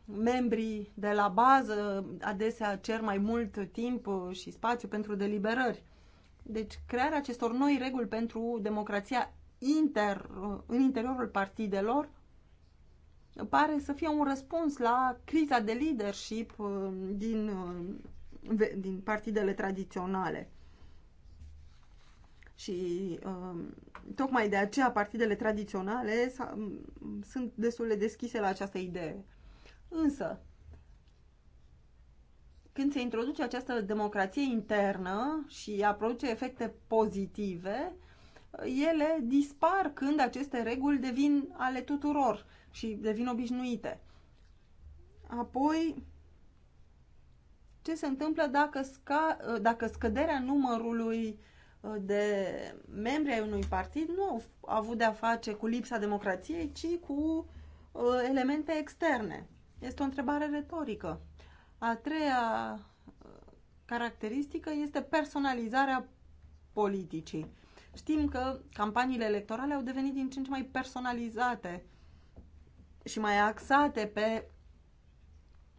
membrii de la bază adesea cer mai mult timp și spațiu pentru deliberări. Deci crearea acestor noi reguli pentru democrația inter, în interiorul partidelor pare să fie un răspuns la criza de leadership uh, din, uh, din partidele tradiționale. Și uh, tocmai de aceea partidele tradiționale sunt destul de deschise la această idee. Însă, când se introduce această democrație internă și a produce efecte pozitive, ele dispar când aceste reguli devin ale tuturor și devin obișnuite. Apoi, ce se întâmplă dacă, sca, dacă scăderea numărului uh, de membri ai unui partid nu a avut de a face cu lipsa democrației, ci cu uh, elemente externe. Este o întrebare retorică. A treia uh, caracteristică este personalizarea politicii. Știm că campaniile electorale au devenit din ce în ce mai personalizate și mai axate pe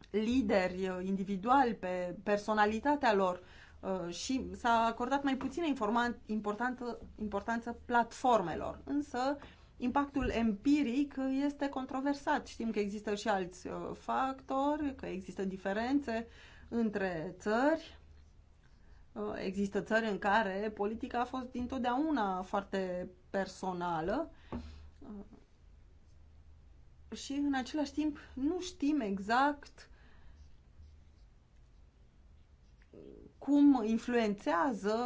lideri uh, individuali, pe personalitatea lor uh, și s-a acordat mai puțină importanță platformelor. Însă Impactul empiric este controversat. Știm că există și alți uh, factori, că există diferențe între țări. Uh, există țări în care politica a fost dintotdeauna foarte personală uh, și în același timp nu știm exact cum influențează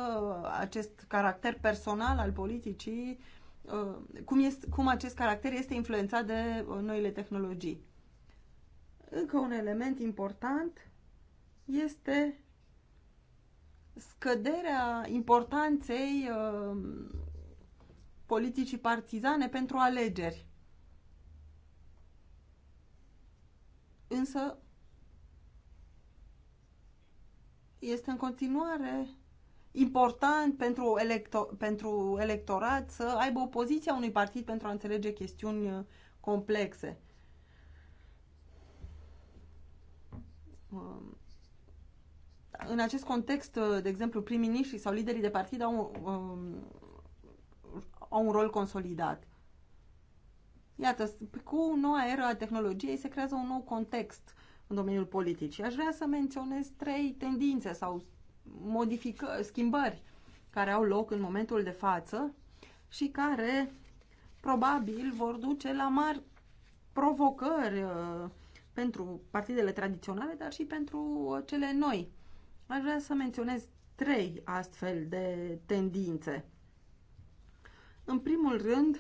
acest caracter personal al politicii Uh, cum, este, cum acest caracter este influențat de uh, noile tehnologii. Încă un element important este scăderea importanței uh, politicii partizane pentru alegeri. Însă este în continuare important pentru, electo- pentru electorat să aibă o unui partid pentru a înțelege chestiuni uh, complexe. Um, în acest context, uh, de exemplu, prim-miniștrii sau liderii de partid au, um, au un rol consolidat. Iată, cu noua era a tehnologiei se creează un nou context în domeniul politic. Și aș vrea să menționez trei tendințe sau modifică schimbări care au loc în momentul de față și care probabil vor duce la mari provocări uh, pentru partidele tradiționale, dar și pentru uh, cele noi. Aș vrea să menționez trei astfel de tendințe. În primul rând,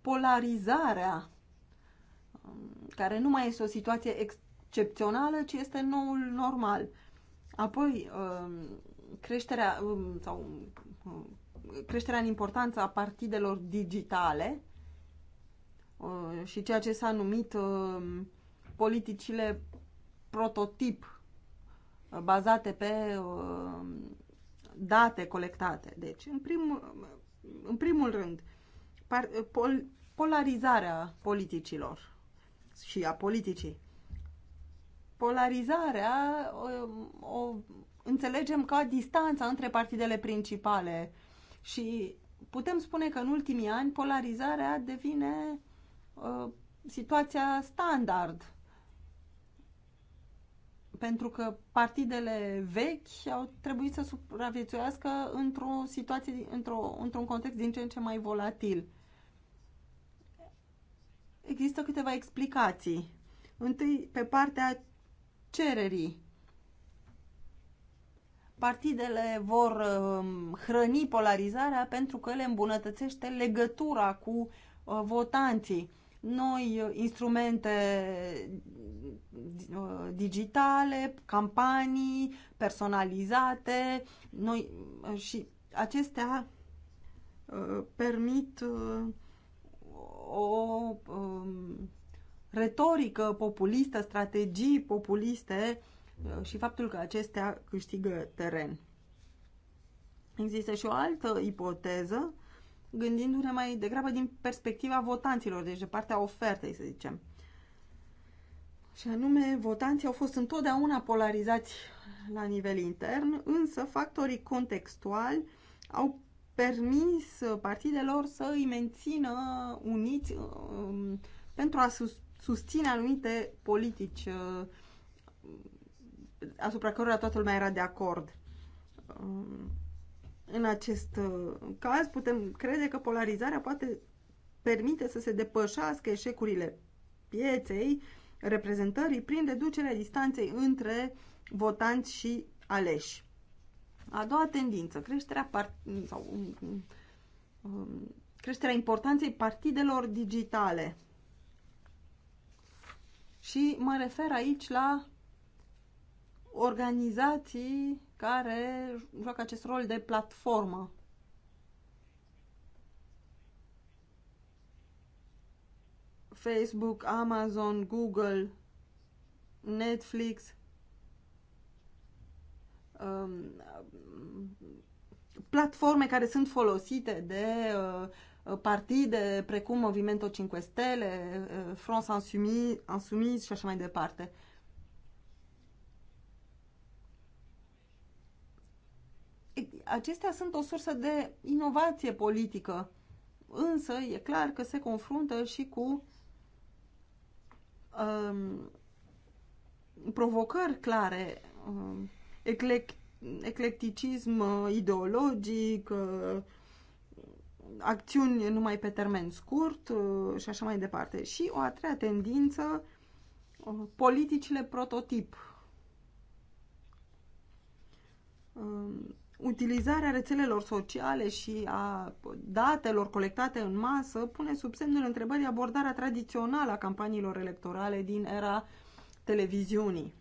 polarizarea, um, care nu mai este o situație excepțională, ci este noul normal. Apoi, um, creșterea um, sau um, creșterea în importanță a partidelor digitale uh, și ceea ce s-a numit politicile prototip uh, bazate pe date colectate. Deci, în, primul, în primul rând, polarizarea politicilor și a politicii polarizarea o, um, o înțelegem ca distanța între partidele principale și putem spune că în ultimii ani polarizarea devine uh, situația standard. Pentru că partidele vechi au trebuit să supraviețuiască într-o situație, într-o, într-un context din ce în ce mai volatil. Există câteva explicații. Întâi, pe partea cererii. Partidele vor um, hrăni polarizarea pentru că le îmbunătățește legătura cu uh, votanții. Noi uh, instrumente uh, digitale, campanii personalizate, noi și acestea permit o um, retorică populistă, strategii populiste uh, și faptul că acestea câștigă teren. Există și o altă ipoteză, gândindu-ne mai degrabă din perspectiva votanților, deci de partea ofertei, să zicem. Și anume, votanții au fost întotdeauna polarizați la nivel intern, însă factorii contextuali au permis uh, partidelor să îi mențină uniți uh, um, pentru a sus susține anumite politici uh, asupra cărora toată lumea era de acord. Um, în acest uh, caz putem crede că polarizarea poate permite să se depășească eșecurile pieței, reprezentării prin reducerea distanței între votanți și aleși. A doua tendință, creșterea, part- sau, um, um, creșterea importanței partidelor digitale. Și mă refer aici la organizații care joacă acest rol de platformă. Facebook, Amazon, Google, Netflix, um, platforme care sunt folosite de uh, Uh, partide precum Movimento 5 Stele, uh, France Insoumise, Insoumise și așa mai departe. Acestea sunt o sursă de inovație politică, însă e clar că se confruntă și cu um, provocări clare, um, eclect, eclecticism uh, ideologic, uh, acțiuni numai pe termen scurt uh, și așa mai departe. Și o a treia tendință, uh, politicile prototip. Um, utilizarea rețelelor sociale și a datelor colectate în masă pune sub semnul întrebării abordarea tradițională a campaniilor electorale din era televiziunii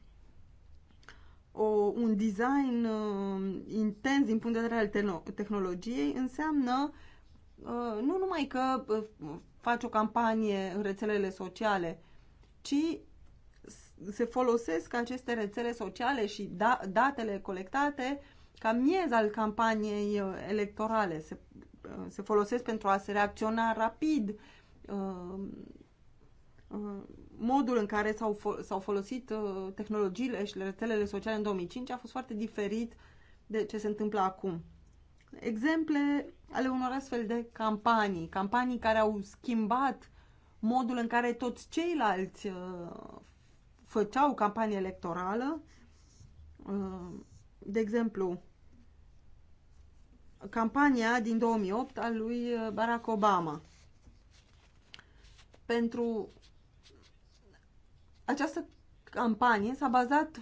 o, un design uh, intens din punct de vedere al tehnologiei înseamnă Uh, nu numai că uh, faci o campanie în rețelele sociale, ci se folosesc aceste rețele sociale și da datele colectate ca miez al campaniei uh, electorale. Se, se folosesc pentru a se reacționa rapid. Modul în care s-au, folosit tehnologiile și rețelele sociale în 2005 a fost foarte diferit de ce se întâmplă acum exemple ale unor astfel de campanii, campanii care au schimbat modul în care toți ceilalți uh, făceau campanie electorală. Uh, de exemplu, campania din 2008 a lui uh, Barack Obama. Pentru această campanie s-a bazat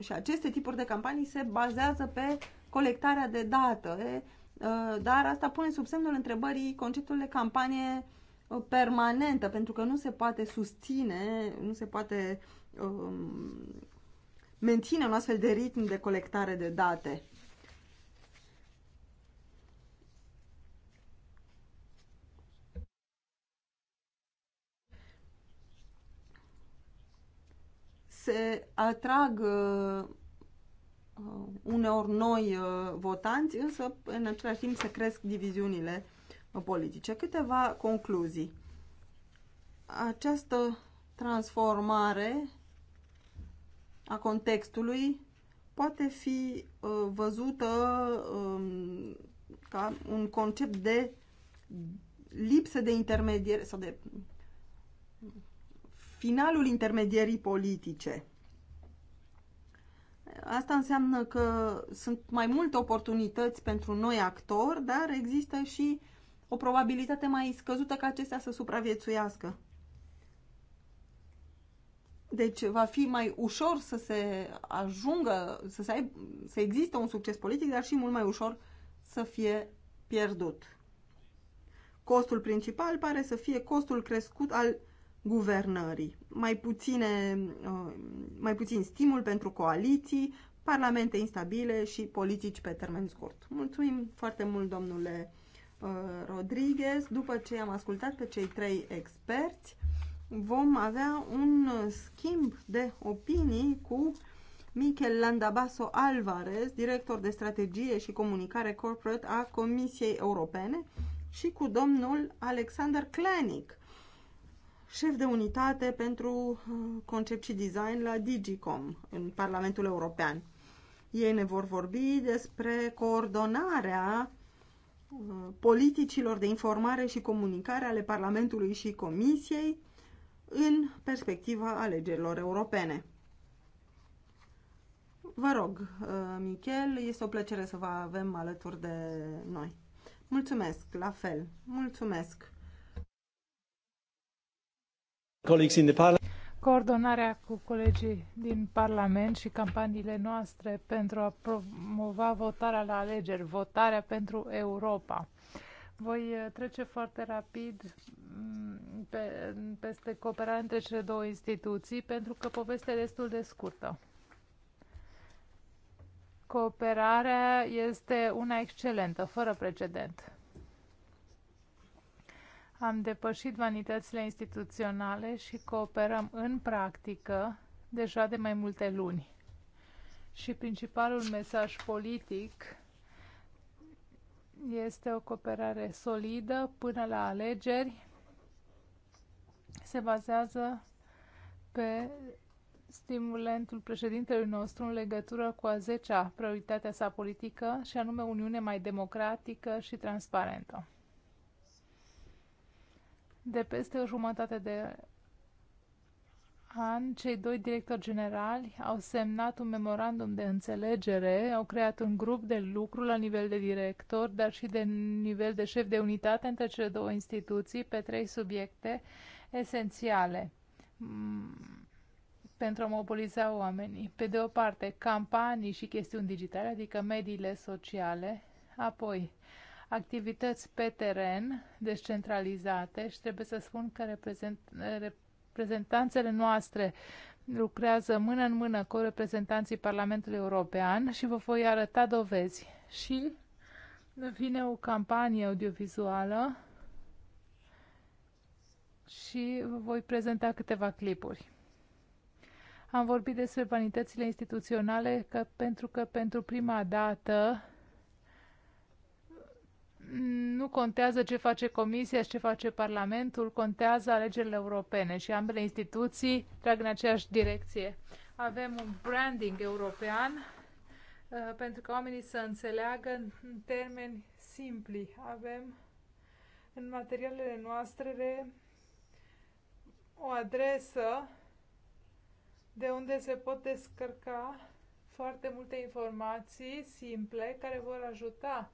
și aceste tipuri de campanii se bazează pe colectarea de date, ă, dar asta pune sub semnul întrebării conceptul de campanie ă, permanentă, pentru că nu se poate susține, nu se poate um, menține un astfel de ritm de colectare de date. Se atrag Uh, uneori noi uh, votanți, însă în același timp se cresc diviziunile uh, politice. Câteva concluzii. Această transformare a contextului poate fi văzută um, ca un concept de lipsă de intermediere sau de finalul intermedierii politice. Asta înseamnă că sunt mai multe oportunități pentru noi actori, dar există și o probabilitate mai scăzută ca acestea să supraviețuiască. Deci va fi mai ușor să se ajungă, să, se aib, să existe un succes politic, dar și mult mai ușor să fie pierdut. Costul principal pare să fie costul crescut al guvernării. Mai, puține, uh, mai puțin stimul pentru coaliții, parlamente instabile și politici pe termen scurt. Mulțumim foarte mult, domnule uh, Rodriguez. După ce am ascultat pe cei trei experți, vom avea un schimb de opinii cu Michel Landabaso Alvarez, director de strategie și comunicare corporate a Comisiei Europene, și cu domnul Alexander Klenik șef de unitate pentru uh, concept și design la Digicom în Parlamentul European. Ei ne vor vorbi despre coordonarea uh, politicilor de informare și comunicare ale Parlamentului și Comisiei în perspectiva alegerilor europene. Vă rog, uh, Michel, este o plăcere să vă avem alături de noi. Mulțumesc, la fel. Mulțumesc. Coordonarea cu colegii din Parlament și campaniile noastre pentru a promova votarea la alegeri, votarea pentru Europa. Voi eh, trece foarte rapid mm, pe, peste cooperarea între cele două instituții, pentru că povestea e destul de scurtă. Cooperarea este una excelentă, fără precedent. Am depășit vanitățile instituționale și cooperăm în practică deja de mai multe luni. Și principalul mesaj politic este o cooperare solidă până la alegeri. Se bazează pe stimulentul președintelui nostru în legătură cu a 10-a prioritatea sa politică și anume Uniune mai democratică și transparentă de peste o jumătate de an, cei doi directori generali au semnat un memorandum de înțelegere, au creat un grup de lucru la nivel de director, dar și de nivel de șef de unitate între cele două instituții pe trei subiecte esențiale mm, pentru a mobiliza oamenii. Pe de o parte, campanii și chestiuni digitale, adică mediile sociale, apoi activități pe teren descentralizate și trebuie să spun că reprezentanțele noastre lucrează mână în mână cu reprezentanții Parlamentului European și vă voi arăta dovezi. Și vine o campanie audiovizuală și vă voi prezenta câteva clipuri. Am vorbit despre vanitățile instituționale că, pentru că pentru prima dată nu contează ce face Comisia și ce face Parlamentul, contează alegerile europene și ambele instituții trag în aceeași direcție. Avem un branding european uh, pentru că oamenii să înțeleagă în termeni simpli. Avem în materialele noastre o adresă de unde se pot descărca foarte multe informații simple care vor ajuta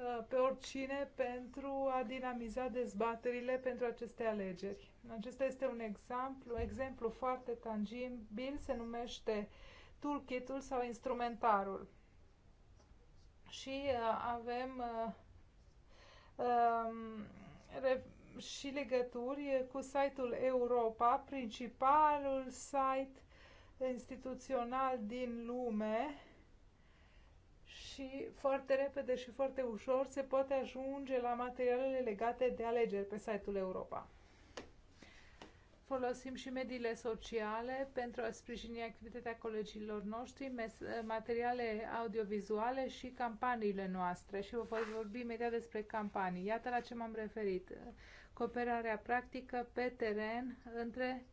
Uh, pe oricine pentru a dinamiza dezbaterile pentru aceste alegeri. Acesta este un exemplu, un exemplu foarte tangibil, se numește toolkit-ul sau instrumentarul. Și uh, avem uh, um, și legături cu site-ul Europa, principalul site instituțional din lume, și foarte repede și foarte ușor se poate ajunge la materialele legate de alegeri pe site-ul Europa. Folosim și mediile sociale pentru a sprijini activitatea colegilor noștri, materiale audiovizuale și campaniile noastre. Și vă voi vorbi imediat despre campanii. Iată la ce m-am referit. Cooperarea practică pe teren între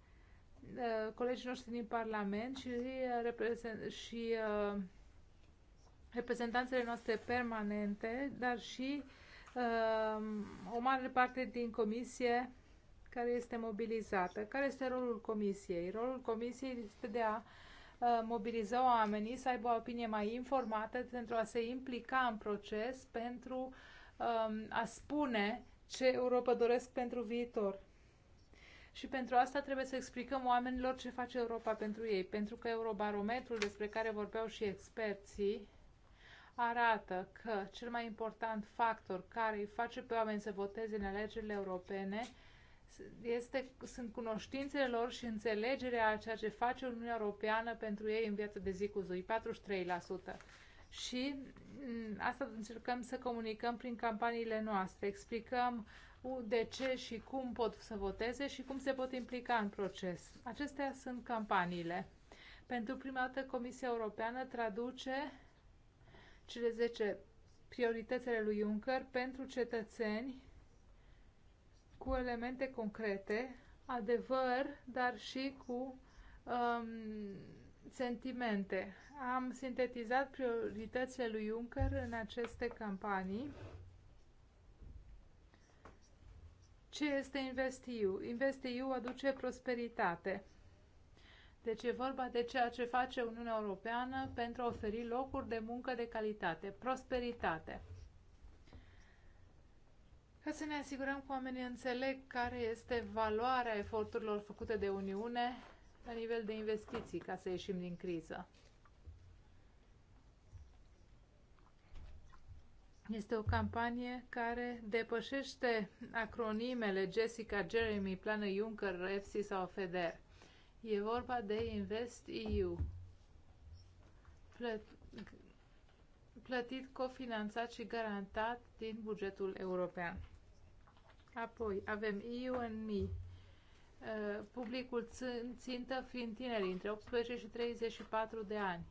uh, colegii noștri din Parlament și, uh, și uh, reprezentanțele noastre permanente, dar și uh, o mare parte din comisie care este mobilizată. Care este rolul comisiei? Rolul comisiei este de a uh, mobiliza oamenii să aibă o opinie mai informată pentru a se implica în proces, pentru uh, a spune ce Europa doresc pentru viitor. Și pentru asta trebuie să explicăm oamenilor ce face Europa pentru ei, pentru că Eurobarometrul despre care vorbeau și experții arată că cel mai important factor care îi face pe oameni să voteze în alegerile europene este, sunt cunoștințele lor și înțelegerea a ceea ce face Uniunea Europeană pentru ei în viața de zi cu zi, 43%. Și mm, asta încercăm să comunicăm prin campaniile noastre. Explicăm de ce și cum pot să voteze și cum se pot implica în proces. Acestea sunt campaniile. Pentru prima dată Comisia Europeană traduce cele 10 prioritățile lui Juncker pentru cetățeni cu elemente concrete, adevăr, dar și cu um, sentimente. Am sintetizat prioritățile lui Juncker în aceste campanii. Ce este InvestEU? InvestEU aduce prosperitate. Deci e vorba de ceea ce face Uniunea Europeană pentru a oferi locuri de muncă de calitate, prosperitate. Ca să ne asigurăm că oamenii înțeleg care este valoarea eforturilor făcute de Uniune la nivel de investiții ca să ieșim din criză. Este o campanie care depășește acronimele Jessica, Jeremy, Plană Juncker, EFSI sau FEDER. E vorba de Invest EU, plătit, cofinanțat și garantat din bugetul european. Apoi avem EU and Me, uh, publicul țintă fiind tineri între 18 și 34 de ani.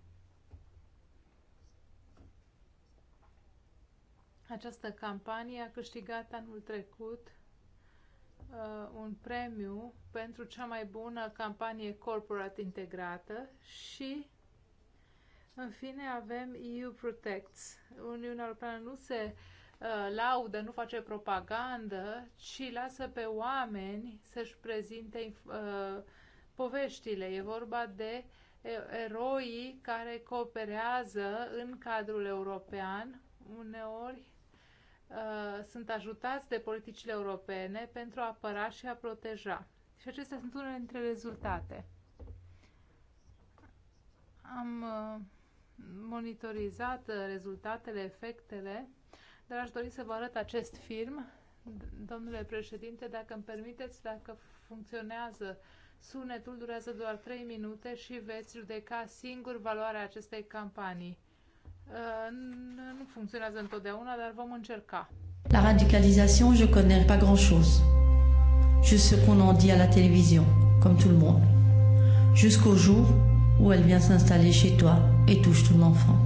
Această campanie a câștigat anul trecut uh, un premiu pentru cea mai bună campanie corporate integrată și, în fine, avem EU Protects. Uniunea Europeană nu se uh, laudă, nu face propagandă, ci lasă pe oameni să-și prezinte uh, poveștile. E vorba de eroii care cooperează în cadrul european, uneori Uh, sunt ajutați de politicile europene pentru a apăra și a proteja. Și acestea sunt unele dintre rezultate. Am uh, monitorizat uh, rezultatele, efectele, dar aș dori să vă arăt acest film. Domnule președinte, dacă îmi permiteți, dacă funcționează sunetul, durează doar 3 minute și veți judeca singur valoarea acestei campanii. Uh, nu funcționează întotdeauna, dar vom încerca. La radicalizare, je connais pas grand-chose. Juste ce qu'on en dit à la télévision, comme tout le monde. Jusqu'au jour où elle vient s'installer chez toi et touche ton enfant.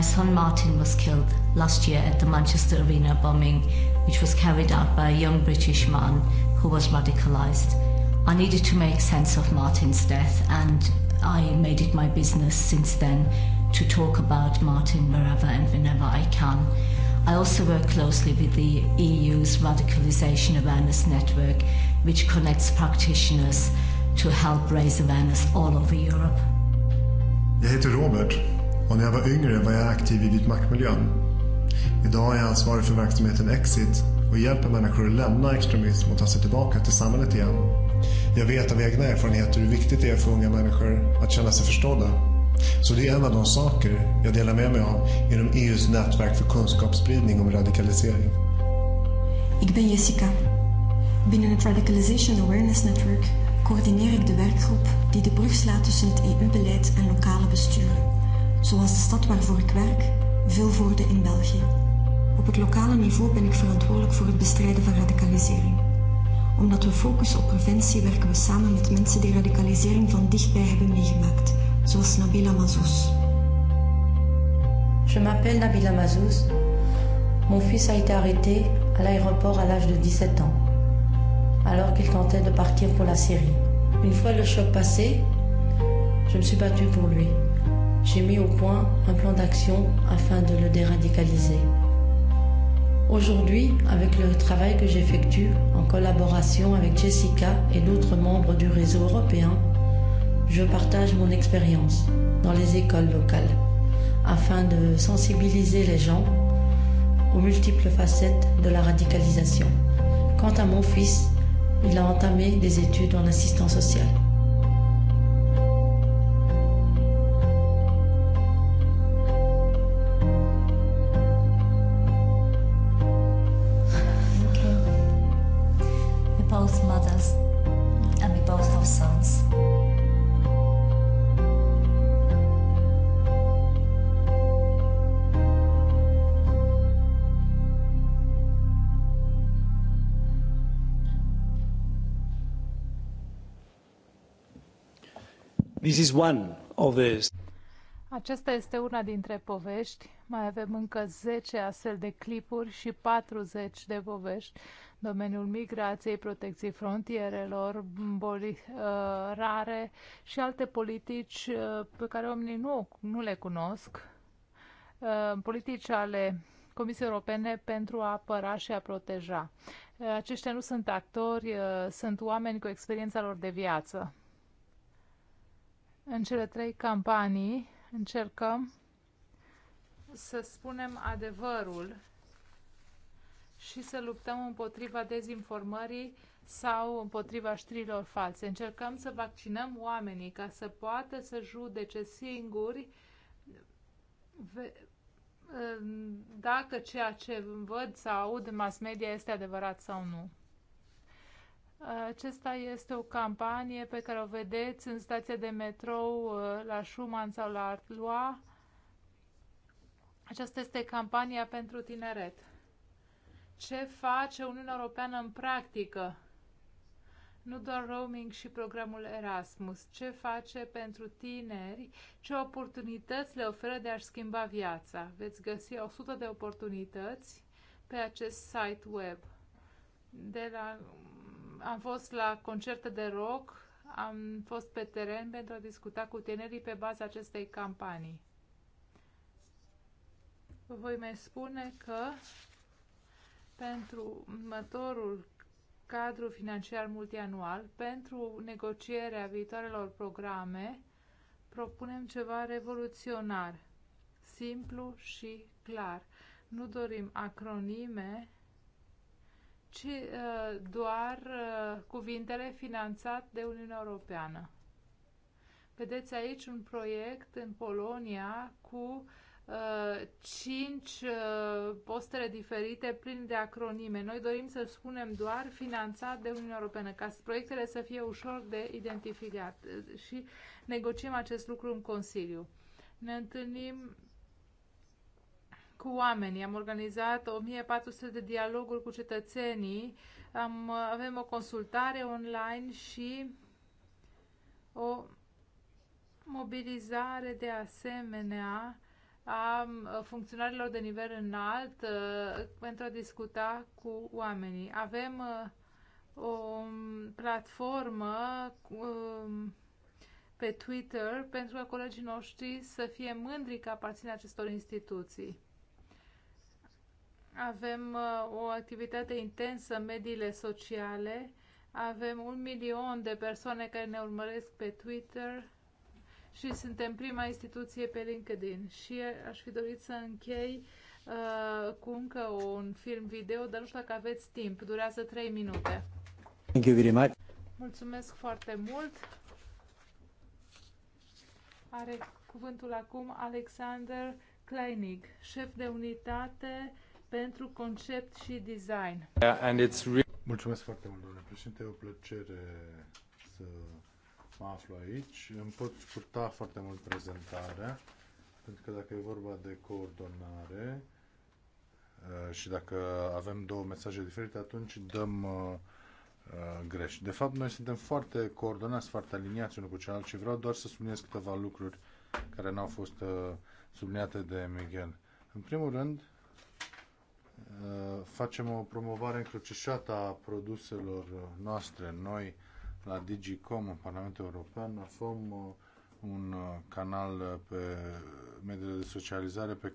my son Martin was killed last year at the Manchester Arena bombing, which was carried out by a young British man who was radicalised. I needed to make sense of Martin's death, and I made it my business since then to talk about Martin wherever and whenever I can. I also work closely with the EU's Radicalisation Awareness Network, which connects practitioners to help raise awareness all over Europe. Jag heter Robert Och när jag var yngre var jag aktiv i Vit maktmiljön. Idag är jag ansvarig för verksamheten Exit och hjälper människor att lämna extremism och ta sig tillbaka till samhället igen. Jag vet av egna erfarenheter hur viktigt det är för unga människor att känna sig förstådda. Så det är en av de saker jag delar med mig av inom EUs nätverk för kunskapsspridning om radikalisering. Jag ben Jessica. Binnen ett Radicalization Awareness Network coördineer ik den verkgrupp som de brug slaat tussen EU-beleid och lokala besturen zoals de stad waarvoor ik werk, veel voerde in België. Op het lokale niveau ben ik verantwoordelijk voor het bestrijden van radicalisering. Omdat we focussen op preventie werken we samen met mensen die radicalisering van dichtbij hebben meegemaakt, zoals Nabila Mazous. Je m'appelle Nabila Mazous. Mon fils a été arrêté à l'aéroport à l'âge de 17 ans, alors qu'il tentait de partir pour la Syrie. Une fois le choc passé, je me suis battue pour lui j'ai mis au point un plan d'action afin de le déradicaliser. Aujourd'hui, avec le travail que j'effectue en collaboration avec Jessica et d'autres membres du réseau européen, je partage mon expérience dans les écoles locales afin de sensibiliser les gens aux multiples facettes de la radicalisation. Quant à mon fils, il a entamé des études en assistance sociale. This is one of the... Aceasta este una dintre povești. Mai avem încă 10 astfel de clipuri și 40 de povești. Domeniul migrației, protecției frontierelor, boli uh, rare și alte politici uh, pe care oamenii nu, nu le cunosc. Uh, politici ale Comisiei Europene pentru a apăra și a proteja. Uh, aceștia nu sunt actori, uh, sunt oameni cu experiența lor de viață. În cele trei campanii încercăm să spunem adevărul și să luptăm împotriva dezinformării sau împotriva știrilor false. Încercăm să vaccinăm oamenii ca să poată să judece singuri dacă ceea ce văd sau aud în mass media este adevărat sau nu. Acesta este o campanie pe care o vedeți în stația de metrou uh, la Schumann sau la Arloa. Aceasta este campania pentru tineret. Ce face Uniunea Europeană în practică? Nu doar roaming și programul Erasmus. Ce face pentru tineri? Ce oportunități le oferă de a-și schimba viața? Veți găsi 100 de oportunități pe acest site web. De la am fost la concerte de rock, am fost pe teren pentru a discuta cu tinerii pe baza acestei campanii. Voi mai spune că pentru următorul cadru financiar multianual, pentru negocierea viitoarelor programe, propunem ceva revoluționar, simplu și clar. Nu dorim acronime ci uh, doar uh, cuvintele finanțat de Uniunea Europeană. Vedeți aici un proiect în Polonia cu uh, cinci uh, postere diferite pline de acronime. Noi dorim să spunem doar finanțat de Uniunea Europeană, ca proiectele să fie ușor de identificat și negociem acest lucru în Consiliu. Ne întâlnim cu oamenii. Am organizat 1400 de dialoguri cu cetățenii, am, avem o consultare online și o mobilizare de asemenea a funcționarilor de nivel înalt pentru a discuta cu oamenii. Avem o platformă pe Twitter pentru ca colegii noștri să fie mândri că aparțin acestor instituții. Avem uh, o activitate intensă în mediile sociale, avem un milion de persoane care ne urmăresc pe Twitter și suntem prima instituție pe LinkedIn. Și aș fi dorit să închei uh, cu încă un film video, dar nu știu dacă aveți timp. Durează 3 minute. Thank you very much. Mulțumesc foarte mult. Are cuvântul acum Alexander Kleinig, șef de unitate pentru concept și design. Yeah, and it's Mulțumesc foarte mult, domnule președinte. E o plăcere să mă aflu aici. Îmi pot scurta foarte mult prezentarea, pentru că dacă e vorba de coordonare uh, și dacă avem două mesaje diferite, atunci dăm uh, uh, greș. De fapt, noi suntem foarte coordonați, foarte aliniați unul cu celălalt și vreau doar să subliniez câteva lucruri care n-au fost subliniate de Miguel. În primul rând, Uh, facem o promovare încrucișată a produselor noastre. Noi, la DigiCom, în Parlamentul European, avem uh, un uh, canal pe mediile de socializare pe,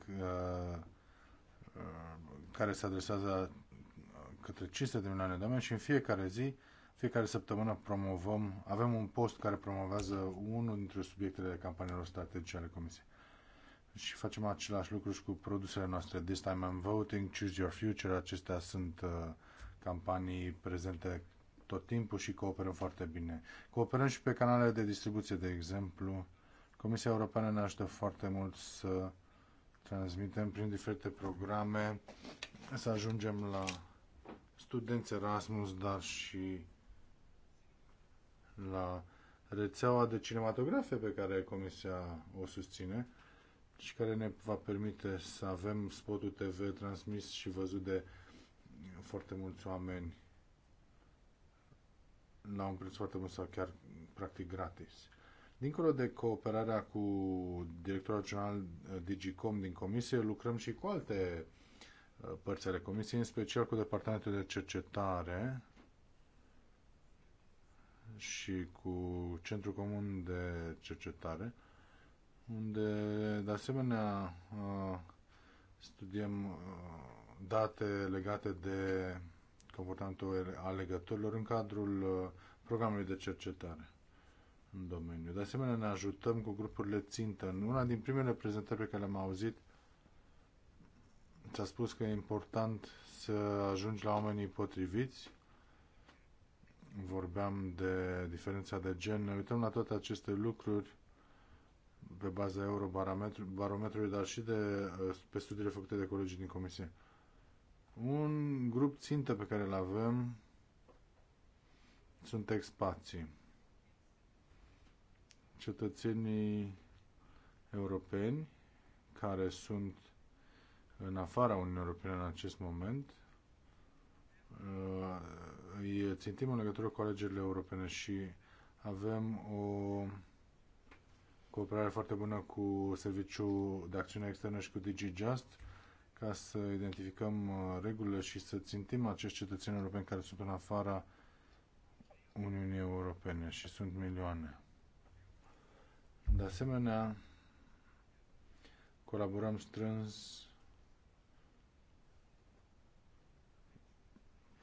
care se adresează către 500 de milioane de oameni și în fiecare zi, fiecare săptămână promovăm, avem un post care promovează unul dintre subiectele campaniilor strategice ale Comisiei și facem același lucru și cu produsele noastre. This time I'm voting, choose your future. Acestea sunt uh, campanii prezente tot timpul și cooperăm foarte bine. Cooperăm și pe canalele de distribuție, de exemplu. Comisia Europeană ne ajută foarte mult să transmitem prin diferite programe, să ajungem la studenți Erasmus, dar și la rețeaua de cinematografe pe care Comisia o susține și care ne va permite să avem spotul TV transmis și văzut de foarte mulți oameni la un preț foarte mult sau chiar practic gratis. Dincolo de cooperarea cu directorul general uh, Digicom din Comisie, lucrăm și cu alte uh, părți ale Comisiei, în special cu Departamentul de Cercetare și cu Centrul Comun de Cercetare, unde de asemenea uh, studiem uh, date legate de comportamentul alegătorilor în cadrul uh, programului de cercetare în domeniu. De asemenea, ne ajutăm cu grupurile țintă. În una din primele prezentări pe care le-am auzit, ți-a spus că e important să ajungi la oamenii potriviți. Vorbeam de diferența de gen. Ne uităm la toate aceste lucruri pe baza eurobarometrului, dar și de, uh, pe studiile făcute de colegii din comisie. Un grup țintă pe care îl avem sunt expații. Cetățenii europeni care sunt în afara Uniunii Europene în acest moment uh, îi țintim în legătură cu alegerile europene și avem o cooperare foarte bună cu Serviciul de Acțiune Externă și cu DigiJust ca să identificăm uh, regulile și să țintim acești cetățeni europeni care sunt în afara Uniunii Europene și sunt milioane. De asemenea, colaborăm strâns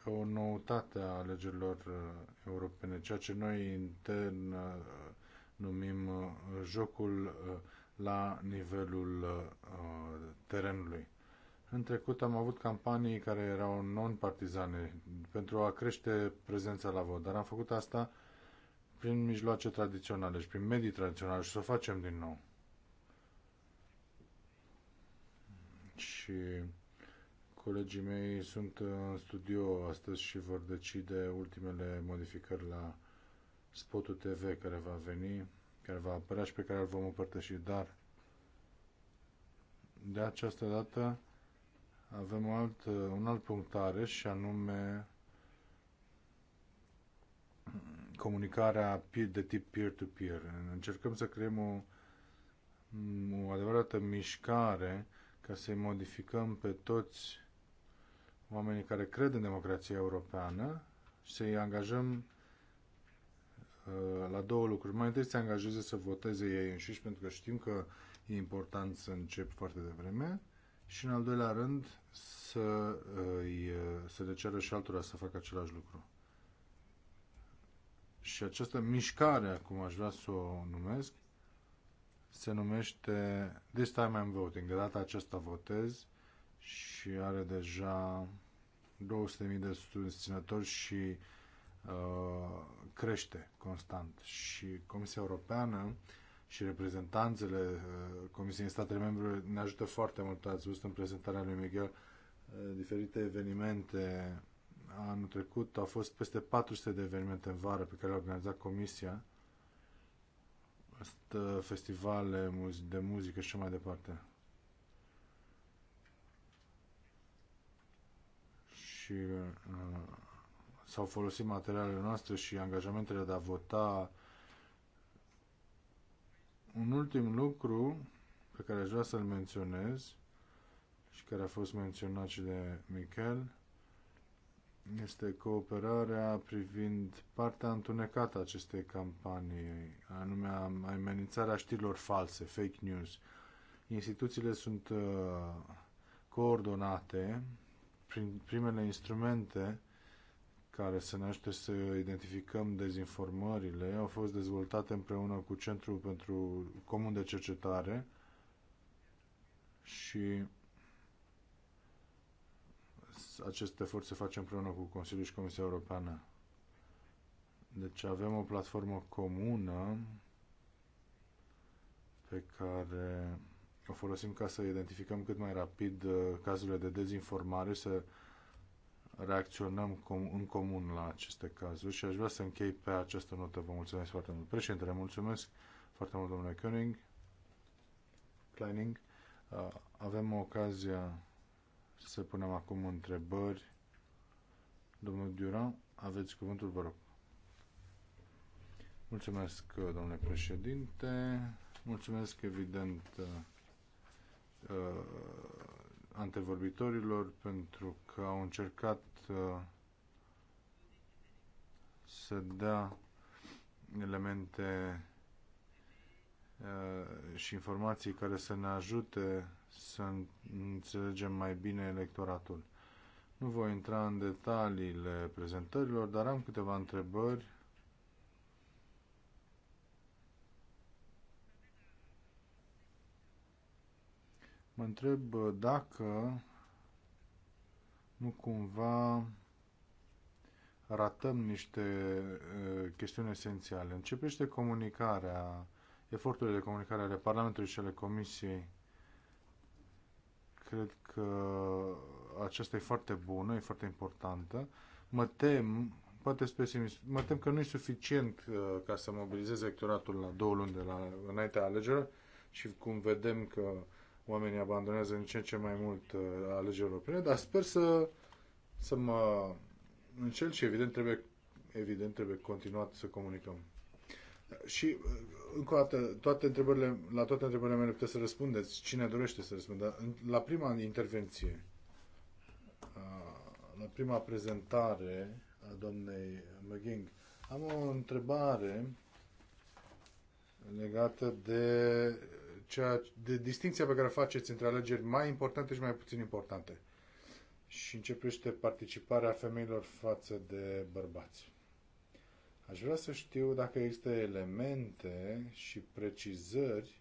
pe o noutate a alegerilor uh, europene, ceea ce noi intern uh, numim uh, jocul uh, la nivelul uh, terenului. În trecut am avut campanii care erau non-partizane pentru a crește prezența la vot, dar am făcut asta prin mijloace tradiționale și prin medii tradiționale și să o facem din nou. Și colegii mei sunt în studio astăzi și vor decide ultimele modificări la spotul TV care va veni, care va apărea și pe care îl vom împărtăși, dar de această dată avem un alt, un alt punctare și anume comunicarea de tip peer-to-peer. -peer. Încercăm să creăm o, o adevărată mișcare ca să-i modificăm pe toți oamenii care cred în democrația europeană și să-i angajăm Uh, la două lucruri. Mai întâi se angajeze să voteze ei înșiși, pentru că știm că e important să încep foarte devreme. Și în al doilea rând, să, uh, îi, uh, să le ceară și altora să facă același lucru. Și această mișcare, cum aș vrea să o numesc, se numește This Time I'm Voting. De data aceasta votez și are deja 200.000 de susținători și Uh, crește constant și Comisia Europeană și reprezentanțele uh, Comisiei Statele Membre ne ajută foarte mult. Ați văzut în prezentarea lui Miguel uh, diferite evenimente. Anul trecut au fost peste 400 de evenimente în vară pe care le-a organizat Comisia. Asta, festivale de muzică și mai departe. Și sau folosit materialele noastre și angajamentele de a vota. Un ultim lucru pe care aș vrea să-l menționez și care a fost menționat și de Michel este cooperarea privind partea întunecată a acestei campanii, anume amenințarea știrilor false, fake news. Instituțiile sunt uh, coordonate prin primele instrumente care se naște să identificăm dezinformările au fost dezvoltate împreună cu Centrul pentru Comun de Cercetare și acest efort se face împreună cu Consiliul și Comisia Europeană. Deci avem o platformă comună pe care o folosim ca să identificăm cât mai rapid uh, cazurile de dezinformare, să reacționăm com- în comun la aceste cazuri și aș vrea să închei pe această notă. Vă mulțumesc foarte mult. Președintele, mulțumesc foarte mult, domnule Koenig. Planning. Avem ocazia să punem acum întrebări. Domnul Duran, aveți cuvântul, vă rog. Mulțumesc, domnule președinte. Mulțumesc, evident, antevorbitorilor pentru că au încercat uh, să dea elemente uh, și informații care să ne ajute să înțelegem mai bine electoratul. Nu voi intra în detaliile prezentărilor, dar am câteva întrebări Mă întreb dacă nu cumva ratăm niște chestiuni esențiale. Începește comunicarea, eforturile de comunicare ale Parlamentului și ale Comisiei. Cred că aceasta e foarte bună, e foarte importantă. Mă tem, poate pesimist, mă tem că nu e suficient ca să mobilizeze electoratul la două luni de la înaintea alegerilor și cum vedem că oamenii abandonează în ce în ce mai mult uh, alegerile, europene, dar sper să, să mă încerc și evident trebuie, evident trebuie continuat să comunicăm. Și uh, încă o dată, toate întrebările, la toate întrebările mele puteți să răspundeți, cine dorește să răspundă. La prima intervenție, uh, la prima prezentare a doamnei McGing, am o întrebare legată de ceea, de distinția pe care o faceți între alegeri mai importante și mai puțin importante și începește participarea femeilor față de bărbați. Aș vrea să știu dacă există elemente și precizări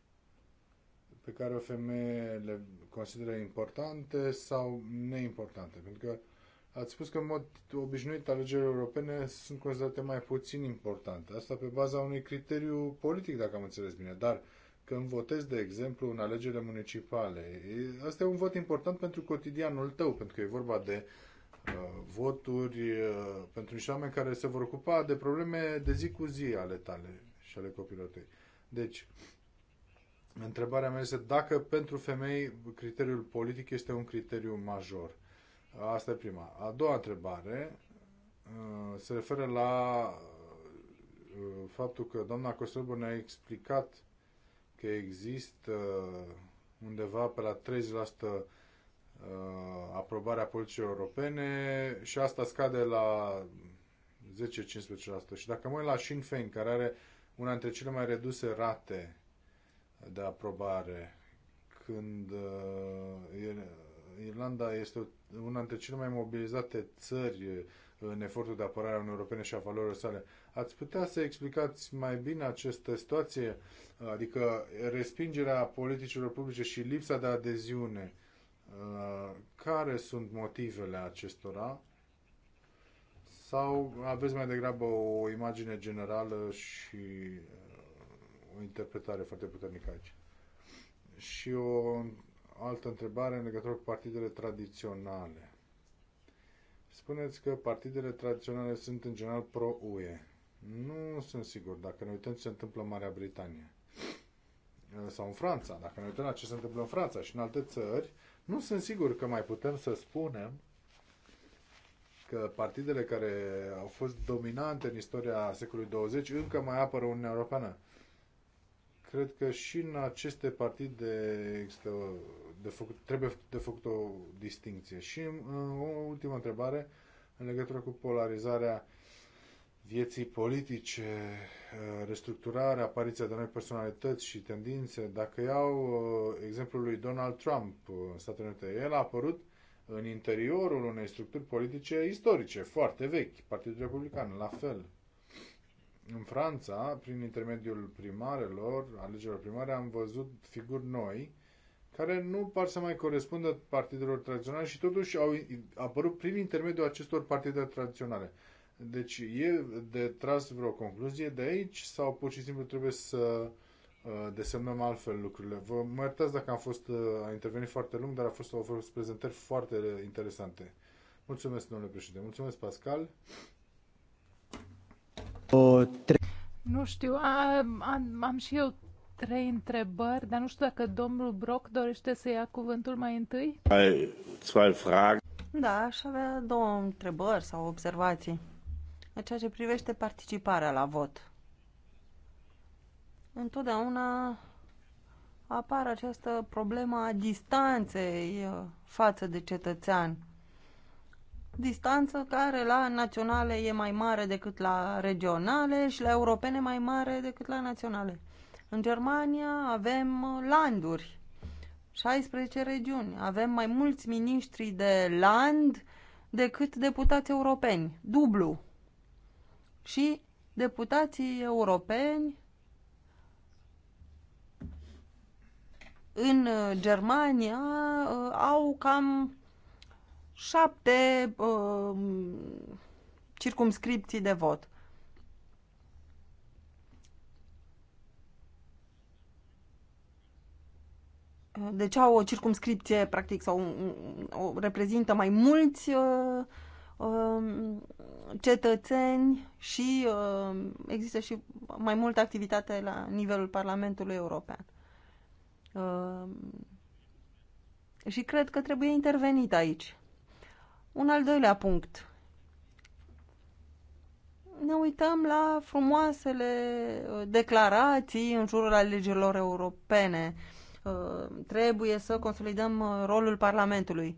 pe care o femeie le consideră importante sau neimportante. Pentru că ați spus că, în mod obișnuit, alegerile europene sunt considerate mai puțin importante. Asta pe baza unui criteriu politic, dacă am înțeles bine. Dar când votezi, de exemplu, în alegerile municipale. Asta e un vot important pentru cotidianul tău, pentru că e vorba de uh, voturi uh, pentru niște oameni care se vor ocupa de probleme de zi cu zi ale tale și ale copilor tăi. Deci, întrebarea mea este dacă pentru femei criteriul politic este un criteriu major. Asta e prima. A doua întrebare uh, se referă la uh, faptul că doamna Costelbă ne-a explicat că există undeva pe la 30% uh, aprobarea politicilor europene și asta scade la 10-15%. Și dacă mă uit la Sinn Féin, care are una dintre cele mai reduse rate de aprobare, când uh, Irlanda este una dintre cele mai mobilizate țări în efortul de apărare a Uniunii Europene și a valorilor sale. Ați putea să explicați mai bine această situație, adică respingerea politicilor publice și lipsa de adeziune? Uh, care sunt motivele acestora? Sau aveți mai degrabă o imagine generală și uh, o interpretare foarte puternică aici? Și o altă întrebare în legătură cu partidele tradiționale Spuneți că partidele tradiționale sunt în general pro-UE. Nu sunt sigur. Dacă ne uităm ce se întâmplă în Marea Britanie eh, sau în Franța, dacă ne uităm la ce se întâmplă în Franța și în alte țări, nu sunt sigur că mai putem să spunem că partidele care au fost dominante în istoria secolului 20 încă mai apără Uniunea Europeană. Cred că și în aceste partide există de făcut, trebuie de făcut o distinție. Și uh, o ultimă întrebare în legătură cu polarizarea vieții politice, uh, restructurarea, apariția de noi personalități și tendințe. Dacă iau uh, exemplul lui Donald Trump în Statele Unite, el a apărut în interiorul unei structuri politice istorice, foarte vechi, Partidul Republican, la fel. În Franța, prin intermediul primarelor, alegerilor primare, am văzut figuri noi care nu par să mai corespundă partidelor tradiționale și totuși au apărut prin intermediul acestor partide tradiționale. Deci e de tras vreo concluzie de aici sau pur și simplu trebuie să uh, desemnăm altfel lucrurile. Vă mă iertați dacă am fost, uh, a intervenit foarte lung, dar a fost, au fost prezentări foarte interesante. Mulțumesc, domnule președinte. Mulțumesc, Pascal. O, tre- nu știu, a, a, am și eu trei întrebări, dar nu știu dacă domnul Brock dorește să ia cuvântul mai întâi. Da, aș avea două întrebări sau observații în ceea ce privește participarea la vot. Întotdeauna apare această problemă a distanței uh, față de cetățean. Distanță care la naționale e mai mare decât la regionale și la europene mai mare decât la naționale. În Germania avem landuri, 16 regiuni. Avem mai mulți miniștri de land decât deputați europeni, dublu. Și deputații europeni în uh, Germania uh, au cam șapte uh, circumscripții de vot. deci au o circumscripție, practic, sau o reprezintă mai mulți uh, um, cetățeni și uh, există și mai multă activitate la nivelul Parlamentului European. Um, și cred că trebuie intervenit aici. Un al doilea punct. Ne uităm la frumoasele uh, declarații în jurul alegerilor europene Uh, trebuie să consolidăm uh, rolul Parlamentului.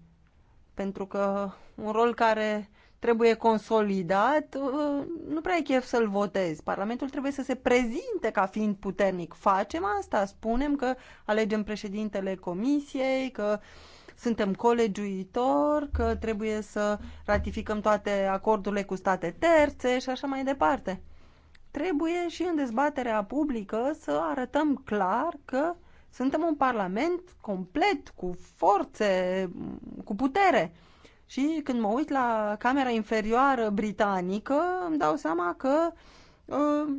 Pentru că un rol care trebuie consolidat, uh, nu prea e chef să-l votezi. Parlamentul trebuie să se prezinte ca fiind puternic. Facem asta, spunem că alegem președintele comisiei, că suntem colegiuitor, că trebuie să ratificăm toate acordurile cu state terțe și așa mai departe. Trebuie și în dezbaterea publică să arătăm clar că suntem un parlament complet, cu forțe, cu putere. Și când mă uit la camera inferioară britanică, îmi dau seama că uh,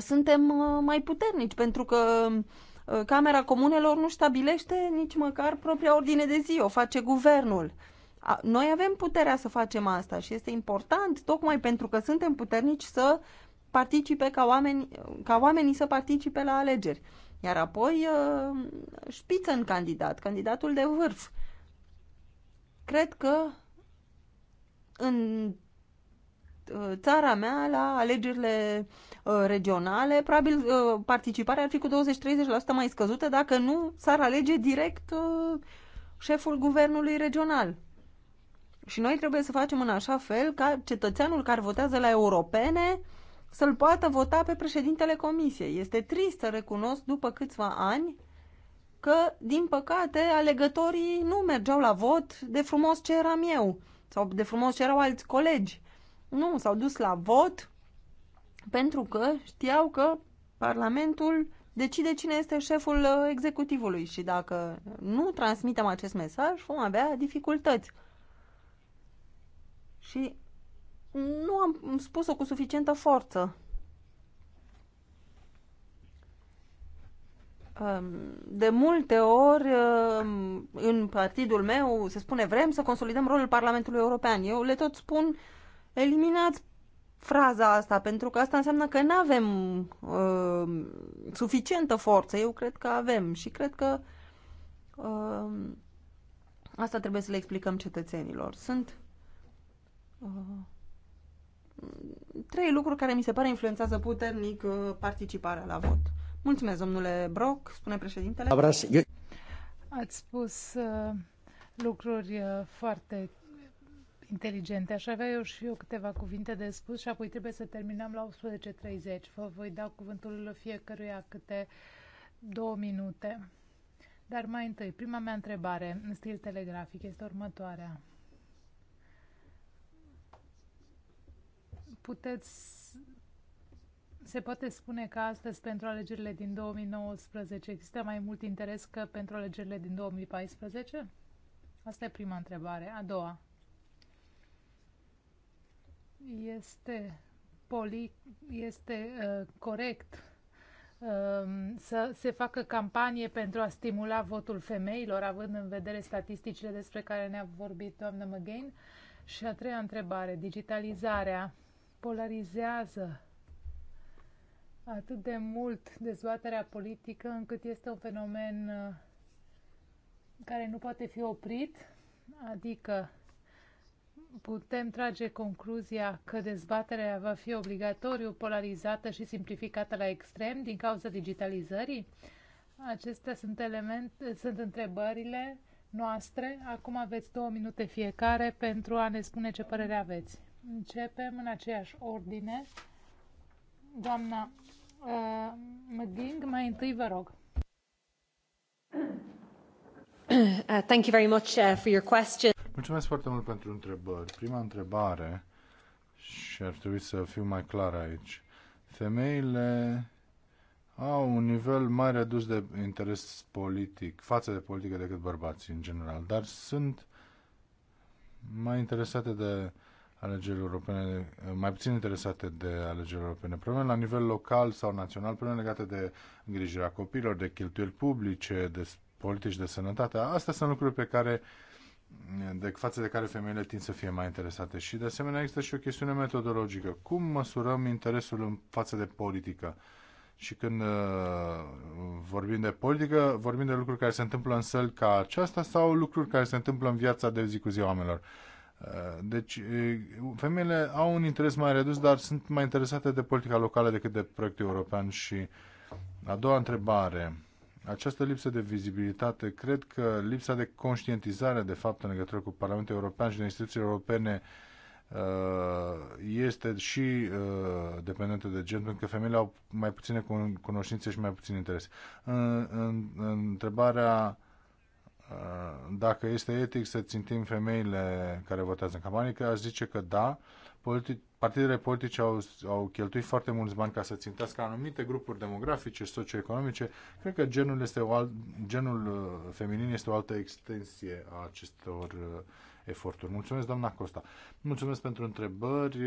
suntem uh, mai puternici, pentru că uh, Camera Comunelor nu stabilește nici măcar propria ordine de zi, o face guvernul. noi avem puterea să facem asta și este important, tocmai pentru că suntem puternici, să participe ca, oameni, ca oamenii să participe la alegeri. Iar apoi șpiță uh, în candidat, candidatul de vârf. Cred că în uh, țara mea la alegerile uh, regionale, probabil participarea ar fi cu 20-30% mai scăzută dacă nu s-ar alege direct șeful guvernului regional. Și noi trebuie să facem în așa fel ca cetățeanul care votează la europene să-l poată vota pe președintele comisiei. Este trist să recunosc după câțiva ani că, din păcate, alegătorii nu mergeau la vot de frumos ce eram eu sau de frumos ce erau alți colegi. Nu, s-au dus la vot pentru că știau că Parlamentul decide cine este șeful uh, executivului și dacă nu transmitem acest mesaj, vom avea dificultăți. Și nu am spus-o cu suficientă forță. De multe ori în partidul meu se spune vrem să consolidăm rolul Parlamentului European. Eu le tot spun eliminați fraza asta pentru că asta înseamnă că nu avem uh, suficientă forță. Eu cred că avem și cred că uh, asta trebuie să le explicăm cetățenilor. Sunt uh, trei lucruri care mi se pare influențează puternic uh, participarea la vot. Mulțumesc, domnule Brock, spune președintele. Ați spus uh, lucruri uh, foarte inteligente. Aș avea eu și eu câteva cuvinte de spus și apoi trebuie să terminăm la 18.30. Vă voi da cuvântul fiecăruia câte două minute. Dar mai întâi, prima mea întrebare în stil telegrafic este următoarea. puteți se poate spune că astăzi pentru alegerile din 2019 există mai mult interes că pentru alegerile din 2014? Asta e prima întrebare. A doua. Este, poli, este uh, corect uh, să se facă campanie pentru a stimula votul femeilor, având în vedere statisticile despre care ne-a vorbit doamna McGain? Și a treia întrebare, digitalizarea polarizează atât de mult dezbaterea politică încât este un fenomen uh, care nu poate fi oprit, adică putem trage concluzia că dezbaterea va fi obligatoriu polarizată și simplificată la extrem din cauza digitalizării? Acestea sunt, element, sunt întrebările noastre. Acum aveți două minute fiecare pentru a ne spune ce părere aveți. Începem în aceeași ordine. Doamna uh, McGing, mai întâi vă rog. Uh, thank you very much uh, for your question. Mulțumesc foarte mult pentru întrebări. Prima întrebare, și ar trebui să fiu mai clar aici, femeile au un nivel mai redus de interes politic, față de politică decât bărbații în general, dar sunt mai interesate de alegeri europene, mai puțin interesate de alegeri europene. Probleme la nivel local sau național, probleme legate de îngrijirea copiilor, de cheltuieli publice, de politici de sănătate. Astea sunt lucruri pe care de față de care femeile tind să fie mai interesate. Și de asemenea există și o chestiune metodologică. Cum măsurăm interesul în față de politică? Și când uh, vorbim de politică, vorbim de lucruri care se întâmplă în săl ca aceasta sau lucruri care se întâmplă în viața de zi cu zi oamenilor. Uh, Uh, deci, femeile au un interes mai redus, dar sunt mai interesate de politica locală decât de proiectul european. Și a doua întrebare, această lipsă de vizibilitate, cred că lipsa de conștientizare, de fapt, în legătură cu Parlamentul European și de instituțiile europene, uh, este și uh, dependentă de gen, pentru că femeile au mai puține cunoștințe și mai puțin interes. Întrebarea Uh, dacă este etic să țintim femeile care votează în campanie, că aș zice că da, politi- partidele politice au, au cheltuit foarte mulți bani ca să țintească anumite grupuri demografice, socioeconomice. Cred că genul, este o alt, genul uh, feminin este o altă extensie a acestor uh, eforturi. Mulțumesc, doamna Costa. Mulțumesc pentru întrebări.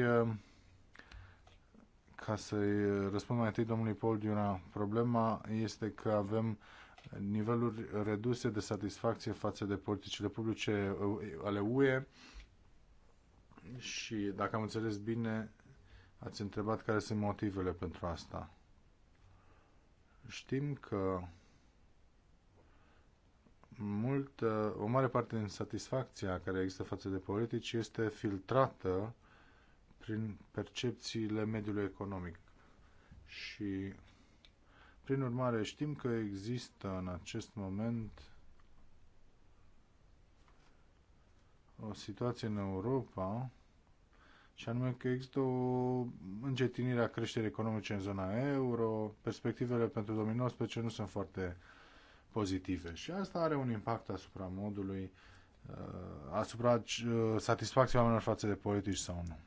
Ca să-i răspund mai întâi domnului Paul Diuna, problema este că avem niveluri reduse de satisfacție față de politicile publice ale UE și, dacă am înțeles bine, ați întrebat care sunt motivele pentru asta. Știm că mult, o mare parte din satisfacția care există față de politici este filtrată prin percepțiile mediului economic și prin urmare, știm că există în acest moment o situație în Europa și anume că există o încetinire a creșterii economice în zona euro, perspectivele pentru 2019 nu sunt foarte pozitive și asta are un impact asupra modului, uh, asupra uh, satisfacției oamenilor față de politici sau nu,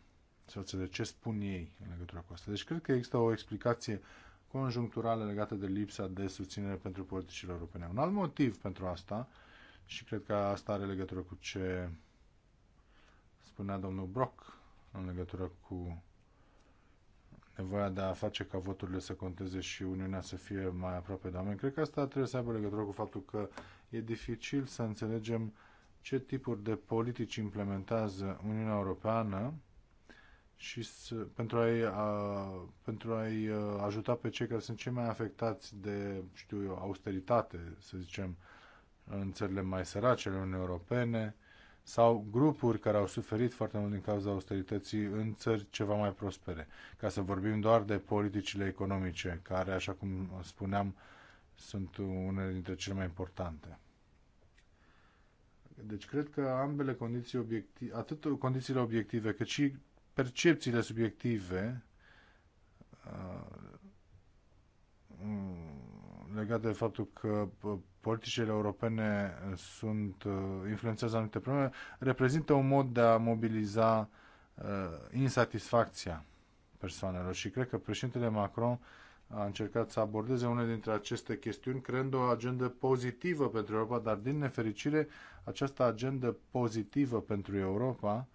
față de ce spun ei în legătură cu asta. Deci cred că există o explicație conjuncturale legate de lipsa de susținere pentru politicile europene. Un alt motiv pentru asta, și cred că asta are legătură cu ce spunea domnul Brock în legătură cu nevoia de a face ca voturile să conteze și Uniunea să fie mai aproape de oameni. Cred că asta trebuie să aibă legătură cu faptul că e dificil să înțelegem ce tipuri de politici implementează Uniunea Europeană și să, pentru, a-i, a, pentru a-i ajuta pe cei care sunt cei mai afectați de, știu eu, austeritate, să zicem, în țările mai sărace ale Uniunii Europene, sau grupuri care au suferit foarte mult din cauza austerității în țări ceva mai prospere. Ca să vorbim doar de politicile economice, care, așa cum spuneam, sunt unele dintre cele mai importante. Deci cred că ambele condiții obiective, atât condițiile obiective cât și percepțiile subiective uh, legate de faptul că politicile europene sunt, uh, influențează anumite probleme, reprezintă un mod de a mobiliza uh, insatisfacția persoanelor și cred că președintele Macron a încercat să abordeze una dintre aceste chestiuni, creând o agendă pozitivă pentru Europa, dar din nefericire această agendă pozitivă pentru Europa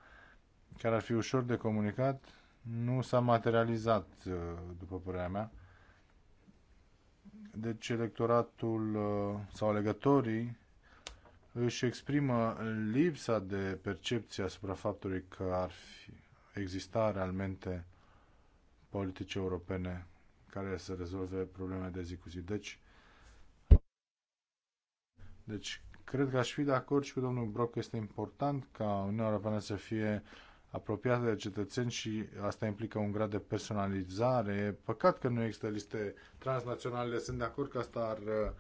care ar fi ușor de comunicat, nu s-a materializat, uh, după părerea mea. Deci electoratul uh, sau alegătorii își exprimă lipsa de percepție asupra faptului că ar fi exista realmente politici europene care să rezolve probleme de zi cu zi. Deci, deci cred că aș fi de acord și cu domnul Brock că este important ca Uniunea Europeană să fie apropiată de cetățeni și asta implică un grad de personalizare. Păcat că nu există liste transnaționale, sunt de acord că asta ar uh,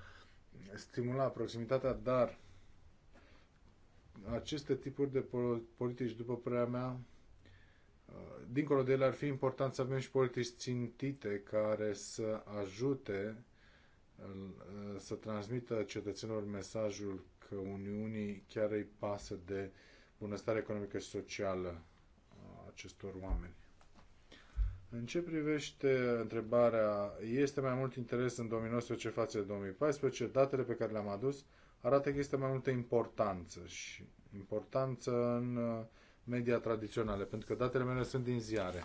stimula proximitatea, dar aceste tipuri de politici, după părerea mea, uh, dincolo de ele ar fi important să avem și politici țintite care să ajute uh, să transmită cetățenilor mesajul că Uniunii chiar îi pasă de bunăstare economică și socială acestor oameni. În ce privește întrebarea, este mai mult interes în 2019 față de 2014, datele pe care le-am adus arată că este mai multă importanță și importanță în uh, media tradiționale, pentru că datele mele sunt din ziare.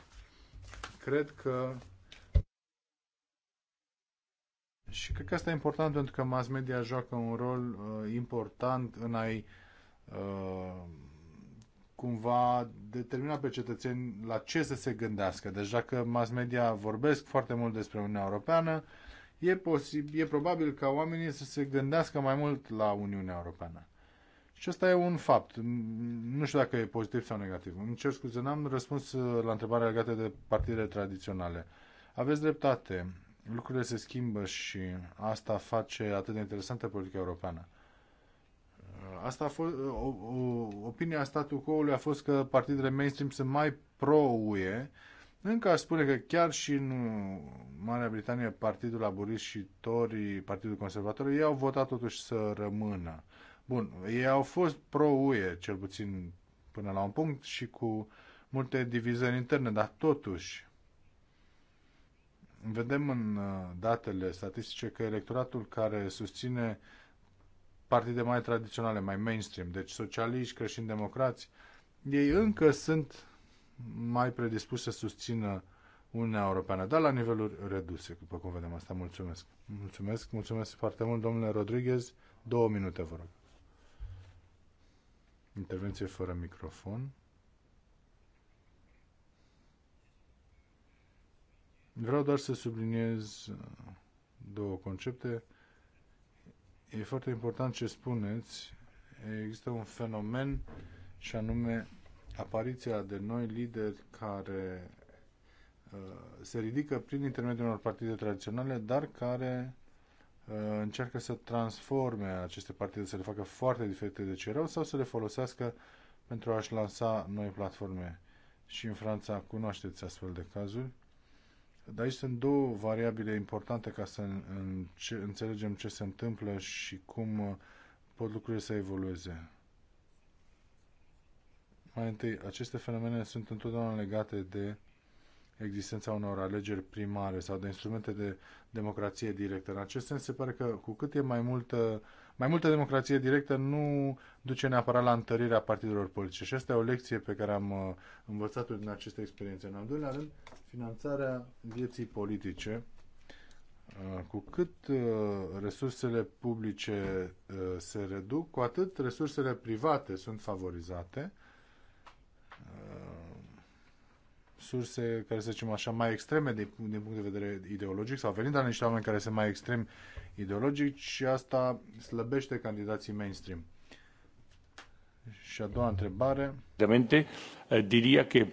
Cred că și cred că asta e important pentru că mass media joacă un rol uh, important în a-i uh, cumva determina pe cetățeni la ce să se gândească. Deci dacă mass media vorbesc foarte mult despre Uniunea Europeană, e, posibil, e probabil ca oamenii să se gândească mai mult la Uniunea Europeană. Și asta e un fapt. Nu știu dacă e pozitiv sau negativ. Îmi cer scuze, n-am răspuns la întrebarea legată de partidele tradiționale. Aveți dreptate. Lucrurile se schimbă și asta face atât de interesantă politica europeană. Asta a fost, o, o, opinia statului quo a fost că partidele mainstream sunt mai pro-UE. Încă aș spune că chiar și în Marea Britanie, Partidul Laborist și Tory, Partidul Conservator, ei au votat totuși să rămână. Bun, ei au fost pro-UE, cel puțin până la un punct, și cu multe divizări interne, dar totuși vedem în uh, datele statistice că electoratul care susține uh, partide mai tradiționale, mai mainstream, deci socialiști, creștini democrați, ei încă sunt mai predispuși să susțină Uniunea Europeană, dar la niveluri reduse, după cum vedem asta. Mulțumesc. Mulțumesc, mulțumesc foarte mult, domnule Rodriguez. Două minute, vă rog. Intervenție fără microfon. Vreau doar să subliniez două concepte e foarte important ce spuneți. Există un fenomen și anume apariția de noi lideri care uh, se ridică prin intermediul unor partide tradiționale, dar care uh, încearcă să transforme aceste partide, să le facă foarte diferite de ce erau sau să le folosească pentru a-și lansa noi platforme. Și în Franța cunoașteți astfel de cazuri. Dar aici sunt două variabile importante ca să înțelegem ce se întâmplă și cum uh, pot lucrurile să evolueze. Mai întâi, aceste fenomene sunt întotdeauna legate de existența unor alegeri primare sau de instrumente de democrație directă. În acest sens, se pare că cu cât e mai multă uh, mai multă democrație directă nu duce neapărat la întărirea partidelor politice și asta e o lecție pe care am uh, învățat-o din aceste experiențe. În al doilea rând, finanțarea vieții politice. Uh, cu cât uh, resursele publice se reduc, cu atât resursele private sunt favorizate surse care, să zicem așa, mai extreme de, din punct de vedere ideologic sau venind de la niște oameni care sunt mai extrem ideologic și asta slăbește candidații mainstream. Și a doua întrebare. Eh, diria că...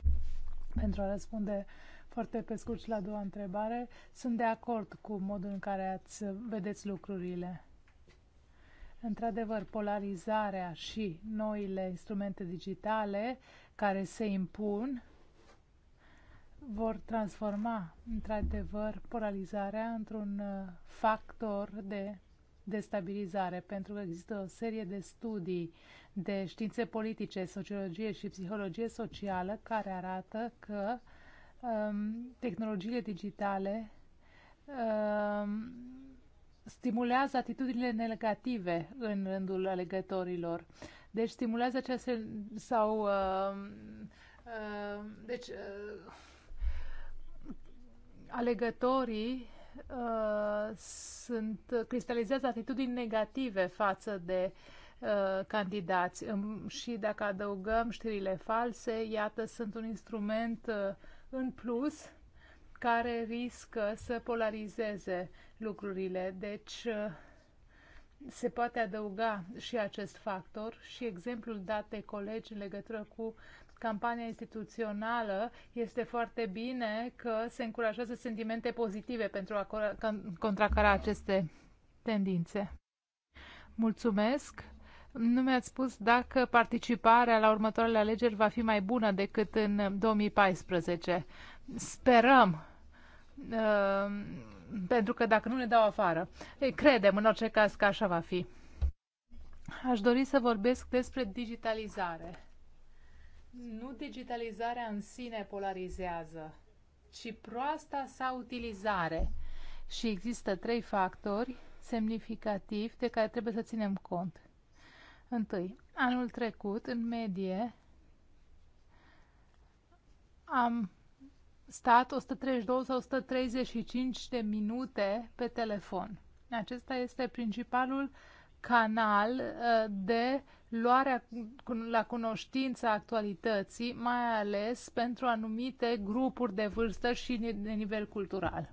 Pentru a răspunde foarte pe scurt și la a doua întrebare, sunt de acord cu modul în care ați vedeți lucrurile. Într-adevăr, polarizarea și noile instrumente digitale care se impun vor transforma, într-adevăr, polarizarea într-un uh, factor de destabilizare, pentru că există o serie de studii de științe politice, sociologie și psihologie socială care arată că um, tehnologiile digitale um, stimulează atitudinile negative în rândul alegătorilor. Deci stimulează aceste sau uh, uh, deci uh, alegătorii uh, sunt, cristalizează atitudini negative față de uh, candidați și dacă adăugăm știrile false, iată, sunt un instrument uh, în plus care riscă să polarizeze lucrurile. Deci uh, se poate adăuga și acest factor și exemplul dat de colegi în legătură cu campania instituțională, este foarte bine că se încurajează sentimente pozitive pentru a contracara aceste tendințe. Mulțumesc! Nu mi-ați spus dacă participarea la următoarele alegeri va fi mai bună decât în 2014. Sperăm, uh, pentru că dacă nu ne dau afară, credem în orice caz că așa va fi. Aș dori să vorbesc despre digitalizare. Nu digitalizarea în sine polarizează, ci proasta sa utilizare. Și există trei factori semnificativi de care trebuie să ținem cont. Întâi, anul trecut, în medie, am stat 132 sau 135 de minute pe telefon. Acesta este principalul uh, canal uh, de luarea la cunoștință actualității, mai ales pentru anumite grupuri de vârstă și de nivel cultural.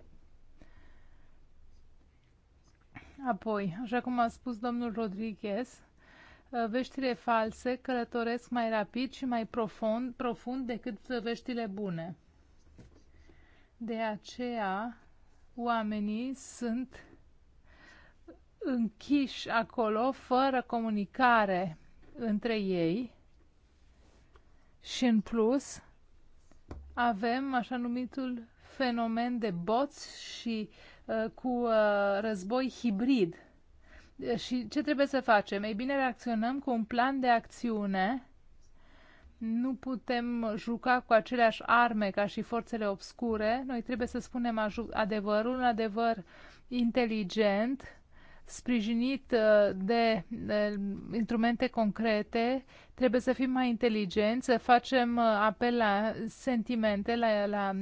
Apoi, așa cum a spus domnul Rodriguez, uh, veștile false călătoresc mai rapid și mai profund, profund decât veștile bune. De aceea, oamenii sunt închiși acolo fără comunicare între ei și în plus avem așa numitul fenomen de boți și uh, cu uh, război hibrid. Uh, și ce trebuie să facem? Ei bine, reacționăm cu un plan de acțiune. Nu putem juca cu aceleași arme ca și forțele obscure. Noi trebuie să spunem adevărul, un adevăr inteligent, sprijinit uh, de instrumente concrete, trebuie să fim mai inteligenți, să facem uh, apel la sentimente, la, la,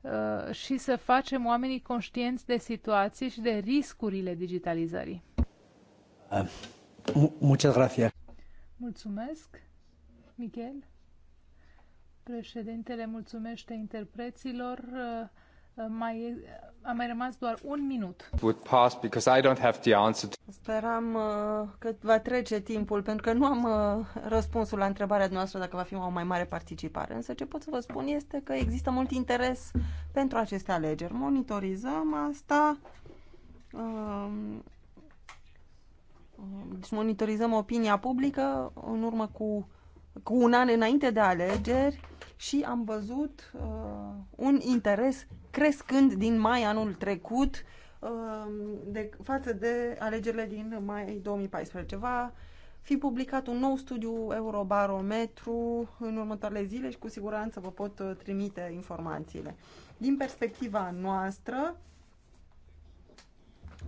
uh, și să facem oamenii conștienți de situații și de riscurile digitalizării. Muchas gracias. Mulțumesc, Michel. Președintele mulțumește interpreților. Mai, a mai rămas doar un minut. Would pass because I don't have the answer. Speram uh, că va trece timpul, pentru că nu am uh, răspunsul la întrebarea noastră dacă va fi o mai mare participare. Însă ce pot să vă spun este că există mult interes pentru aceste alegeri. Monitorizăm asta. Uh, deci monitorizăm opinia publică în urmă cu cu un an înainte de alegeri și am văzut uh, un interes crescând din mai anul trecut uh, de, față de alegerile din mai 2014. Va fi publicat un nou studiu Eurobarometru în următoarele zile și cu siguranță vă pot uh, trimite informațiile. Din perspectiva noastră,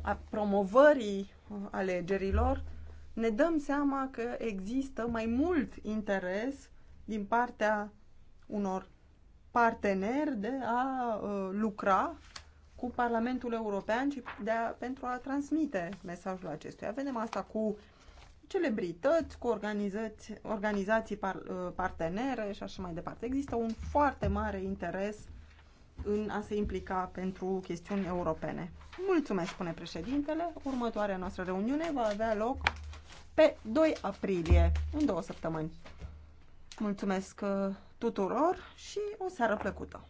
a promovării uh, alegerilor, ne dăm seama că există mai mult interes din partea unor parteneri de a uh, lucra cu Parlamentul European și de a, pentru a transmite mesajul acestuia. Vedem asta cu celebrități, cu organizați, organizații par, uh, partenere și așa mai departe. Există un foarte mare interes în a se implica pentru chestiuni europene. Mulțumesc, spune președintele. Următoarea noastră reuniune va avea loc pe 2 aprilie, în două săptămâni. Mulțumesc uh, tuturor și o seară plăcută!